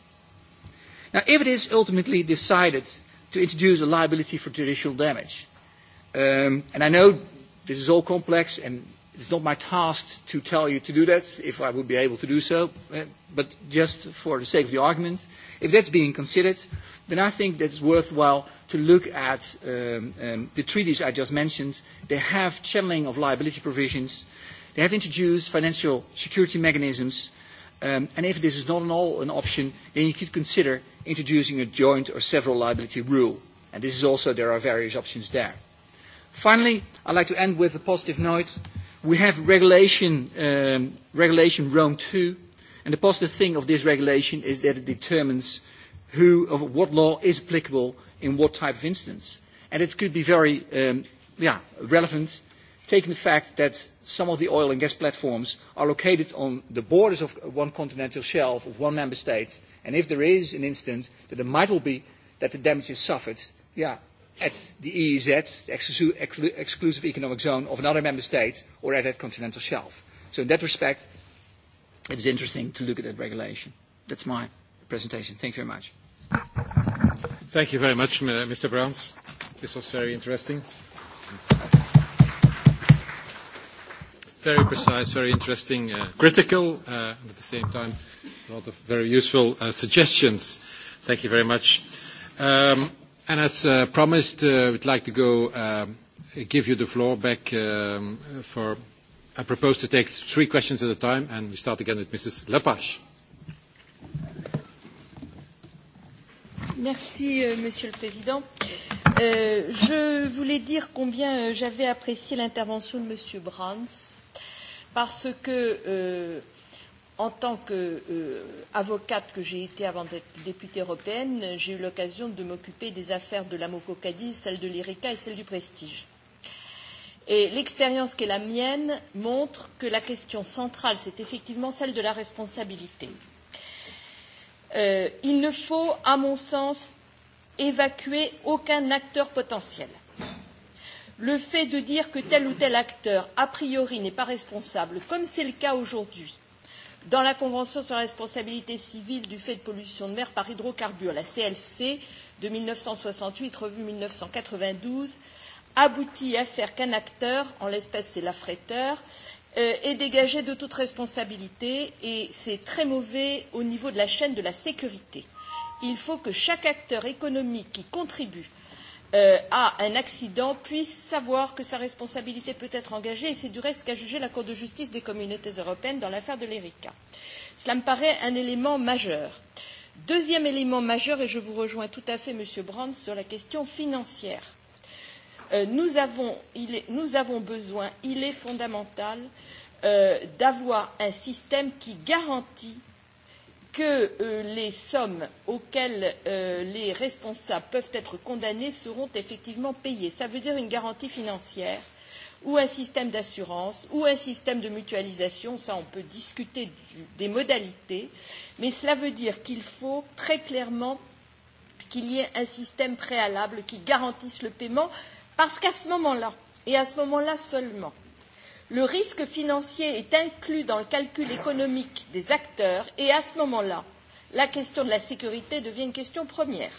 Now, if it is ultimately decided to introduce a liability for traditional damage, um, and I know this is all complex and it's not my task to tell you to do that, if I would be able to do so, uh, but just for the sake of the argument, if that's being considered, then I think it's worthwhile to look at um, um, the treaties I just mentioned. They have channeling of liability provisions. They have introduced financial security mechanisms. Um, and if this is not at all an option, then you could consider introducing a joint or several liability rule. And this is also, there are various options there. Finally, I'd like to end with a positive note. We have regulation, um, regulation Rome 2, and the positive thing of this regulation is that it determines who, of what law is applicable in what type of instance. And it could be very um, yeah, relevant taking the fact that some of the oil and gas platforms are located on the borders of one continental shelf of one member state, and if there is an incident, that it might well be that the damage is suffered yeah, at the EEZ, the exclu exclusive economic zone of another member state, or at that continental shelf. So in that respect, it is interesting to look at that regulation. That's my presentation. Thank you very much. Thank you very much, Mr. Browns. This was very interesting. Very precise, very interesting, uh, critical, uh, and at the same time, a lot of very useful uh, suggestions. Thank you very much. Um, and as uh, promised, uh, we'd like to go uh, give you the floor back um, for, I propose to take three questions at a time, and we start again with Mrs. Lepage. Merci, euh, Monsieur le Président. Euh, je voulais dire combien euh, j'avais apprécié l'intervention de Monsieur Brans, parce que, euh, en tant qu'avocate que, euh, que j'ai été avant d'être députée européenne, j'ai eu l'occasion de m'occuper des affaires de la Mococadie, celle de l'IRICA et celle du Prestige. Et l'expérience qui est la mienne montre que la question centrale, c'est effectivement celle de la responsabilité. Euh, il ne faut, à mon sens, évacuer aucun acteur potentiel. Le fait de dire que tel ou tel acteur, a priori, n'est pas responsable, comme c'est le cas aujourd'hui, dans la Convention sur la responsabilité civile du fait de pollution de mer par hydrocarbures, la CLC de 1968, revue 1992, aboutit à faire qu'un acteur, en l'espèce c'est l'affréteur, euh, euh, est dégagé de toute responsabilité et c'est très mauvais au niveau de la chaîne de la sécurité. Il faut que chaque acteur économique qui contribue euh, à un accident puisse savoir que sa responsabilité peut être engagée et c'est du reste qu'a jugé la Cour de justice des communautés européennes dans l'affaire de l'ERICA. Cela me paraît un élément majeur. Deuxième élément majeur, et je vous rejoins tout à fait, Monsieur Brandt, sur la question financière Euh, nous, avons, il est, nous avons besoin, il est fondamental euh, d'avoir un système qui garantit que euh, les sommes auxquelles euh, les responsables peuvent être condamnés seront effectivement payées. Ça veut dire une garantie financière ou un système d'assurance ou un système de mutualisation, ça on peut discuter du, des modalités, mais cela veut dire qu'il faut très clairement qu'il y ait un système préalable qui garantisse le paiement Parce qu'à ce moment-là, et à ce moment-là seulement, le risque financier est inclus dans le calcul économique des acteurs et à ce moment-là, la question de la sécurité devient une question première.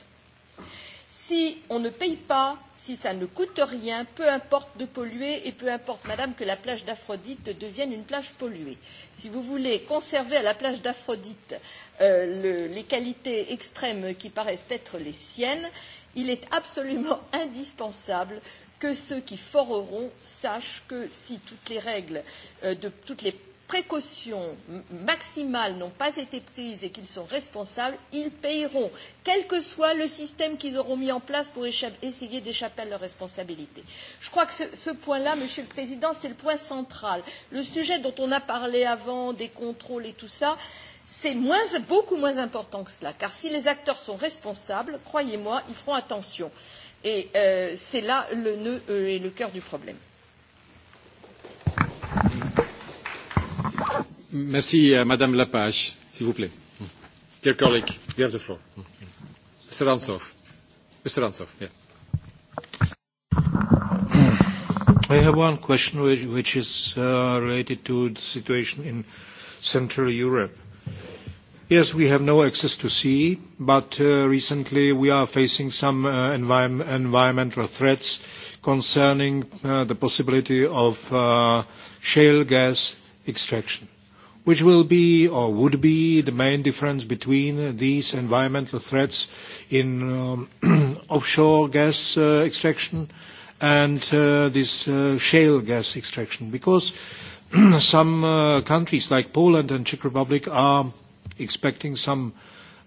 Si on ne paye pas, si ça ne coûte rien, peu importe de polluer et peu importe, madame, que la plage d'Aphrodite devienne une plage polluée. Si vous voulez conserver à la plage d'Aphrodite euh, le, les qualités extrêmes qui paraissent être les siennes, il est absolument indispensable que ceux qui foreront sachent que si toutes les règles, euh, de, toutes les précautions maximales n'ont pas été prises et qu'ils sont responsables, ils paieront, quel que soit le système qu'ils auront mis en place pour essayer d'échapper à leurs responsabilités. Je crois que ce, ce point-là, Monsieur le Président, c'est le point central. Le sujet dont on a parlé avant, des contrôles et tout ça, euh, c'est moins, beaucoup moins important que cela, car si les acteurs sont responsables, croyez-moi, ils feront attention. Et euh, c'est là le nœud euh, et le cœur du problème. Merci, euh, Madame Lapage, s'il vous plaît. Dear colleague, you have the floor. Mr. Ransov. Mr. Ransov, yeah. I have one question which, which is uh, related to the situation in Central Europe. Yes, we have no access to sea, but uh, recently we are facing some uh, environmental threats concerning uh, the possibility of uh, shale gas extraction, which will be or would be the main difference between these environmental threats in um, offshore gas uh, extraction and uh, this uh, shale gas extraction, because some uh, countries like Poland and Czech Republic are expecting some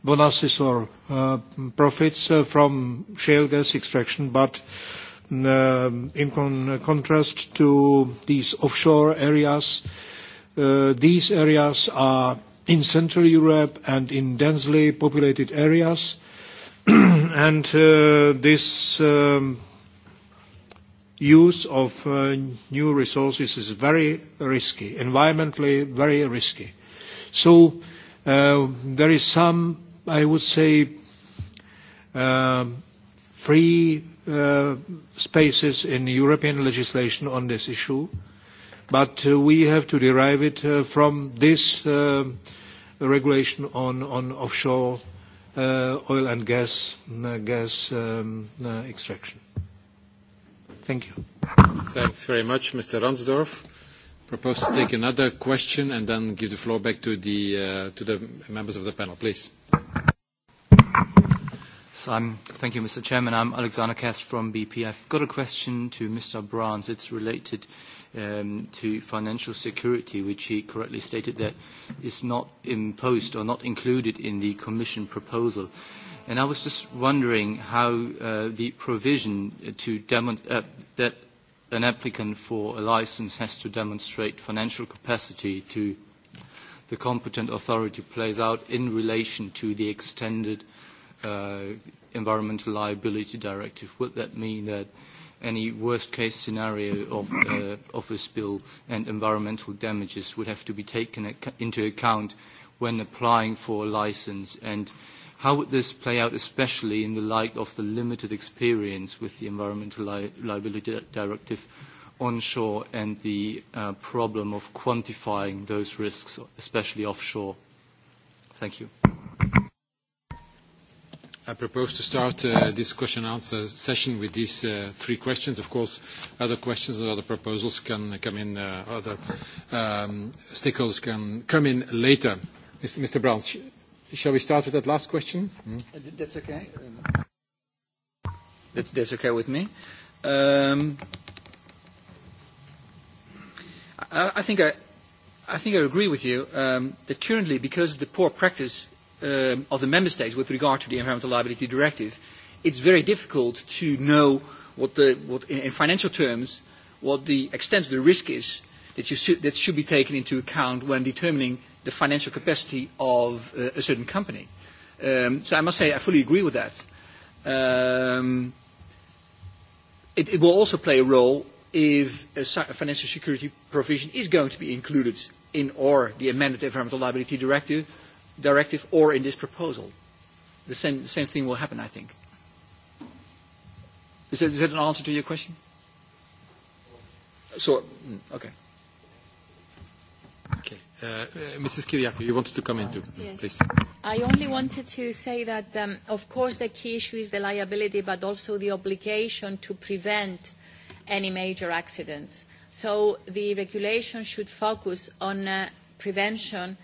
bonuses or uh, profits uh, from shale gas extraction, but uh, in con contrast to these offshore areas, uh, these areas are in Central Europe and in densely populated areas, and uh, this um, use of uh, new resources is very risky, environmentally very risky. So Uh, there is some, I would say, uh, free uh, spaces in European legislation on this issue, but uh, we have to derive it uh, from this uh, regulation on, on offshore uh, oil and gas, uh, gas um, uh, extraction. Thank you. Thanks very much, Mr. Ransdorf propose to take another question and then give the floor back to the, uh, to the members of the panel, please. So I'm, thank you, Mr. Chairman. I'm Alexander Kast from BP. I've got a question to Mr. Brands. It's related um, to financial security, which he correctly stated that is not imposed or not included in the Commission proposal. And I was just wondering how uh, the provision to demon uh, that an applicant for a license has to demonstrate financial capacity to the competent authority plays out in relation to the extended uh, environmental liability directive. Would that mean that any worst case scenario of, uh, of a spill and environmental damages would have to be taken into account when applying for a license and How would this play out, especially in the light of the limited experience with the Environmental Li Liability Directive onshore and the uh, problem of quantifying those risks, especially offshore? Thank you. I propose to start uh, this question and answer session with these uh, three questions. Of course, other questions or other proposals can come in, uh, other um, stakeholders can come in later. Mr. Mr. Brown. Shall we start with that last question? Hmm? Uh, that's okay. Um, that's, that's okay with me. Um, I, I think I, I think I agree with you um, that currently, because of the poor practice um, of the member states with regard to the environmental liability directive, it's very difficult to know what the what in, in financial terms what the extent of the risk is that you should that should be taken into account when determining the financial capacity of uh, a certain company. Um, so I must say I fully agree with that. Um, it, it will also play a role if a financial security provision is going to be included in or the amended environmental liability directive, directive or in this proposal. The same, the same thing will happen, I think. Is that, is that an answer to your question? So, mm, okay. Okay. Uh, Mrs. Kiriakou, you wanted to in too, yes. please. I only wanted to say that, um, of course, the key issue is the liability, but also the obligation to prevent any major accidents. So the regulation should focus on uh, prevention,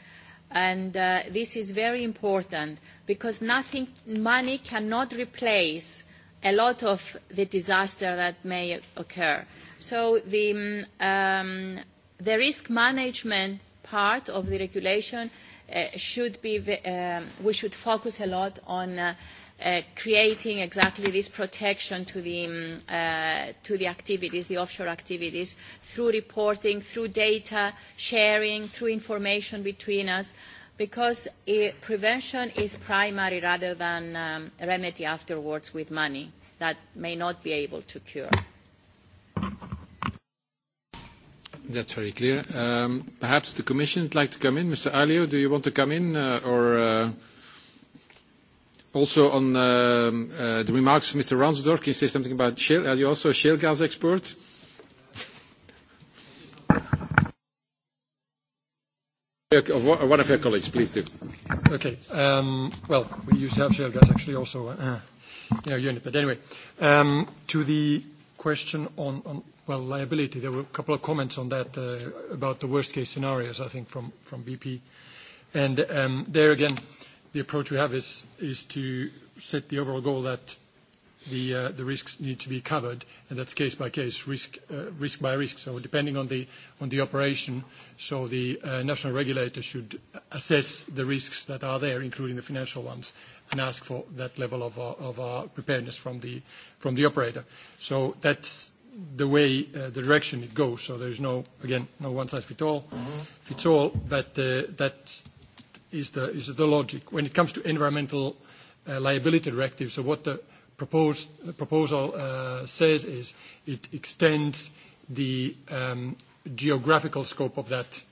and uh, this is very important because nothing, money cannot replace a lot of the disaster that may occur. So the, um, um the risk management part of the regulation uh, should be, um, we should focus a lot on uh, uh, creating exactly this protection to the, um, uh, to the activities, the offshore activities, through reporting, through data sharing, through information between us, because uh, prevention is primary rather than um, remedy afterwards with money that may not be able to cure. That's very clear. Um, perhaps the Commission would like to come in. Mr. Alio, do you want to come in? Uh, or uh, also on um, uh, the remarks of Mr. Ransdorf, can you say something about shale? Are you also a shale gas expert? One of your colleagues, please do. Okay. Um, well, we used to have shale gas actually also in uh, our unit. But anyway, um, to the question on, on Well, liability, there were a couple of comments on that uh, about the worst-case scenarios, I think, from, from BP. And um, there again, the approach we have is, is to set the overall goal that the, uh, the risks need to be covered, and that's case by case, risk, uh, risk by risk. So depending on the, on the operation, so the uh, national regulator should assess the risks that are there, including the financial ones, and ask for that level of, uh, of uh, preparedness from the, from the operator. So that's the way, uh, the direction it goes. So there's no, again, no one size fits all, mm-hmm. fits all but uh, that is the, is the logic. When it comes to environmental uh, liability directive, so what the proposed, the uh, proposal uh, says is it extends the um, geographical scope of that,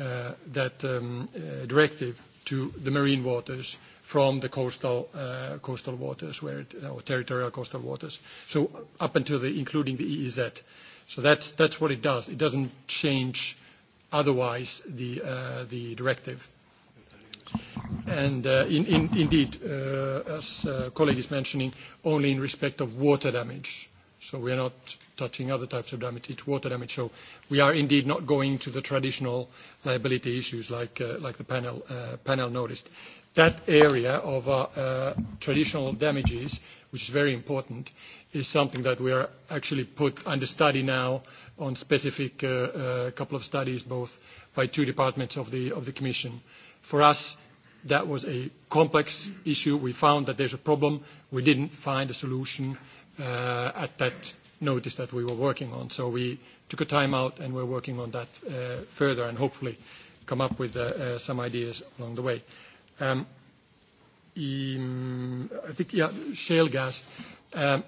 uh, that um, uh, directive to the marine waters from the coastal, uh, coastal waters where it, or territorial coastal waters. So up until the, including the EEZ. So that's, that's what it does. It doesn't change otherwise the, uh, the directive. And uh, in, in, indeed, uh, as uh, colleague is mentioning, only in respect of water damage. So we are not touching other types of damage. It's water damage. So we are indeed not going to the traditional liability issues like, uh, like the panel, uh, panel noticed that area of uh, uh, traditional damages, which is very important, is something that we are actually put under study now on specific uh, uh, couple of studies, both by two departments of the, of the Commission. For us, that was a complex issue. We found that there's a problem. We didn't find a solution uh, at that notice that we were working on. So we took a time out and we're working on that uh, further and hopefully come up with uh, uh, some ideas along the way. Um, I think, yeah, shale gas. Um,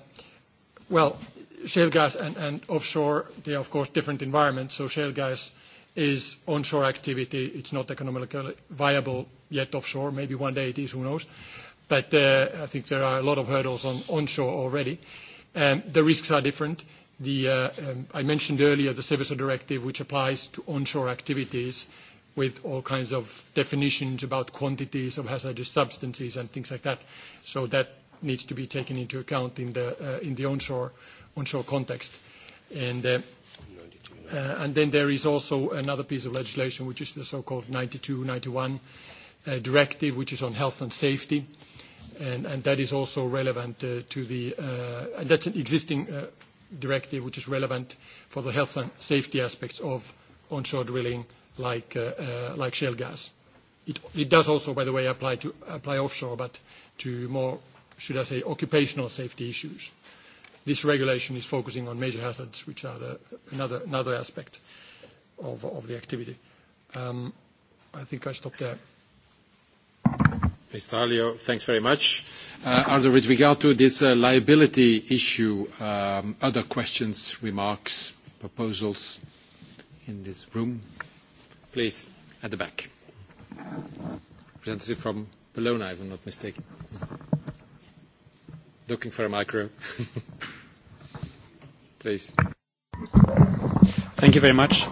well, shale gas and, and offshore, they are, of course, different environments. So shale gas is onshore activity. It's not economically viable yet offshore. Maybe one day it is, who knows? But uh, I think there are a lot of hurdles on onshore already. Um, the risks are different. The, uh, um, I mentioned earlier the Seveso Directive, which applies to onshore activities with all kinds of definitions about quantities of hazardous substances and things like that. So that needs to be taken into account in the, uh, in the onshore, onshore context. And, uh, uh, and then there is also another piece of legislation, which is the so-called 92-91 uh, directive, which is on health and safety. And, and that is also relevant uh, to the, uh, and that's an existing uh, directive which is relevant for the health and safety aspects of onshore drilling like, uh, uh, like shale gas. It, it does also, by the way, apply, to, apply offshore, but to more, should I say, occupational safety issues. This regulation is focusing on major hazards, which are the, another, another aspect of, of the activity. Um, I think I stop there. Mr. Alio, thanks very much. Uh, Ardo, with regard to this uh, liability issue, um, other questions, remarks, proposals in this room? Please, at the back. Representative from Bologna, if I'm not mistaken. Looking for a micro. Please. Thank you very much.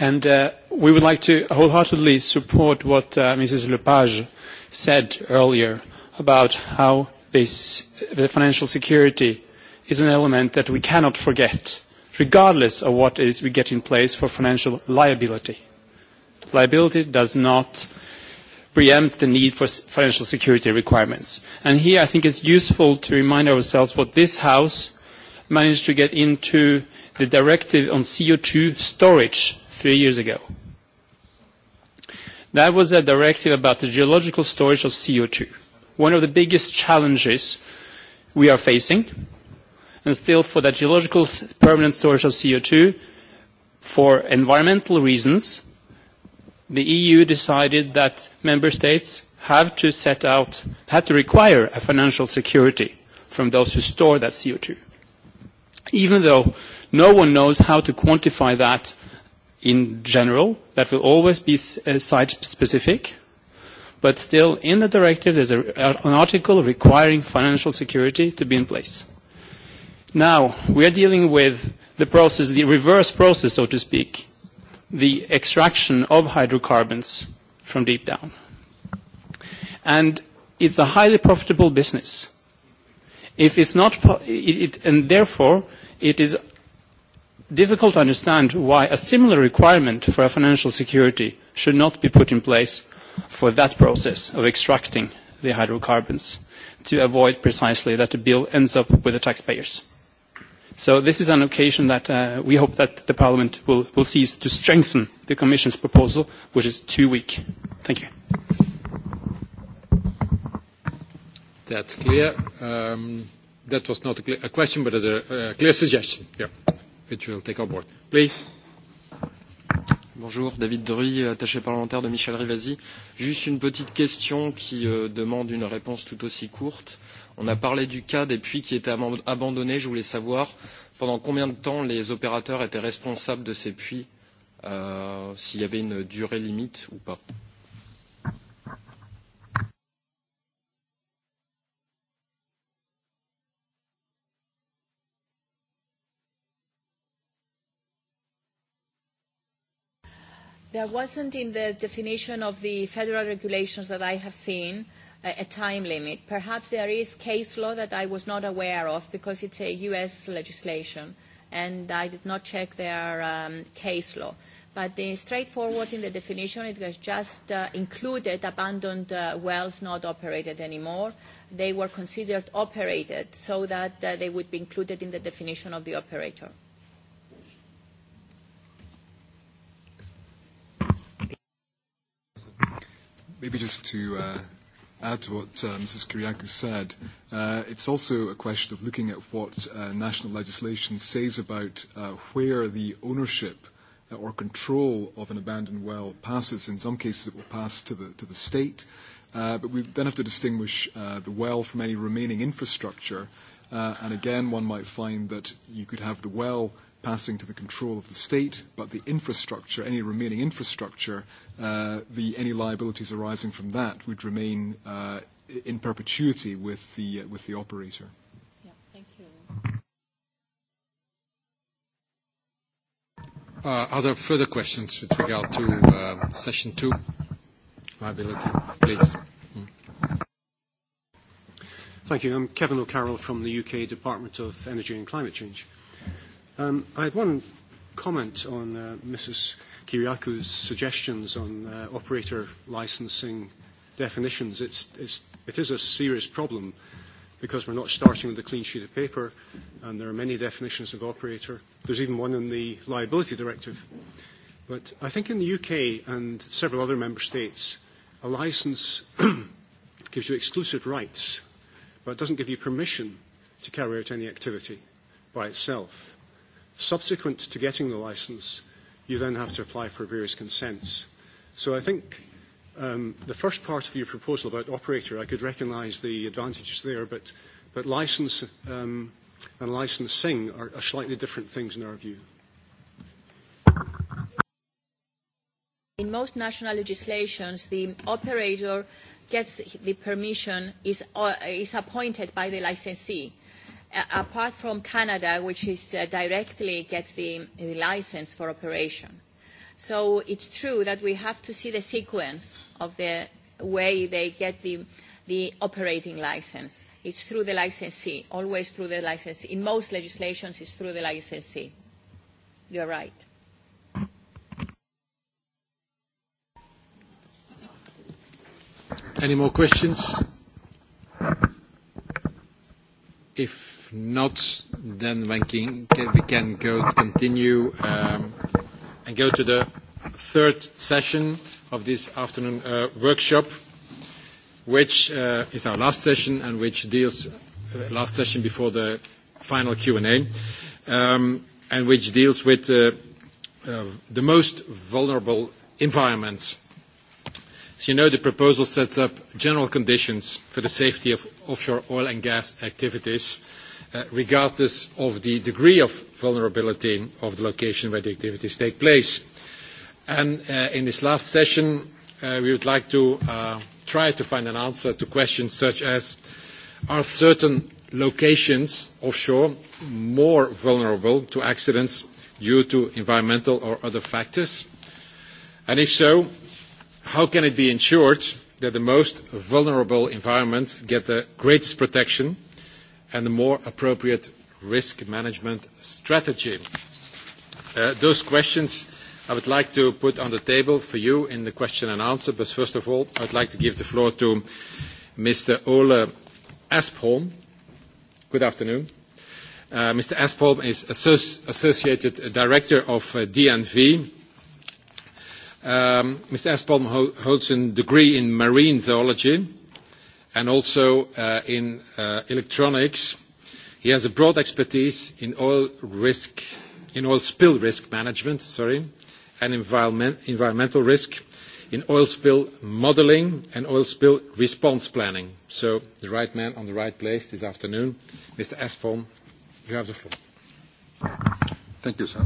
And uh, we would like to wholeheartedly support what uh, Mrs. Lepage said earlier about how this, the financial security is an element that we cannot forget, regardless of what is we get in place for financial liability liability does not preempt the need for financial security requirements. And here I think it's useful to remind ourselves what this House managed to get into the directive on CO2 storage three years ago. That was a directive about the geological storage of CO2, one of the biggest challenges we are facing, and still for the geological permanent storage of CO2, for environmental reasons, the EU decided that member states have to set out, had to require a financial security from those who store that co two, Even though no one knows how to quantify that in general, that will always be uh, site-specific, but still in the directive there's a, an article requiring financial security to be in place. Now, we are dealing with the process, the reverse process, so to speak, the extraction of hydrocarbons from deep down. And it's a highly profitable business. If it's not, it, it, and therefore, it is difficult to understand why a similar requirement for financial security should not be put in place for that process of extracting the hydrocarbons to avoid precisely that the bill ends up with the taxpayers. So this is an occasion that uh, we hope that the Parliament will, will seize to strengthen the Commission's proposal, which is too weak. Thank you. That's clear. Um, that was not a, clear, a question, but a, a clear suggestion, yeah, which we'll take on board. Please. Bonjour, David Dory, attaché parlementaire de Michel Rivasi. Juste une petite question qui euh, demande une réponse tout aussi courte. Euh, On a parlé du cas des puits qui étaient abandonnés. Je voulais savoir pendant combien de temps les opérateurs étaient responsables de ces puits, euh, s'il y avait une durée limite ou pas. There wasn't in the definition of the federal regulations that I have seen a time limit. Perhaps there is case law that I was not aware of because it's a U.S. legislation and I did not check their um, case law. But the straightforward in the definition, it was just uh, included abandoned uh, wells not operated anymore. They were considered operated so that uh, they would be included in the definition of the operator. Maybe just to uh, add to what uh, Mrs. Kyriakis said, uh, it's also a question of looking at what uh, national legislation says about uh, where the ownership uh, or control of an abandoned well passes. In some cases, it will pass to the, to the state, uh, but we then have to distinguish uh, the well from any remaining infrastructure. Uh, and again, one might find that you could have the well passing to the control of the state, but the infrastructure, any remaining infrastructure, uh, the, any liabilities arising from that would remain uh, in perpetuity with the, uh, with the operator. Uh, are there further questions with regard to uh, session two? Liability, please. Thank you. I'm Kevin O'Carroll from the UK Department of Energy and Climate Change. Um, I had one comment on uh, Mrs. Kiriaku's suggestions on uh, operator licensing definitions. It's, it's, it is a serious problem because we're not starting with a clean sheet of paper, and there are many definitions of operator. There's even one in the liability directive. But I think in the UK and several other member states, a license gives you exclusive rights, but doesn't give you permission to carry out any activity by itself. Subsequent to getting the license, you then have to apply for various consents. So I think um, the first part of your proposal about operator, I could recognise the advantages there, but, but license um, and licensing are, are slightly different things in our view. In most national legislations, the operator gets the permission, is, uh, is appointed by the licensee apart from Canada, which is uh, directly gets the, the license for operation. So it's true that we have to see the sequence of the way they get the, the operating license. It's through the licensee, always through the licensee. In most legislations, it's through the licensee. You're right. Any more questions? If not, then we can, we can go continue um, and go to the third session of this afternoon uh, workshop, which uh, is our last session and which deals uh, last session before the final Q&A, um, and which deals with the most vulnerable environments. As you know, the proposal sets up general conditions for the safety of offshore oil and gas activities uh, regardless of the degree of vulnerability of the location where the activities take place. And uh, in this last session, uh, we would like to uh, try to find an answer to questions such as, are certain locations offshore more vulnerable to accidents due to environmental or other factors? And if so, how can it be ensured that the most vulnerable environments get the greatest protection and a more appropriate risk management strategy. Uh, those questions I would like to put on the table for you in the question and answer, but first of all, I would like to give the floor to Mr. Ole Aspholm. Good afternoon. Uh, Mr. Aspholm is Associ Associated Director of uh, DNV. Um, Mr. Aspholm ho holds a degree in marine zoology and also uh, in uh, electronics. He has a broad expertise in oil risk, in oil spill risk management, sorry, and environment, environmental risk, in oil spill modeling and oil spill response planning. So the right man on the right place this afternoon. Mr. Esfon, you have the floor. Thank you, sir.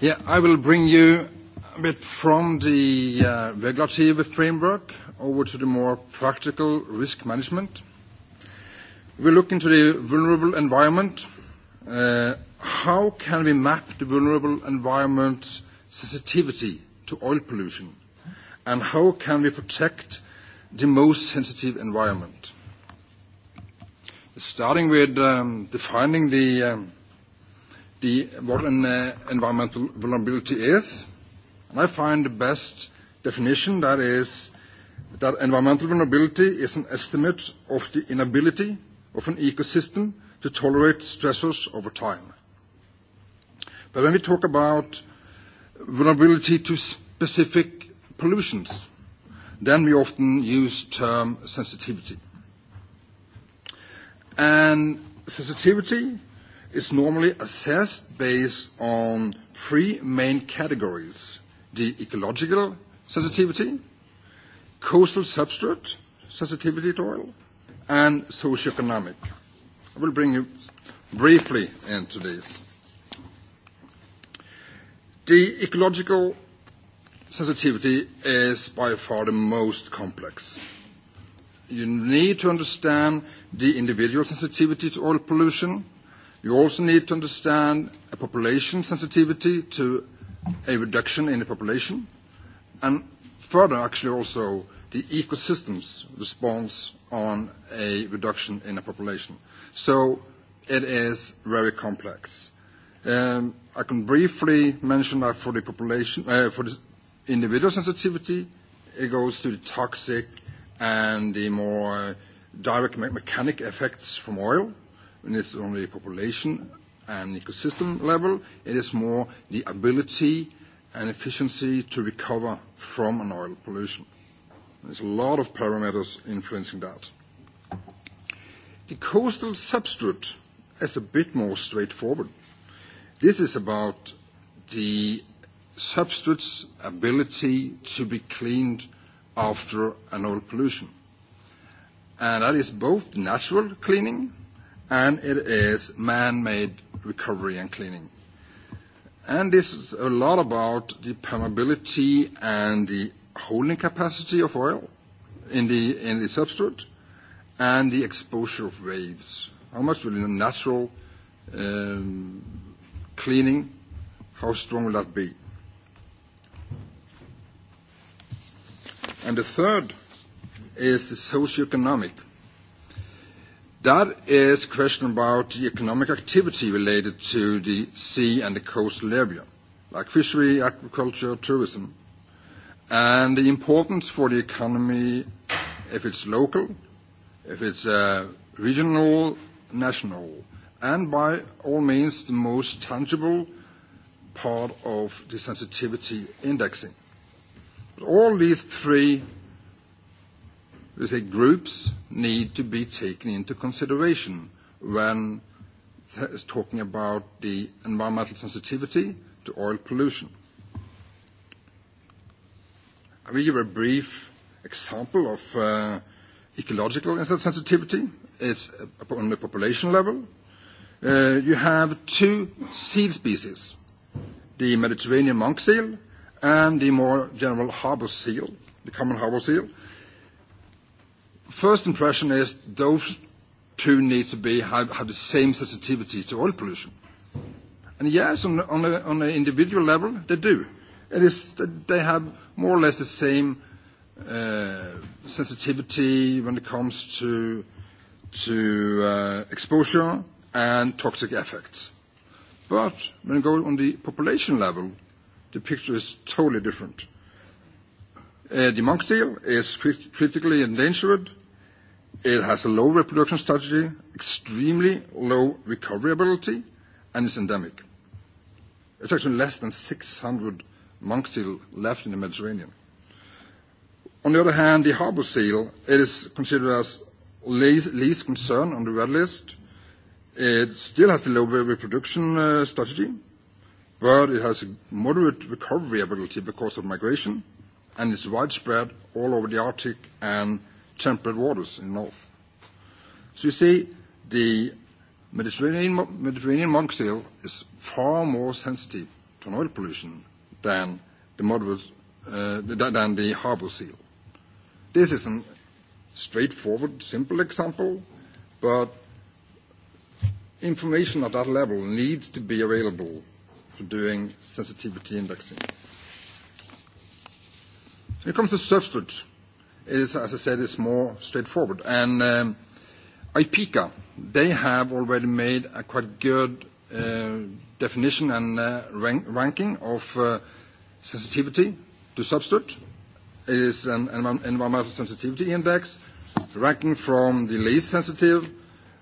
Yeah, I will bring you a bit from the uh, regulatory framework over to the more practical risk management. We look into the vulnerable environment. Uh, how can we map the vulnerable environment's sensitivity to oil pollution? And how can we protect the most sensitive environment? Starting with um, defining the, um, the, what an uh, environmental vulnerability is, and I find the best definition that is that environmental vulnerability is an estimate of the inability of an ecosystem to tolerate stressors over time. But when we talk about vulnerability to specific pollutions, then we often use term sensitivity. And sensitivity is normally assessed based on three main categories, the ecological sensitivity, coastal substrate sensitivity to oil, and socioeconomic. I will bring you briefly into this. The ecological sensitivity is by far the most complex. You need to understand the individual sensitivity to oil pollution. You also need to understand a population sensitivity to a reduction in the population. And further, actually, also the ecosystem's response on a reduction in a population. So it is very complex. Um, I can briefly mention that for the population, uh, for the individual sensitivity, it goes to the toxic and the more direct me mechanic effects from oil, and it's only the population and ecosystem level. It is more the ability and efficiency to recover from an oil pollution. There's a lot of parameters influencing that. The coastal substrate is a bit more straightforward. This is about the substrate's ability to be cleaned after an oil pollution. And that is both natural cleaning and it is man-made recovery and cleaning. And this is a lot about the permeability and the holding capacity of oil in the, in the substrate and the exposure of waves. How much will the natural um, cleaning, how strong will that be? And the third is the socioeconomic. That is a question about the economic activity related to the sea and the coastal area, like fishery, aquaculture, tourism. And the importance for the economy, if it's local, if it's uh, regional, national, and by all means the most tangible part of the sensitivity indexing. But all these three say, groups need to be taken into consideration when th talking about the environmental sensitivity to oil pollution. I will give a brief example of uh, ecological sensitivity. It's on the population level. Uh, you have two seal species, the Mediterranean monk seal and the more general harbor seal, the common harbor seal. First impression is those two need to be, have, have the same sensitivity to oil pollution. And yes, on, on, a, on an individual level, they do. It is, they have more or less the same uh, sensitivity when it comes to, to uh, exposure and toxic effects. But when you go on the population level, the picture is totally different. Uh, the monk seal is crit critically endangered. It has a low reproduction strategy, extremely low recoverability, and is endemic. It's actually less than 600 monk seal left in the Mediterranean. On the other hand, the harbour seal, it is considered as least, least concern on the red list. It still has the low reproduction uh, strategy, but it has a moderate recovery ability because of migration, and it's widespread all over the Arctic and temperate waters in the north. So you see, the Mediterranean, Mediterranean monk seal is far more sensitive to oil pollution than the, moderate, uh, than the harbor seal. This is a straightforward, simple example, but information at that level needs to be available for doing sensitivity indexing. When it comes to substrate, it is, as I said, it's more straightforward. And um, IPICA, they have already made a quite good uh, definition and uh, rank ranking of uh, sensitivity to substrate. It is an environmental sensitivity index, ranking from the least sensitive,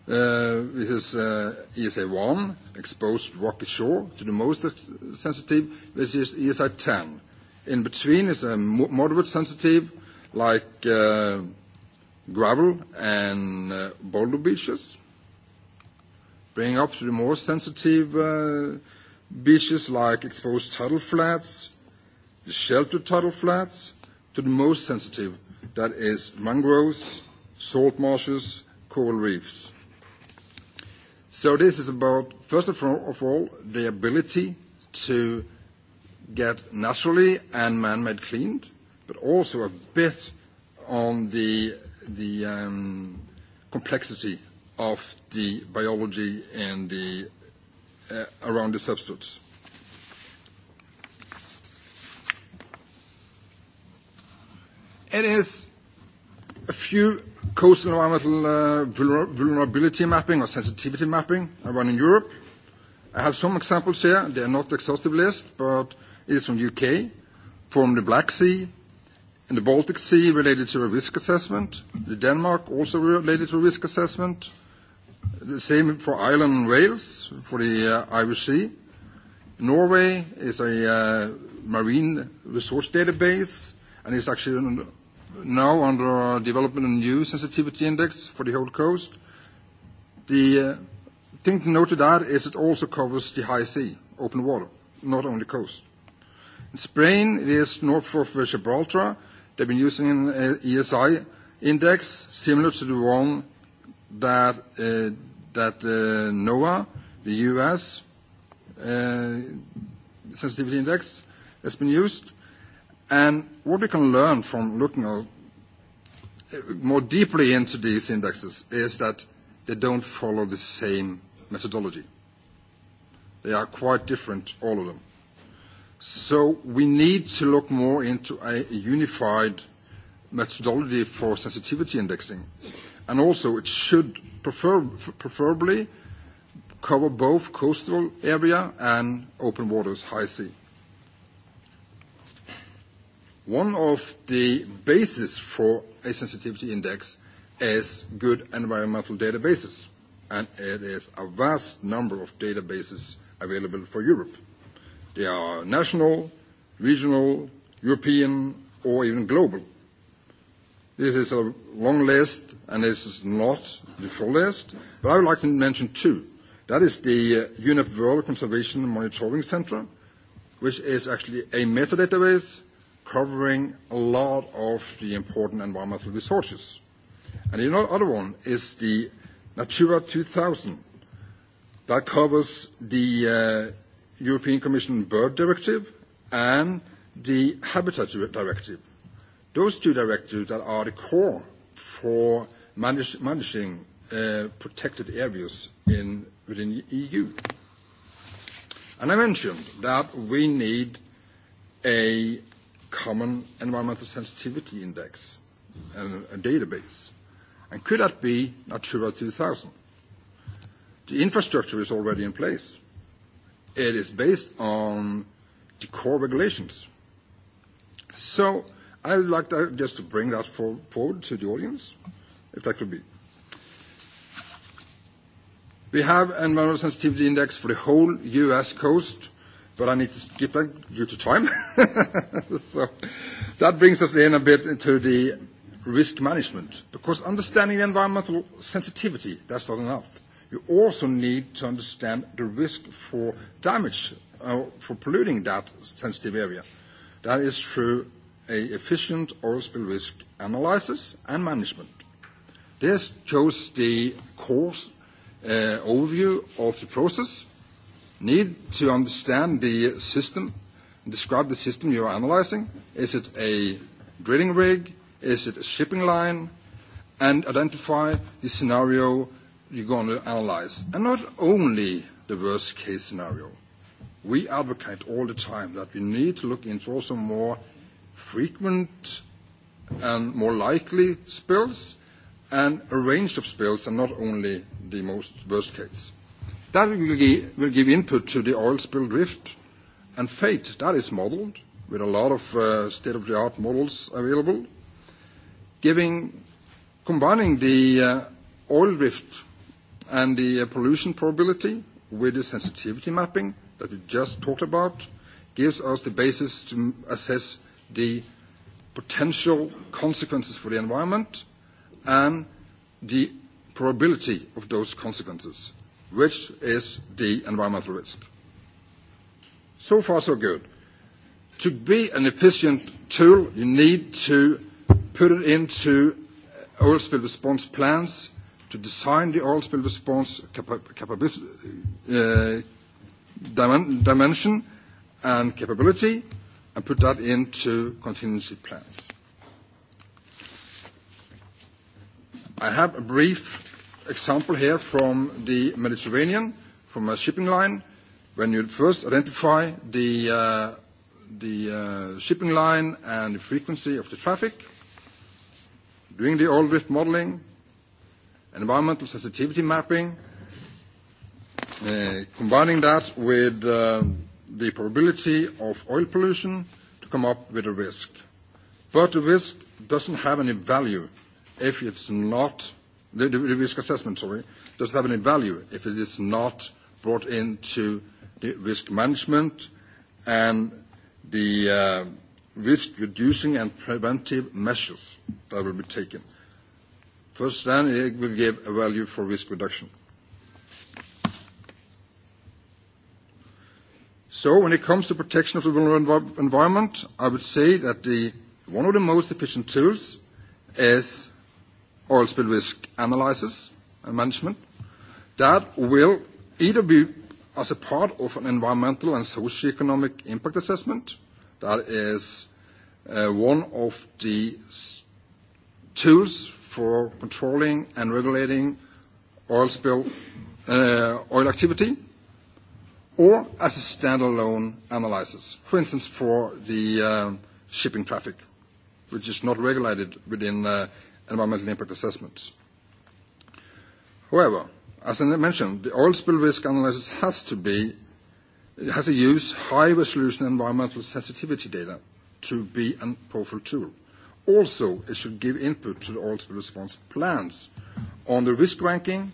uh, which is uh, ESA 1, exposed rocky shore, to the most sensitive, which is ESA 10. In between is a moderate sensitive, like uh, gravel and uh, boulder beaches bring up to the more sensitive uh, beaches like exposed tidal flats, the sheltered tidal flats, to the most sensitive, that is mangroves, salt marshes, coral reefs. So this is about, first of all, of all the ability to get naturally and man-made cleaned, but also a bit on the, the um, complexity of the biology and the, uh, around the substance. It has a few coastal environmental uh, vulnerability mapping or sensitivity mapping around in Europe. I have some examples here. They are not exhaustive list, but it is from the UK, from the Black Sea, and the Baltic Sea related to a risk assessment, the Denmark also related to a risk assessment, The same for Ireland and Wales, for the uh, Irish Sea. Norway is a uh, marine resource database, and is actually now under development a new sensitivity index for the whole coast. The uh, thing to note to that is it also covers the high sea, open water, not only coast. In Spain, it is north of Gibraltar. They've been using an uh, ESI index similar to the one that uh, that uh, NOAA, the U.S. Uh, sensitivity index has been used, and what we can learn from looking at uh, more deeply into these indexes is that they don't follow the same methodology. They are quite different, all of them. So we need to look more into a unified methodology for sensitivity indexing And also it should prefer, preferably cover both coastal area and open waters, high sea. One of the basis for a sensitivity index is good environmental databases, and it is a vast number of databases available for Europe. They are national, regional, European, or even global. This is a long list, and this is not the full list, but I would like to mention two. That is the uh, UNEP World Conservation Monitoring Center, which is actually a metadatabase covering a lot of the important environmental resources. And the other one is the Natura 2000. That covers the uh, European Commission Bird Directive and the Habitat Directive. Those two directives that are the core for manage, managing uh, protected areas in, within the EU. And I mentioned that we need a common environmental sensitivity index and a database. And could that be Natura 2000? The infrastructure is already in place. It is based on the core regulations. So I would like to, just to bring that for, forward to the audience, if that could be. We have an environmental sensitivity index for the whole U.S. coast, but I need to skip that due to time. so that brings us in a bit into the risk management, because understanding the environmental sensitivity, that's not enough. You also need to understand the risk for damage, uh, for polluting that sensitive area. That is through a efficient oil spill risk analysis and management. This shows the course uh, overview of the process, need to understand the system, describe the system you're analyzing. Is it a drilling rig? Is it a shipping line? And identify the scenario you're going to analyze. And not only the worst case scenario. We advocate all the time that we need to look into also more frequent and more likely spills and a range of spills and not only the most worst case. That will give, will give input to the oil spill drift and fate. That is modeled with a lot of uh, state-of-the-art models available, giving, combining the uh, oil drift and the uh, pollution probability with the sensitivity mapping that we just talked about gives us the basis to assess the potential consequences for the environment and the probability of those consequences, which is the environmental risk. So far, so good. To be an efficient tool, you need to put it into oil spill response plans to design the oil spill response cap cap uh, dimension and capability and put that into contingency plans. I have a brief example here from the Mediterranean, from a shipping line. When you first identify the, uh, the uh, shipping line and the frequency of the traffic, doing the oil drift modeling, environmental sensitivity mapping, uh, combining that with um, the probability of oil pollution to come up with a risk. But the risk doesn't have any value if it's not, the, the risk assessment, sorry, doesn't have any value if it is not brought into the risk management and the uh, risk reducing and preventive measures that will be taken. First, then, it will give a value for risk reduction. So when it comes to protection of the vulnerable environment, I would say that the, one of the most efficient tools is oil spill risk analysis and management that will either be as a part of an environmental and socio-economic impact assessment. That is uh, one of the tools for controlling and regulating oil spill uh, oil activity or as a standalone analysis, for instance, for the uh, shipping traffic, which is not regulated within uh, environmental impact assessments. However, as I mentioned, the oil spill risk analysis has to be, it has to use high-resolution environmental sensitivity data to be a powerful tool. Also, it should give input to the oil spill response plans on the risk ranking,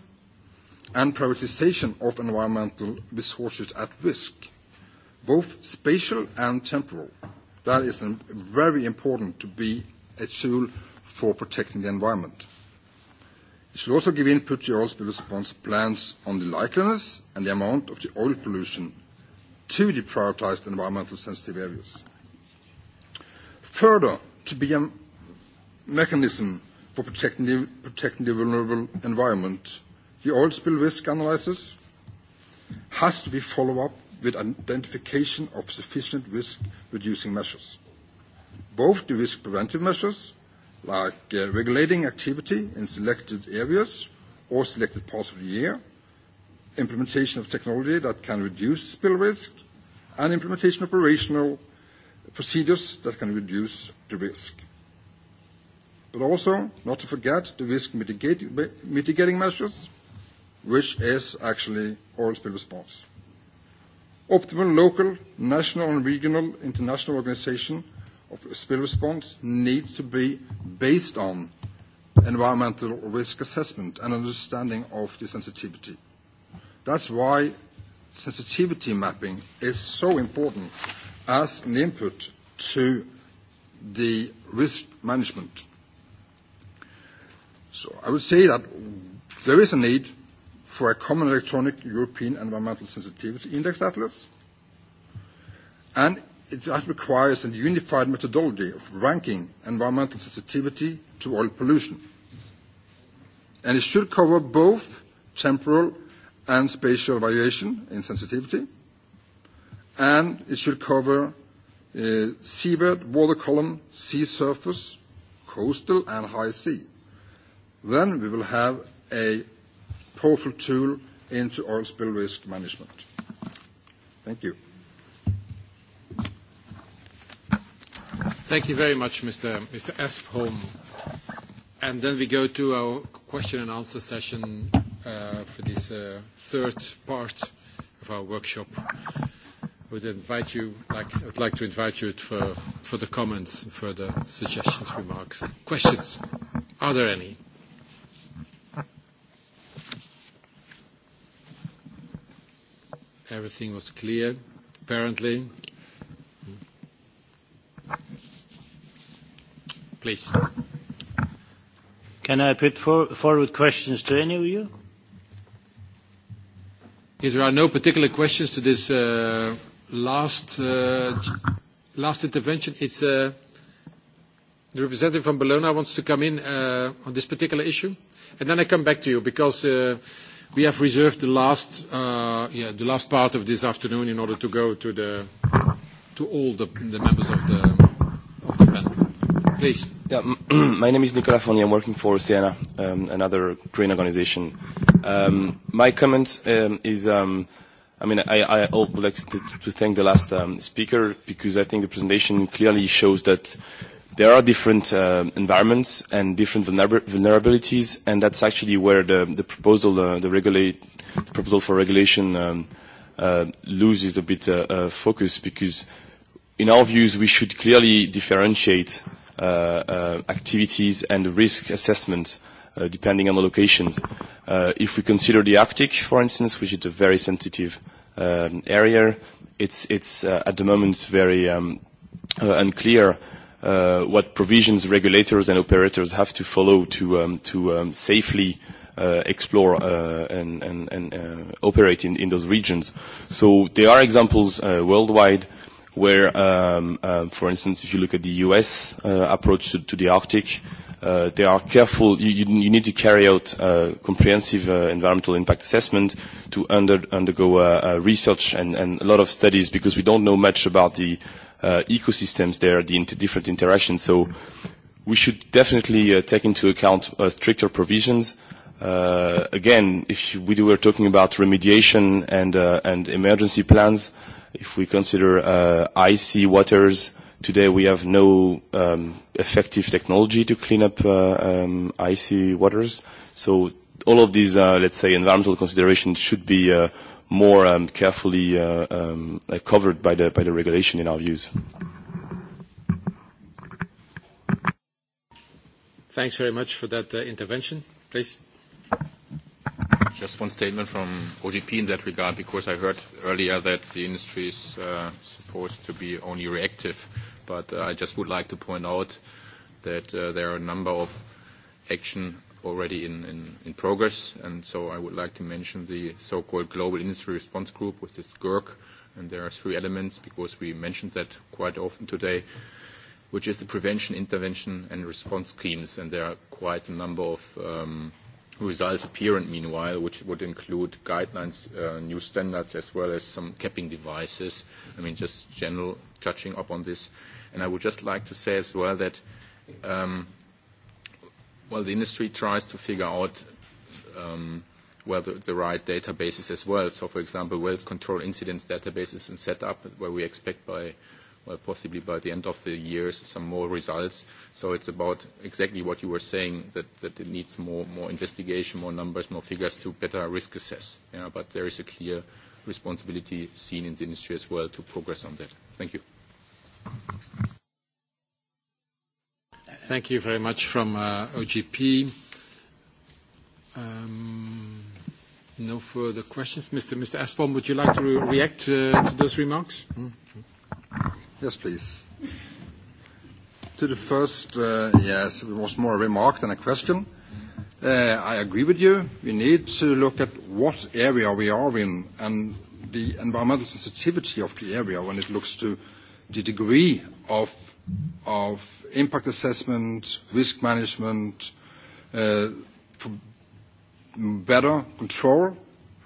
and prioritisation of environmental resources at risk, both spatial and temporal. That is very important to be a tool for protecting the environment. It should also give input to oil response plans on the likeliness and the amount of the oil pollution to the prioritised environmental sensitive areas. Further, to be a mechanism for protecting the, protecting the vulnerable environment The oil spill risk analysis has to be followed up with identification of sufficient risk reducing measures. Both the risk preventive measures, like uh, regulating activity in selected areas or selected parts of the year, implementation of technology that can reduce spill risk, and implementation of operational procedures that can reduce the risk. But also, not to forget the risk mitigating, mitigating measures, which is actually oil spill response. Optimal local, national and regional international organization of spill response needs to be based on environmental risk assessment and understanding of the sensitivity. That's why sensitivity mapping is so important as an input to the risk management. So I would say that there is a need for a common electronic European Environmental Sensitivity Index Atlas. And it, that requires a unified methodology of ranking environmental sensitivity to oil pollution. And it should cover both temporal and spatial variation in sensitivity. And it should cover uh, seabed, water column, sea surface, coastal and high sea. Then we will have a powerful tool into oil spill risk management. Thank you. Thank you very much, Mr. Espholm. And then we go to our question and answer session uh, for this uh, third part of our workshop. I would invite you, like, I like to invite you for the comments further suggestions, remarks, questions. Are there any? everything was clear, apparently. Please. Can I put for, forward questions to any of you? If there are no particular questions to this uh, last, uh, last intervention, it's uh, the representative from Bologna wants to come in uh, on this particular issue. And then I come back to you because uh, We have reserved the last, uh, yeah, the last part of this afternoon in order to go to, the, to all the, the members of the, of the panel. Please. Yeah, my name is Nicola Foni. I'm working for Siena, um, another Korean organization. Um, my comment um, is, um, I mean, I, I would like to, to thank the last um, speaker because I think the presentation clearly shows that there are different uh, environments and different vulnerabilities, and that's actually where the, the proposal, uh, the, regulate, the proposal for regulation um, uh, loses a bit uh, uh, focus because in our views we should clearly differentiate uh, uh, activities and risk assessment uh, depending on the locations. Uh, if we consider the Arctic, for instance, which is a very sensitive um, area, it's, it's uh, at the moment very um, uh, unclear uh, what provisions regulators and operators have to follow to, um, to um, safely uh, explore uh, and, and, and uh, operate in, in those regions. So there are examples uh, worldwide where, um, uh, for instance, if you look at the U.S. Uh, approach to, to the Arctic, uh, they are careful. You, you, you need to carry out uh, comprehensive uh, environmental impact assessment to under, undergo uh, uh, research and, and a lot of studies because we don't know much about the uh, ecosystems there, the inter different interactions. So we should definitely uh, take into account uh, stricter provisions. Uh, again, if we were talking about remediation and, uh, and emergency plans, if we consider uh, icy waters, uh, Today we have no um, effective technology to clean up uh, um, icy waters. So all of these, uh, let's say, environmental considerations should be uh, more um, carefully uh, um, uh, covered by the, by the regulation in our views. Thanks very much for that uh, intervention. Please. Just one statement from OGP in that regard, because I heard earlier that the industry is uh, supposed to be only reactive but uh, I just would like to point out that uh, there are a number of action already in, in, in progress, and so I would like to mention the so-called Global Industry Response Group, which is GERC, and there are three elements because we mentioned that quite often today, which is the prevention, intervention, and response schemes, and there are quite a number of um, results apparent meanwhile, which would include guidelines, uh, new standards, as well as some capping devices. I mean, just general touching up on this. And I would just like to say as well that, um, well, the industry tries to figure out um, well, the, the right databases as well. So, for example, wealth Control Incidents databases and set up where we expect by well, possibly by the end of the year, some more results. So it's about exactly what you were saying, that, that it needs more, more investigation, more numbers, more figures to better risk assess. Yeah, but there is a clear responsibility seen in the industry as well to progress on that. Thank you. Thank you very much from uh, OGP. Um, no further questions. Mr. Mr. Aspon, would you like to re react uh, to those remarks? Mm -hmm. Yes, please. To the first, uh, yes, it was more a remark than a question. Uh, I agree with you. We need to look at what area we are in and the environmental sensitivity of the area when it looks to the degree of, impact assessment, risk management, uh, for better control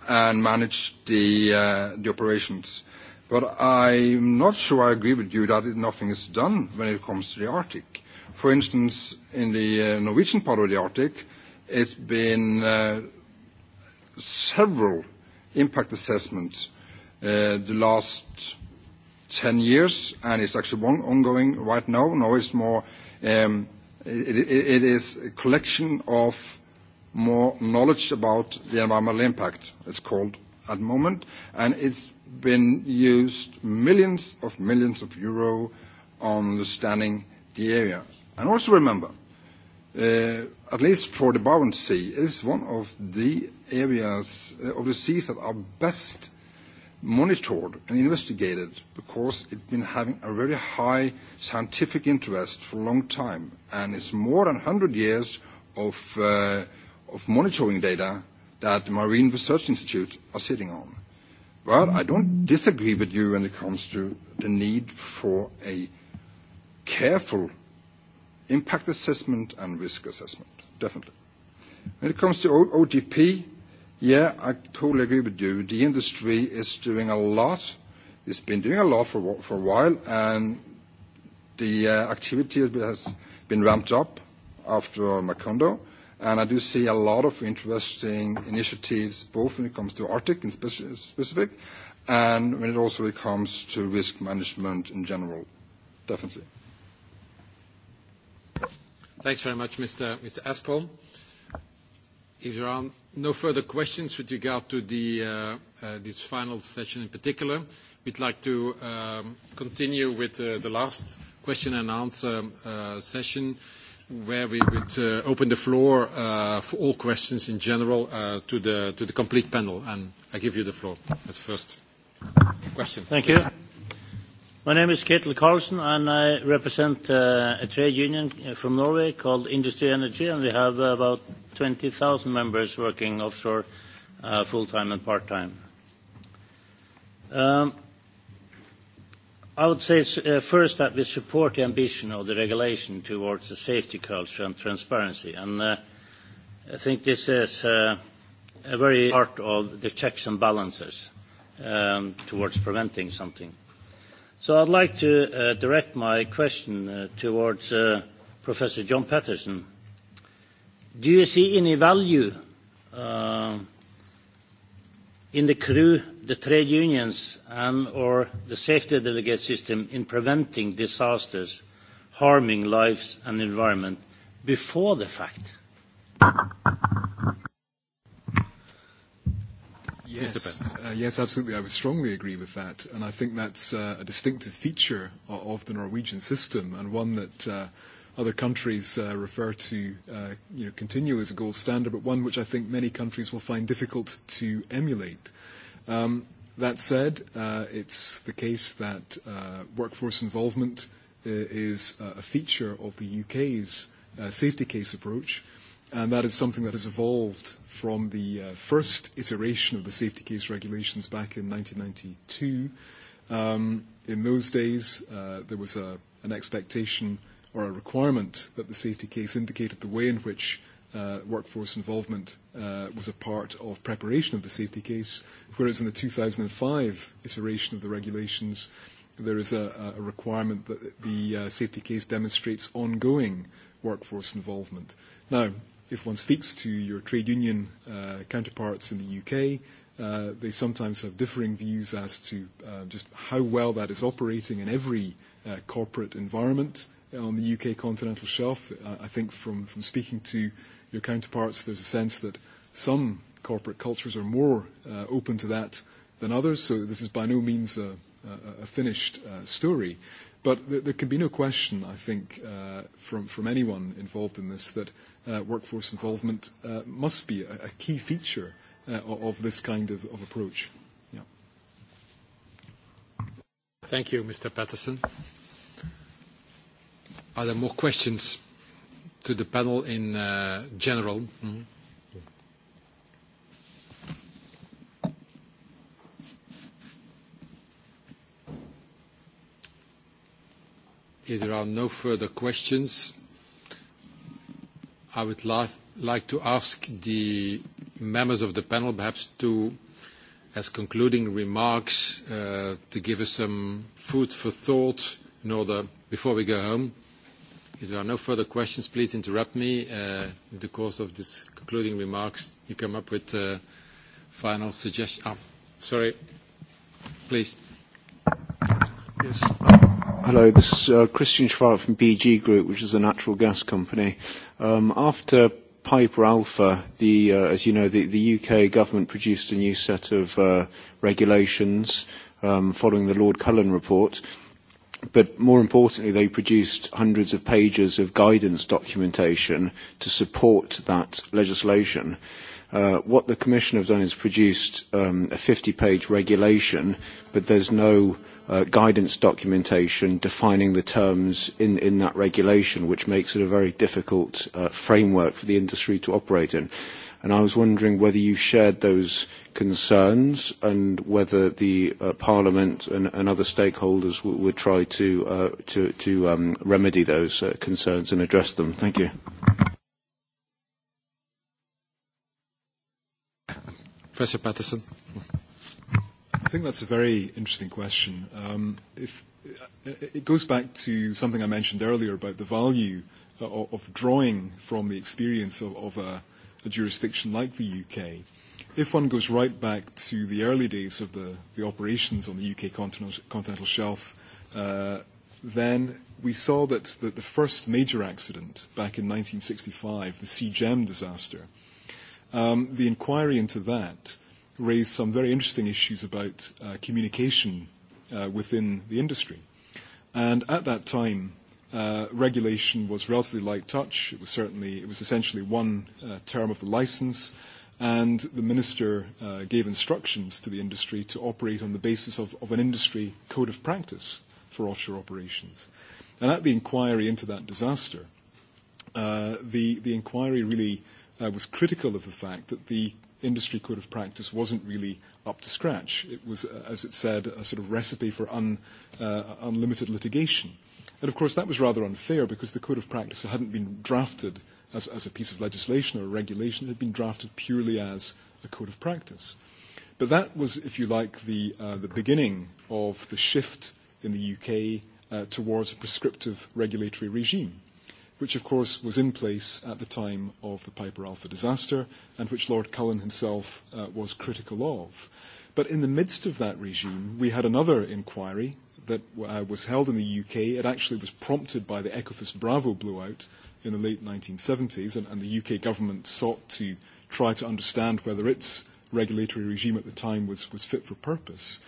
and manage the, uh, the operations. But I'm not sure I agree with you that nothing is done when it comes to the Arctic. For instance, in the uh, Norwegian part of the Arctic, it's been uh, several impact assessments uh, the last 10 years, and it's actually one ongoing right now. Now it's more, um, it, it, it is a collection of more knowledge about the environmental impact, it's called at the moment, and it's been used millions of millions of euro on standing the area. And also remember, uh, at least for the Barents Sea, it is one of the areas uh, of the seas that are best monitored and investigated because it's been having a very high scientific interest for a long time. And it's more than 100 years of, uh, of monitoring data that the Marine Research Institute are sitting on. Well, I don't disagree with you when it comes to the need for a careful impact assessment and risk assessment, definitely. When it comes to o OTP, yeah, I totally agree with you. The industry is doing a lot. It's been doing a lot for, for a while, and the uh, activity has been ramped up after Macondo. And I do see a lot of interesting initiatives, both when it comes to Arctic in speci specific, and when it also comes to risk management in general, definitely. Thanks very much, Mr. Mr. Aspel. If there are no further questions with regard to the, uh, uh, this final session in particular, we'd like to um, continue with uh, the last question and answer uh, session where we would uh, open the floor uh, for all questions in general uh, to, the, to the complete panel. And I give you the floor as first question. Thank you. My name is Ketil Carlson, and I represent uh, a trade union uh, from Norway called Industry Energy, and we have uh, about 20,000 members working offshore uh, full-time and part-time. Um, I would say uh, first that we support the ambition of the regulation towards a safety culture and transparency. And uh, I think this is uh, a very part of the checks and balances um, towards preventing something. So I'd like to uh, direct my question uh, towards uh, Professor John Patterson. Do you see any value uh, in the crew the trade unions and or the safety delegate system in preventing disasters harming lives and environment before the fact? Yes, uh, yes, absolutely. I would strongly agree with that. And I think that's uh, a distinctive feature of, of the Norwegian system and one that uh, other countries uh, refer to uh, you know, continue as a gold standard, but one which I think many countries will find difficult to emulate. Uh, Um, that said, uh, it's the case that uh, workforce involvement uh, is uh, a feature of the UK's uh, safety case approach, and that is something that has evolved from the uh, first iteration of the safety case regulations back in 1992. Um, in those days, uh, there was a, an expectation or a requirement that the safety case indicated the way in which uh, workforce involvement uh, was a part of preparation of the safety case, whereas in the 2005 iteration of the regulations, there is a, a requirement that the uh, safety case demonstrates ongoing workforce involvement. Now, if one speaks to your trade union uh, counterparts in the UK, uh, they sometimes have differing views as to uh, just how well that is operating in every uh, corporate environment on the UK continental shelf. Uh, I think from, from speaking to uh, your counterparts, there's a sense that some corporate cultures are more uh, open to that than others, so this is by no means a, a, a finished uh, story. But th there can be no question, I think, uh, from, from anyone involved in this, that uh, workforce involvement uh, must be a, a key feature uh, of this kind of, of approach. Yeah. Thank you, Mr. Patterson. Are there more questions? to the panel in uh, general. Mm. If there are no further questions, I would like to ask the members of the panel perhaps to, as concluding remarks, uh, to give us some food for thought in order, before we go home, If there are no further questions, please interrupt me. Uh, in the course of this concluding remarks, you come up with uh, final suggestion. Oh, sorry. Please. Yes. Uh, hello, this is Christian Schwab from BG Group, which is a natural gas company. Um, after Piper Alpha, the, as you know, the, the UK government produced a new set of regulations um, following the Lord Cullen report but more importantly, they produced hundreds of pages of guidance documentation to support that legislation. Uh, what the Commission have done is produced um, a 50-page regulation, but there's no Uh, guidance documentation defining the terms in, in that regulation, which makes it a very difficult uh, framework for the industry to operate in. And I was wondering whether you shared those concerns and whether the uh, Parliament and, and other stakeholders w would try to, uh, to, to um, remedy those uh, concerns and address them. Thank you. Professor Patterson. I think that's a very interesting question. Um, if, it goes back to something I mentioned earlier about the value of, uh, of drawing from the experience of, of a, a jurisdiction like the UK. If one goes right back to the early days of the, the operations on the UK continental, continental shelf, uh, then we saw that, that the first major accident back in 1965, the Sea Gem disaster, um, the inquiry into that raised some very interesting issues about uh, communication uh, within the industry. And at that time, uh, regulation was relatively light touch. It was certainly, it was essentially one uh, term of the license, and the minister uh, gave instructions to the industry to operate on the basis of, of an industry code of practice for offshore operations. And at the inquiry into that disaster, uh, the, the inquiry really uh, was critical of the fact that the industry code of practice wasn't really up to scratch. It was, uh, as it said, a sort of recipe for un, uh, unlimited litigation. And of course, that was rather unfair because the code of practice hadn't been drafted as, as a piece of legislation or a regulation. It had been drafted purely as a code of practice. But that was, if you like, the, uh, the beginning of the shift in the UK uh, towards a prescriptive regulatory regime which of course was in place at the time of the Piper Alpha disaster and which Lord Cullen himself uh, was critical of. But in the midst of that regime, we had another inquiry that uh, was held in the UK. It actually was prompted by the Ecofis Bravo blowout in the late 1970s, and, and the UK government sought to try to understand whether its regulatory regime at the time was, was fit for purpose.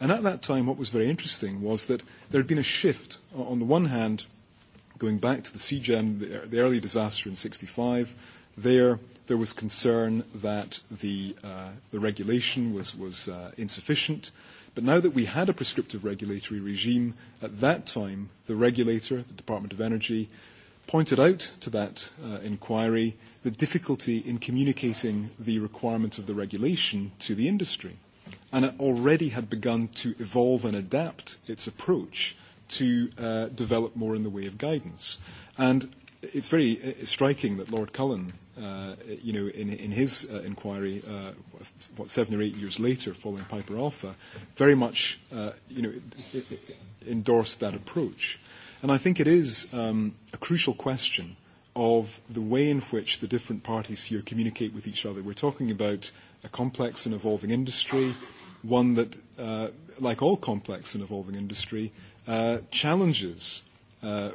And at that time, what was very interesting was that there had been a shift. On the one hand, going back to the CGM, the early disaster in 65, there there was concern that the, uh, the regulation was, was uh, insufficient. But now that we had a prescriptive regulatory regime, at that time, the regulator, the Department of Energy, pointed out to that uh, inquiry the difficulty in communicating the requirements of the regulation to the industry. And it already had begun to evolve and adapt its approach to uh, develop more in the way of guidance. And it's very uh, striking that Lord Cullen, uh, you know, in, in his uh, inquiry, uh, what, seven or eight years later, following Piper Alpha, very much, uh, you know, it, endorsed that approach. And I think it is um, a crucial question of the way in which the different parties here communicate with each other. We're talking about a complex and evolving industry, one that, uh, like all complex and evolving industry, uh, uh, challenges uh,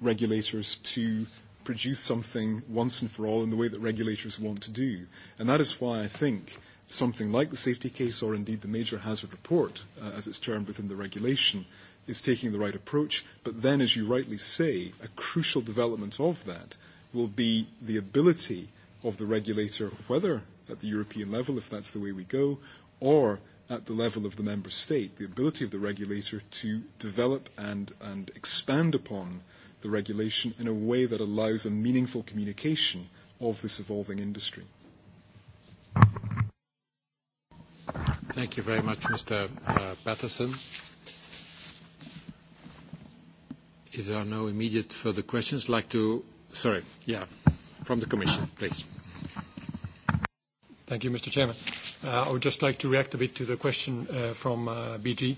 regulators to produce something once and for all in the way that regulators want to do. And that is why I think something like the safety case or indeed the major hazard report, uh, as it's termed within the regulation, is taking the right approach. But then, as you rightly say, a crucial development of that will be the ability of the regulator, whether at the European level, if that's the way we go, or at the level of the member state, the ability of the regulator to develop and, and expand upon the regulation in a way that allows a meaningful communication of this evolving industry. Thank you very much, Mr. Uh, Patterson. If there are no immediate further questions, I'd like to... Sorry, yeah, from the Commission, please. Thank you, Mr. Chairman. Uh, I would just like to react a bit to the question uh, from uh, BG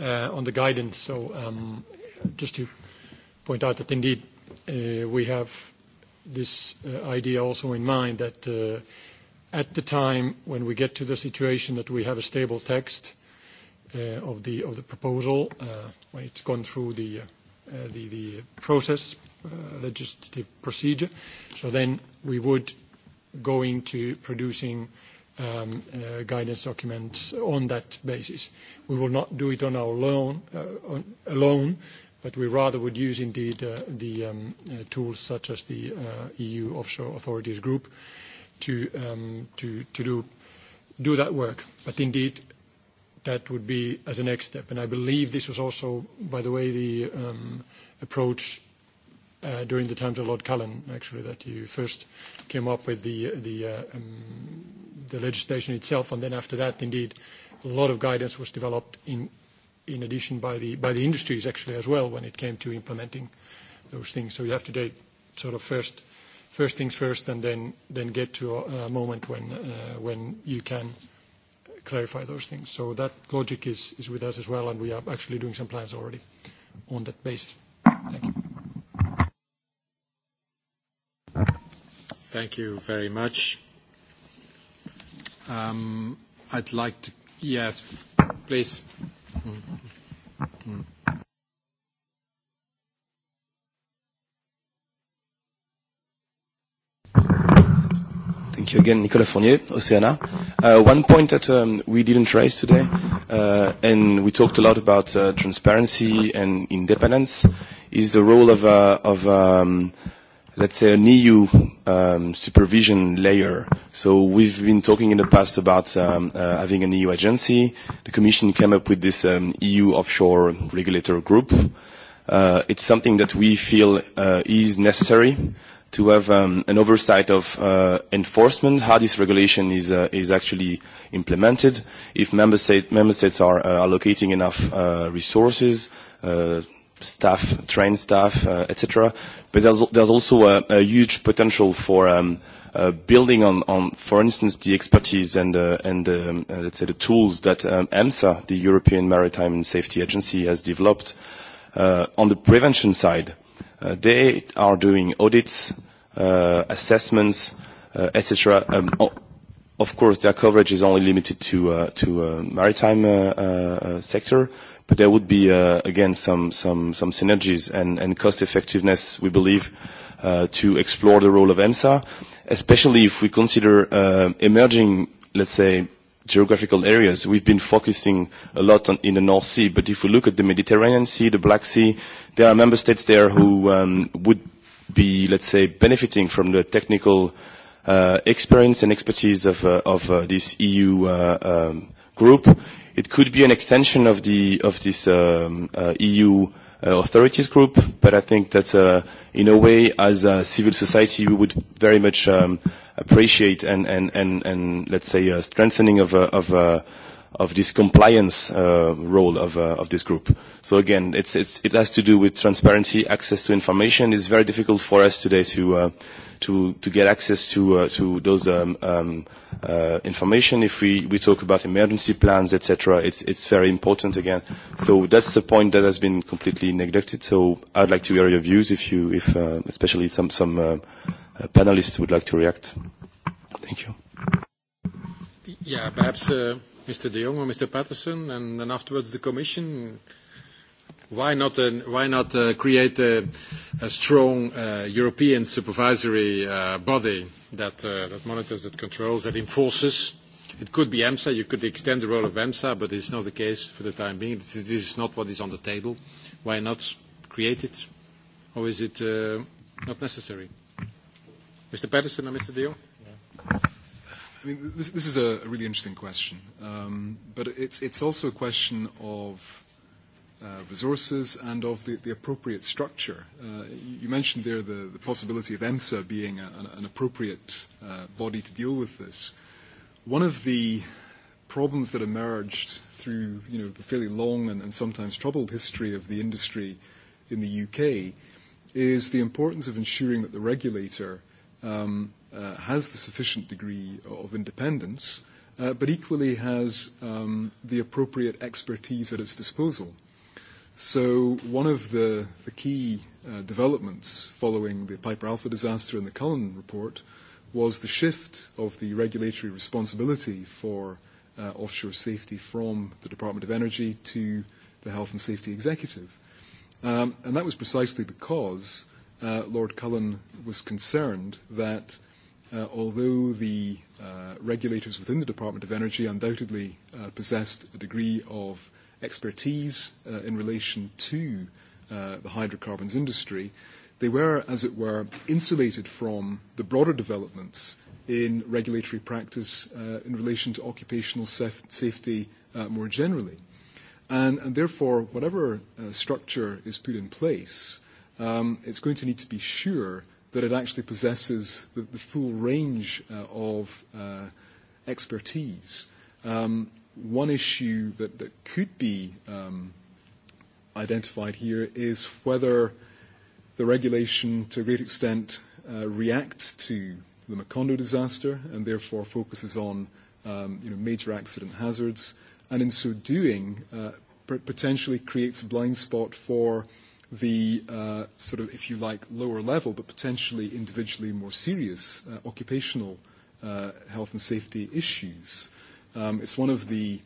uh, on the guidance. So um, just to point out that indeed uh, we have this uh, idea also in mind that uh, at the time when we get to the situation that we have a stable text uh, of, the, of the proposal, uh, when it's gone through the, uh, the, the process, uh, legislative procedure, so then we would going to producing um, uh, guidance documents on that basis. We will not do it on our own, uh, on, alone, but we rather would use indeed uh, the um, uh, tools such as the uh, EU Offshore Authorities Group to, um, to, to do, do that work. But indeed, that would be as a next step. And I believe this was also, by the way, the um, approach uh, during the times of Lord Cullen, actually, that you first came up with the, the, uh, um, the legislation itself, and then after that, indeed, a lot of guidance was developed in, in addition by the, by the industries, actually, as well, when it came to implementing those things. So you have to do sort of first, first things first, and then, then get to a, a moment when, uh, when you can clarify those things. So that logic is, is with us as well, and we are actually doing some plans already on that basis. Thank you. Thank you very much. Um, I'd like to, yes, please. Thank you again, Nicolas Fournier, Oceana. Uh, one point that um, we didn't raise today, uh, and we talked a lot about uh, transparency and independence, is the role of, uh, of um, let's say, an EU um, supervision layer. So we've been talking in the past about um, uh, having an EU agency. The Commission came up with this um, EU offshore regulator group. Uh, it's something that we feel uh, is necessary to have um, an oversight of uh, enforcement, how this regulation is, uh, is actually implemented, if member, state, member states are uh, allocating enough uh, resources, uh, staff, trained staff, uh, etc. But there's, there's also a, a huge potential for um, uh, building on, on, for instance, the expertise and, uh, and um, uh, let's say the tools that um, EMSA, the European Maritime and Safety Agency, has developed uh, on the prevention side. Uh, they are doing audits, uh, assessments, uh, etc. Um, of course, their coverage is only limited to, uh, to uh, maritime uh, uh, sector, But there would be, uh, again, some, some, some synergies and, and cost effectiveness, we believe, uh, to explore the role of EMSA, especially if we consider uh, emerging, let's say, geographical areas. We've been focusing a lot on, in the North Sea, but if we look at the Mediterranean Sea, the Black Sea, there are member states there who um, would be, let's say, benefiting from the technical uh, experience and expertise of, uh, of uh, this EU uh, um, group It could be an extension of, the, of this um, uh, EU uh, authorities group, but I think that uh, in a way, as a civil society, we would very much um, appreciate and, and, and, and, let's say, a strengthening of, uh, of, uh, of this compliance uh, role of, uh, of this group. So again, it's, it's, it has to do with transparency, access to information. It's very difficult for us today to, uh, to, to get access to, uh, to those um, um, uh, information. If we, we talk about emergency plans, etc., it's, it's very important again. So that's the point that has been completely neglected. So I'd like to hear your views, if you, if uh, especially some, some uh, uh, panelists would like to react. Thank you. Yeah, perhaps uh, Mr. De Jong or Mr. Patterson, and then afterwards the Commission. Why not, uh, why not uh, create a, a strong uh, European supervisory uh, body that, uh, that monitors, that controls, that enforces? It could be EMSA, you could extend the role of EMSA, but it's not the case for the time being. This is, this is not what is on the table. Why not create it? Or is it uh, not necessary? Mr. Patterson and Mr. Deal? I mean, this, this is a really interesting question, um, but it's, it's also a question of uh, resources and of the, the appropriate structure. Uh, you mentioned there the, the possibility of EMSA being a, an, an appropriate uh, body to deal with this. One of the problems that emerged through you know, the fairly long and, and sometimes troubled history of the industry in the UK is the importance of ensuring that the regulator um, uh, has the sufficient degree of independence, uh, but equally has um, the appropriate expertise at its disposal. So one of the, the key uh, developments following the Piper Alpha disaster and the Cullen report was the shift of the regulatory responsibility for uh, offshore safety from the Department of Energy to the Health and Safety Executive. Um, and that was precisely because uh, Lord Cullen was concerned that uh, although the uh, regulators within the Department of Energy undoubtedly uh, possessed a degree of expertise uh, in relation to uh, the hydrocarbons industry, they were, as it were, insulated from the broader developments in regulatory practice uh, in relation to occupational saf safety uh, more generally. And, and therefore, whatever uh, structure is put in place, um, it's going to need to be sure that it actually possesses the, the full range uh, of uh, expertise. Um, one issue that, that could be um, identified here is whether the regulation, to a great extent, uh, reacts to the Macondo disaster and therefore focuses on um, you know, major accident hazards, and in so doing, uh, potentially creates a blind spot for the uh, sort of, if you like, lower level, but potentially individually more serious uh, occupational uh, health and safety issues. Um, it's one of the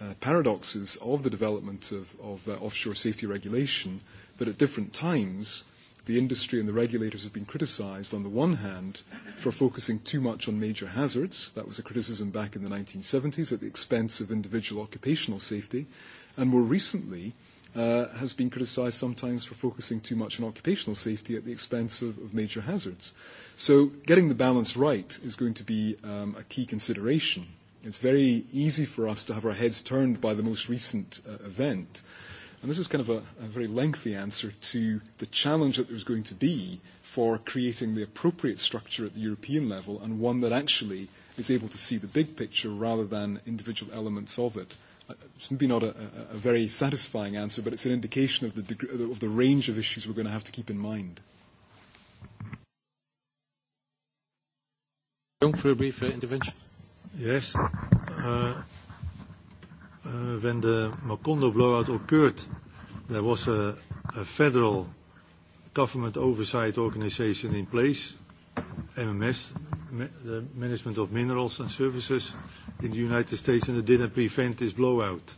uh, paradoxes of the development of, of uh, offshore safety regulation that at different times the industry and the regulators have been criticised on the one hand for focusing too much on major hazards. That was a criticism back in the 1970s at the expense of individual occupational safety. And more recently, uh, has been criticised sometimes for focusing too much on occupational safety at the expense of, of major hazards. So getting the balance right is going to be um, a key consideration. It's very easy for us to have our heads turned by the most recent uh, event. And this is kind of a, a very lengthy answer to the challenge that there's going to be for creating the appropriate structure at the European level and one that actually is able to see the big picture rather than individual elements of it. Uh, it's maybe not a, a very satisfying answer, but it's an indication of the, degree, of the range of issues we're going to have to keep in mind. you for a brief uh, intervention. Yes. Uh, uh, when the Macondo blowout occurred, there was a, a federal government oversight organization in place, MMS, ma the Management of Minerals and Services in the United States, and it didn't prevent this blowout.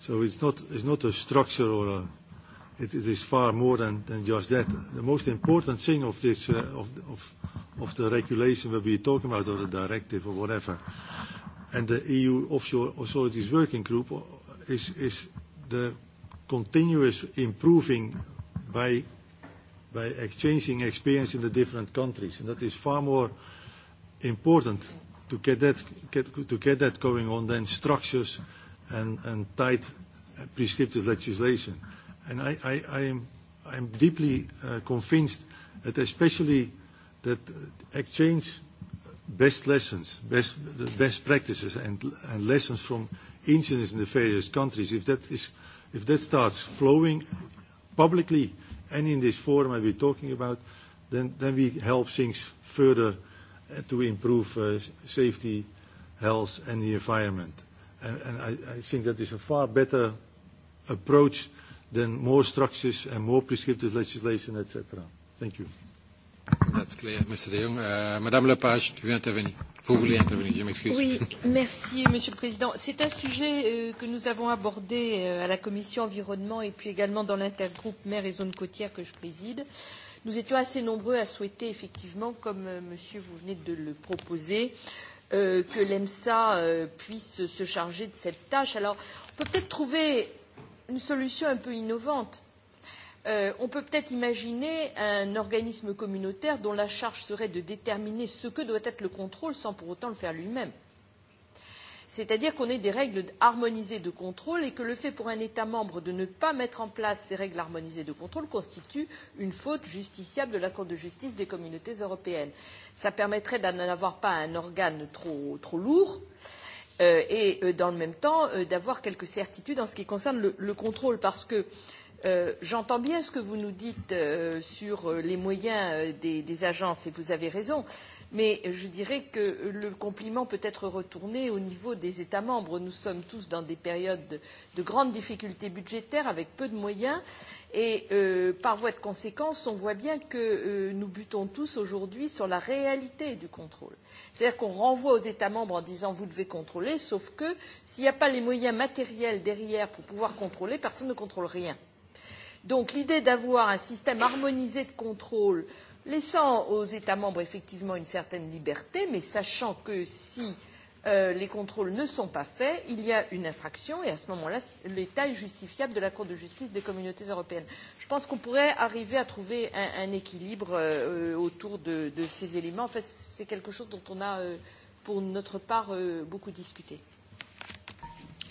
So it's not, it's not a structure or a it, it is far more than, than just that. The most important thing of this, uh, of, of, of the regulation that we are talking about, or the directive or whatever, and the EU Offshore Authorities Working Group uh, is, is the continuous improving by, by exchanging experience in the different countries. And that is far more important to get that, get, to get that going on than structures and, and tight uh, prescriptive legislation. And I, I, I am I'm deeply uh, convinced that especially that exchange best lessons, best, the best practices and, and lessons from incidents in the various countries, if that, is, if that starts flowing publicly and in this forum I've been talking about, then, then we help things further uh, to improve uh, safety, health and the environment. And, and I, I think that is a far better approach then more structures and more prescriptive legislation, etc. Thank you. That's clear, Mr. De Jong. Uh, Madame Lepage, tu veux intervenir Vous voulez intervenir, je m'excuse. Oui, merci, Monsieur le Président. C'est un sujet euh, que nous avons abordé euh, à la Commission environnement et puis également dans l'intergroupe mer et zones côtières que je préside. Nous étions assez nombreux à souhaiter, effectivement, comme euh, Monsieur vous venez de le proposer, euh, que l'EMSA euh, puisse se charger de cette tâche. Alors, on peut peut-être trouver une solution un peu innovante. Euh, on peut peut-être imaginer un organisme communautaire dont la charge serait de déterminer ce que doit être le contrôle sans pour autant le faire lui-même. C'est-à-dire qu'on ait des règles harmonisées de contrôle et que le fait pour un État membre de ne pas mettre en place ces règles harmonisées de contrôle constitue une faute justiciable de la Cour de justice des communautés européennes. Ça permettrait d'en avoir pas un organe trop, trop lourd. Euh, euh, et euh, dans le même temps euh, d'avoir quelques certitudes en ce qui concerne le, le contrôle parce que euh, j'entends bien ce que vous nous dites euh, sur euh, les moyens euh, des, des agences et vous avez raison Mais je dirais que le compliment peut être retourné au niveau des États membres. Nous sommes tous dans des périodes de, de grandes difficultés budgétaires avec peu de moyens et euh, par voie de conséquence, on voit bien que euh, nous butons tous aujourd'hui sur la réalité du contrôle. C'est-à-dire qu'on renvoie aux États membres en disant vous devez contrôler, sauf que s'il n'y a pas les moyens matériels derrière pour pouvoir contrôler, personne ne contrôle rien. Donc l'idée d'avoir un système harmonisé de contrôle euh, laissant aux États membres effectivement une certaine liberté, mais sachant que si euh, les contrôles ne sont pas faits, il y a une infraction et à ce moment-là, l'État est justifiable de la Cour de justice des communautés européennes. Je pense qu'on pourrait arriver à trouver un, un équilibre euh, autour de, de ces éléments. Enfin, c'est quelque chose dont on a, euh, pour notre part, euh, beaucoup discuté.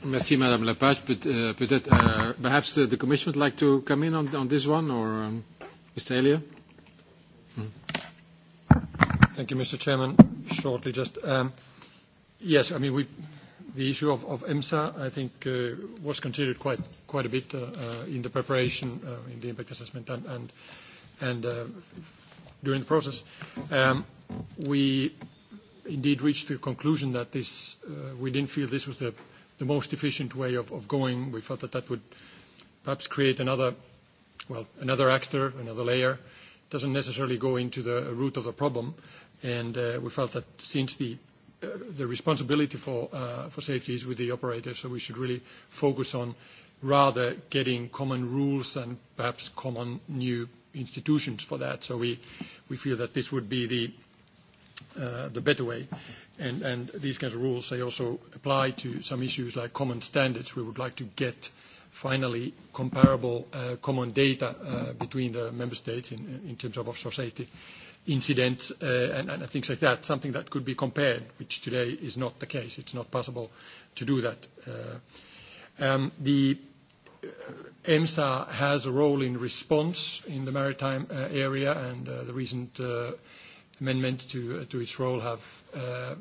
Merci, Madame Lepage. But, euh, euh, uh, peut uh, perhaps the, the Commission would like to come in on, on this one, or um, Mr. Elliott? Thank you, Mr. Chairman. Shortly, just, um, yes, I mean, we, the issue of, of EMSA, I think, uh, was considered quite, quite a bit uh, uh, in the preparation, uh, in the impact assessment and, and, and uh, during the process. Um, we indeed reached the conclusion that this, uh, we didn't feel this was the, the most efficient way of, of going. We felt that that would perhaps create another, well, another actor, another layer, doesn't necessarily go into the root of the problem. And uh, we felt that since the uh, the responsibility for uh, for safety is with the operator, so we should really focus on rather getting common rules and perhaps common new institutions for that. So we we feel that this would be the uh, the better way. And, and these kinds of rules, they also apply to some issues like common standards. We would like to get finally comparable uh, common data uh, between the member states in, in terms of offshore safety incidents uh, and, and things like that, something that could be compared, which today is not the case. It's not possible to do that. Uh, um, the uh, EMSA has a role in response in the maritime uh, area, and uh, the recent uh, amendments to, uh, to its role have uh,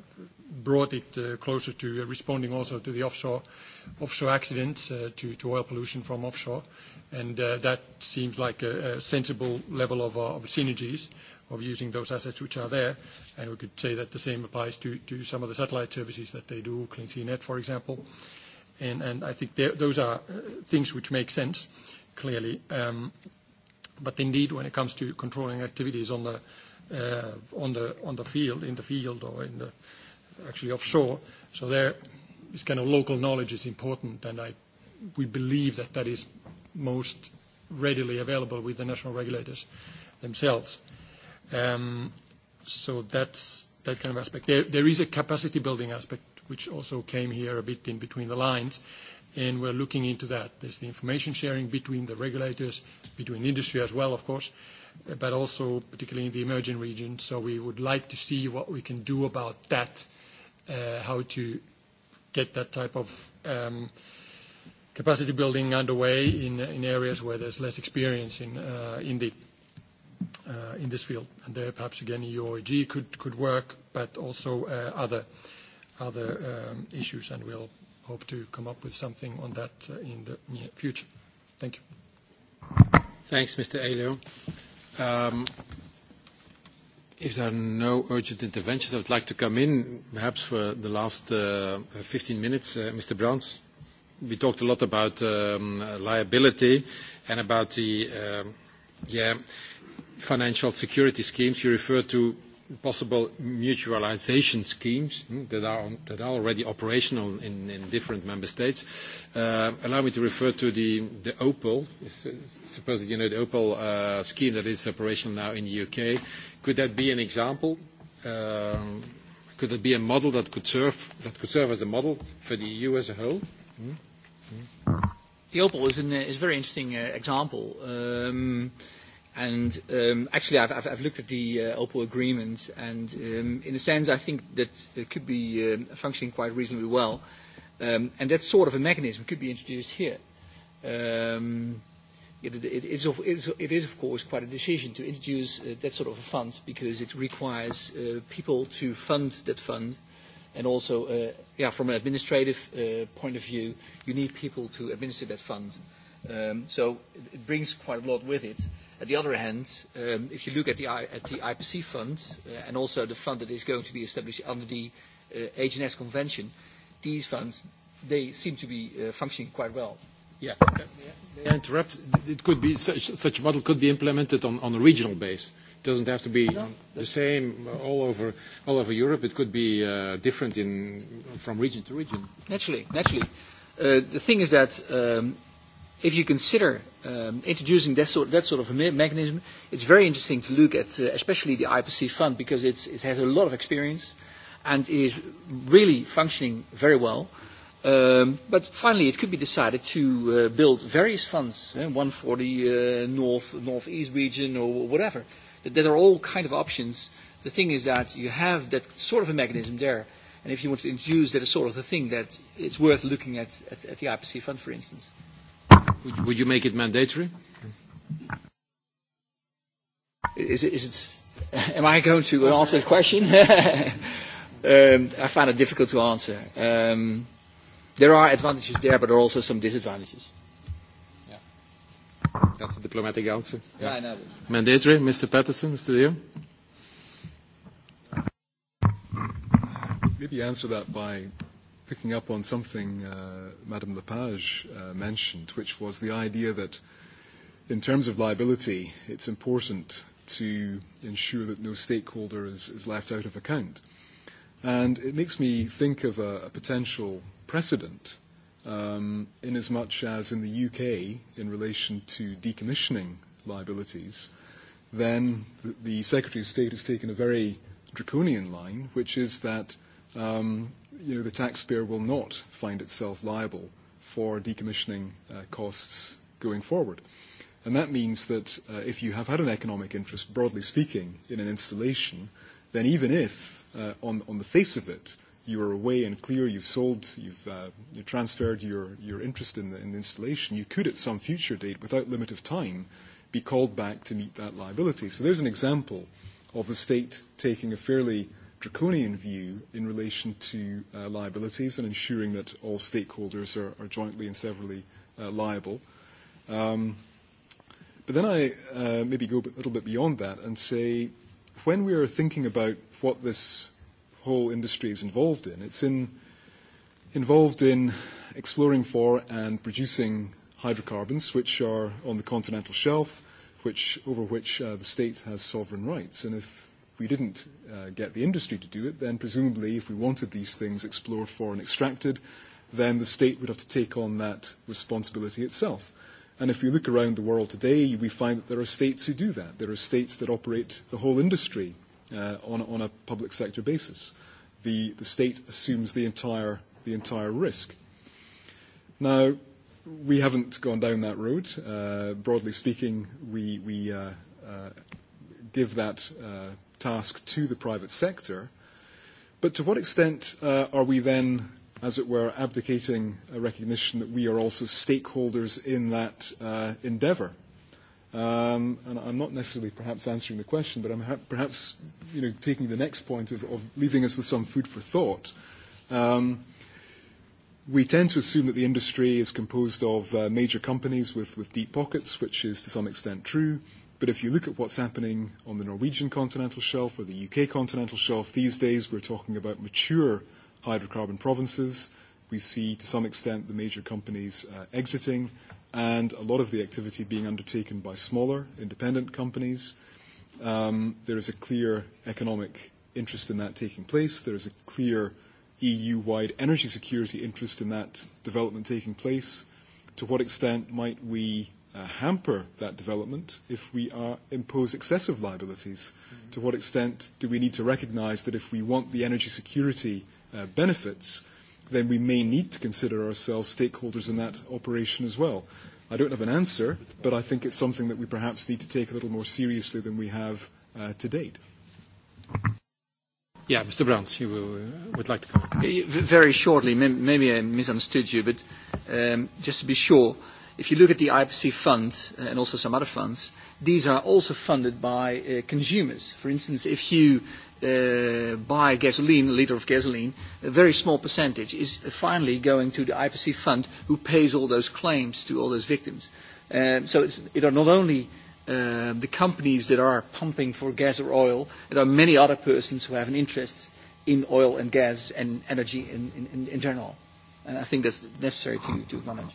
brought it uh, closer to uh, responding also to the offshore, offshore accidents, uh, to, to oil pollution from offshore. And uh, that seems like a, a sensible level of, uh, of synergies of using those assets which are there. And we could say that the same applies to, to some of the satellite services that they do, Clean Sea Net, for example. And, and I think those are uh, things which make sense, clearly. Um, but indeed, when it comes to controlling activities on the, uh, on, the, on the field, in the field or in the actually offshore. So there, this kind of local knowledge is important, and I, we believe that that is most readily available with the national regulators themselves. Um, so that's that kind of aspect. There, there is a capacity building aspect which also came here a bit in between the lines, and we're looking into that. There's the information sharing between the regulators, between industry as well, of course, but also particularly in the emerging regions. So we would like to see what we can do about that uh, how to get that type of um, capacity building underway in, uh, in areas where there's less experience in, uh, in, the, uh, in this field. And there perhaps again EUOIG could, could work, but also uh, other, other um, issues, and we'll hope to come up with something on that uh, in the near future. Thank you. Thanks, Mr. Elio. Um, If there are no urgent interventions, I would like to come in perhaps for the last uh, 15 minutes. Uh, Mr. Browns, we talked a lot about um, liability and about the um, yeah, financial security schemes. You referred to possible mutualization schemes hmm, that, are, on that are already operational in, in different member states. Uh, allow me to refer to the, the OPAL. Suppose you know the OPAL uh, scheme that is operational now in the UK. Could that be an example? Um, could that be a model that could serve, that could serve as a model for the EU as a whole? Hmm? Hmm. The OPAL is, an, is a very interesting uh, example. Um, And um, actually, I've, I've, I've looked at the uh, OPPO agreement, and um, in a sense, I think that it could be uh functioning quite reasonably well. Um, and that sort of a mechanism could be introduced here. Um, it, it, is of, it, is, it is, of course, quite a decision to introduce uh, that sort of a fund because it requires uh, people to fund that fund. And also, uh, yeah, from an administrative uh, point of view, you need people to administer that fund. Uh, Um, so it brings quite a lot with it. At the other hand, um, if you look at the, I, at the IPC fund uh, and also the fund that is going to be established under the uh, HNS convention, these funds, they seem to be uh, functioning quite well. Yeah. yeah. And it could be such, such model could be implemented on, on a regional base. It doesn't have to be no, the same all over all over Europe. It could be uh, different in from region to region. Naturally, naturally. Uh, the thing is that um, if you consider um, introducing that sort, that sort of a me mechanism, it's very interesting to look at, uh, especially the IPC fund, because it's, it has a lot of experience and is really functioning very well. Um, but finally, it could be decided to uh, build various funds, uh, one for the uh, north, northeast region or whatever. That, that are all kind of options. The thing is that you have that sort of a mechanism there, and if you want to introduce that sort of a thing, that it's worth looking at, at, at the IPC fund, for instance. Would, would you make it mandatory? Is it, is it, am I going to answer the question? um, I find it difficult to answer. Um, there are advantages there, but there are also some disadvantages. Yeah. That's a diplomatic answer. Yeah, yeah I know. Mandatory, Mr. Patterson, Mr. Deal. Maybe answer that by picking up on something uh, Madame Lepage uh, mentioned, which was the idea that in terms of liability, it's important to ensure that no stakeholder is, is left out of account. And it makes me think of a, a potential precedent um, in as much as in the UK, in relation to decommissioning liabilities, then the, the Secretary of State has taken a very draconian line, which is that um, you know, the taxpayer will not find itself liable for decommissioning uh, costs going forward. And that means that uh, if you have had an economic interest, broadly speaking, in an installation, then even if, uh, on, on the face of it, you are away and clear, you've sold, you've uh, you transferred your, your interest in the, in the installation, you could at some future date, without limit of time, be called back to meet that liability. So there's an example of the state taking a fairly draconian view in relation to uh, liabilities and ensuring that all stakeholders are, are jointly and severally uh, liable. Um, but then I uh, maybe go a little bit beyond that and say when we are thinking about what this whole industry is involved in, it's in, involved in exploring for and producing hydrocarbons which are on the continental shelf, which, over which uh, the state has sovereign rights. And if we didn't uh, get the industry to do it, then presumably if we wanted these things explored for and extracted, then the state would have to take on that responsibility itself. And if you look around the world today, we find that there are states who do that. There are states that operate the whole industry uh, on, on a public sector basis. The, the state assumes the entire, the entire risk. Now, we haven't gone down that road. Uh, broadly speaking, we, we uh, uh, give that uh, task to the private sector. But to what extent uh, are we then, as it were, abdicating a recognition that we are also stakeholders in that uh, endeavour? Um, and I'm not necessarily perhaps answering the question, but I'm ha- perhaps you know, taking the next point of, of leaving us with some food for thought. Um, we tend to assume that the industry is composed of uh, major companies with, with deep pockets, which is to some extent true. But if you look at what's happening on the Norwegian continental shelf or the UK continental shelf, these days we're talking about mature hydrocarbon provinces. We see, to some extent, the major companies uh, exiting and a lot of the activity being undertaken by smaller, independent companies. Um, there is a clear economic interest in that taking place. There is a clear EU-wide energy security interest in that development taking place. To what extent might we uh, hamper that development if we are, impose excessive liabilities? Mm-hmm. To what extent do we need to recognize that if we want the energy security uh, benefits, then we may need to consider ourselves stakeholders in that operation as well? I don't have an answer, but I think it's something that we perhaps need to take a little more seriously than we have uh, to date. Yeah, Mr. Browns, you will, uh, would like to comment. Very shortly, maybe I misunderstood you, but um, just to be sure, if you look at the IPC fund uh, and also some other funds, these are also funded by uh, consumers. For instance, if you uh, buy gasoline, a liter of gasoline, a very small percentage is finally going to the IPC fund who pays all those claims to all those victims. Um so it's, it are not only uh, the companies that are pumping for gas or oil, there are many other persons who have an interest in oil and gas and energy in, in, in general. And I think that's necessary to, to acknowledge.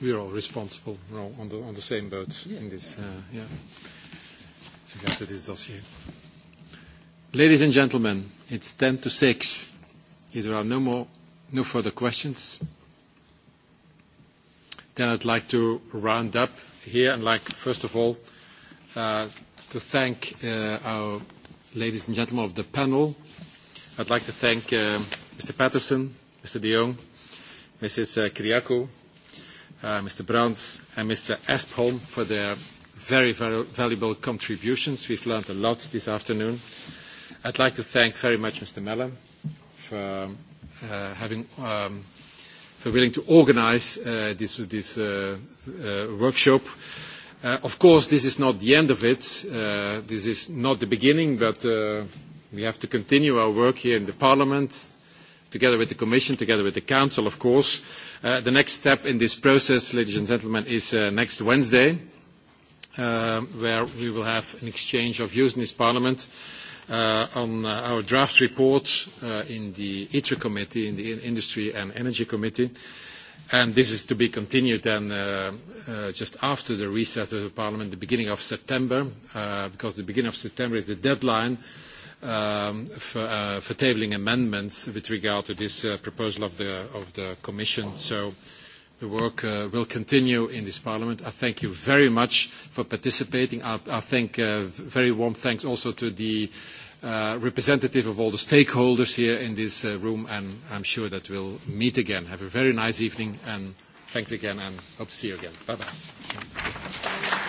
we are all responsible. We're all on the, on the same boat yeah. in this, uh, yeah, with regard to this dossier. Ladies and gentlemen, it's 10 to 6. If there are no more, no further questions, then I'd like to round up here and like, first of all, uh, to thank uh, our ladies and gentlemen of the panel. I'd like to thank uh, Mr. Patterson, Mr. De Jong, Mrs. Uh, Kiriakou, Uh, Mr. Brands and Mr. Espholm for their very, very valuable contributions. We've learned a lot this afternoon. I'd like to thank very much Mr. Mellon for um, uh, having um, for willing to organize uh, this, this uh, uh, workshop. Uh, of course, this is not the end of it. Uh, this is not the beginning, but uh, we have to continue our work here in the Parliament together with the Commission, together with the Council, of course. Uh, the next step in this process, ladies and gentlemen, is uh, next Wednesday, uh, where we will have an exchange of views in this Parliament uh, on uh, our draft report uh, in the ITRE Committee, in the Industry and Energy Committee. And this is to be continued then uh, uh, just after the recess of the Parliament, the beginning of September, uh, because the beginning of September is the deadline uh, um, for, uh, for tabling amendments with regard to this uh, proposal of the, of the Commission. So the work uh, will continue in this Parliament. I thank you very much for participating. I, I thank uh, very warm thanks also to the uh, representative of all the stakeholders here in this uh, room, and I'm sure that we'll meet again. Have a very nice evening, and thanks again, and hope to see you again. Bye-bye.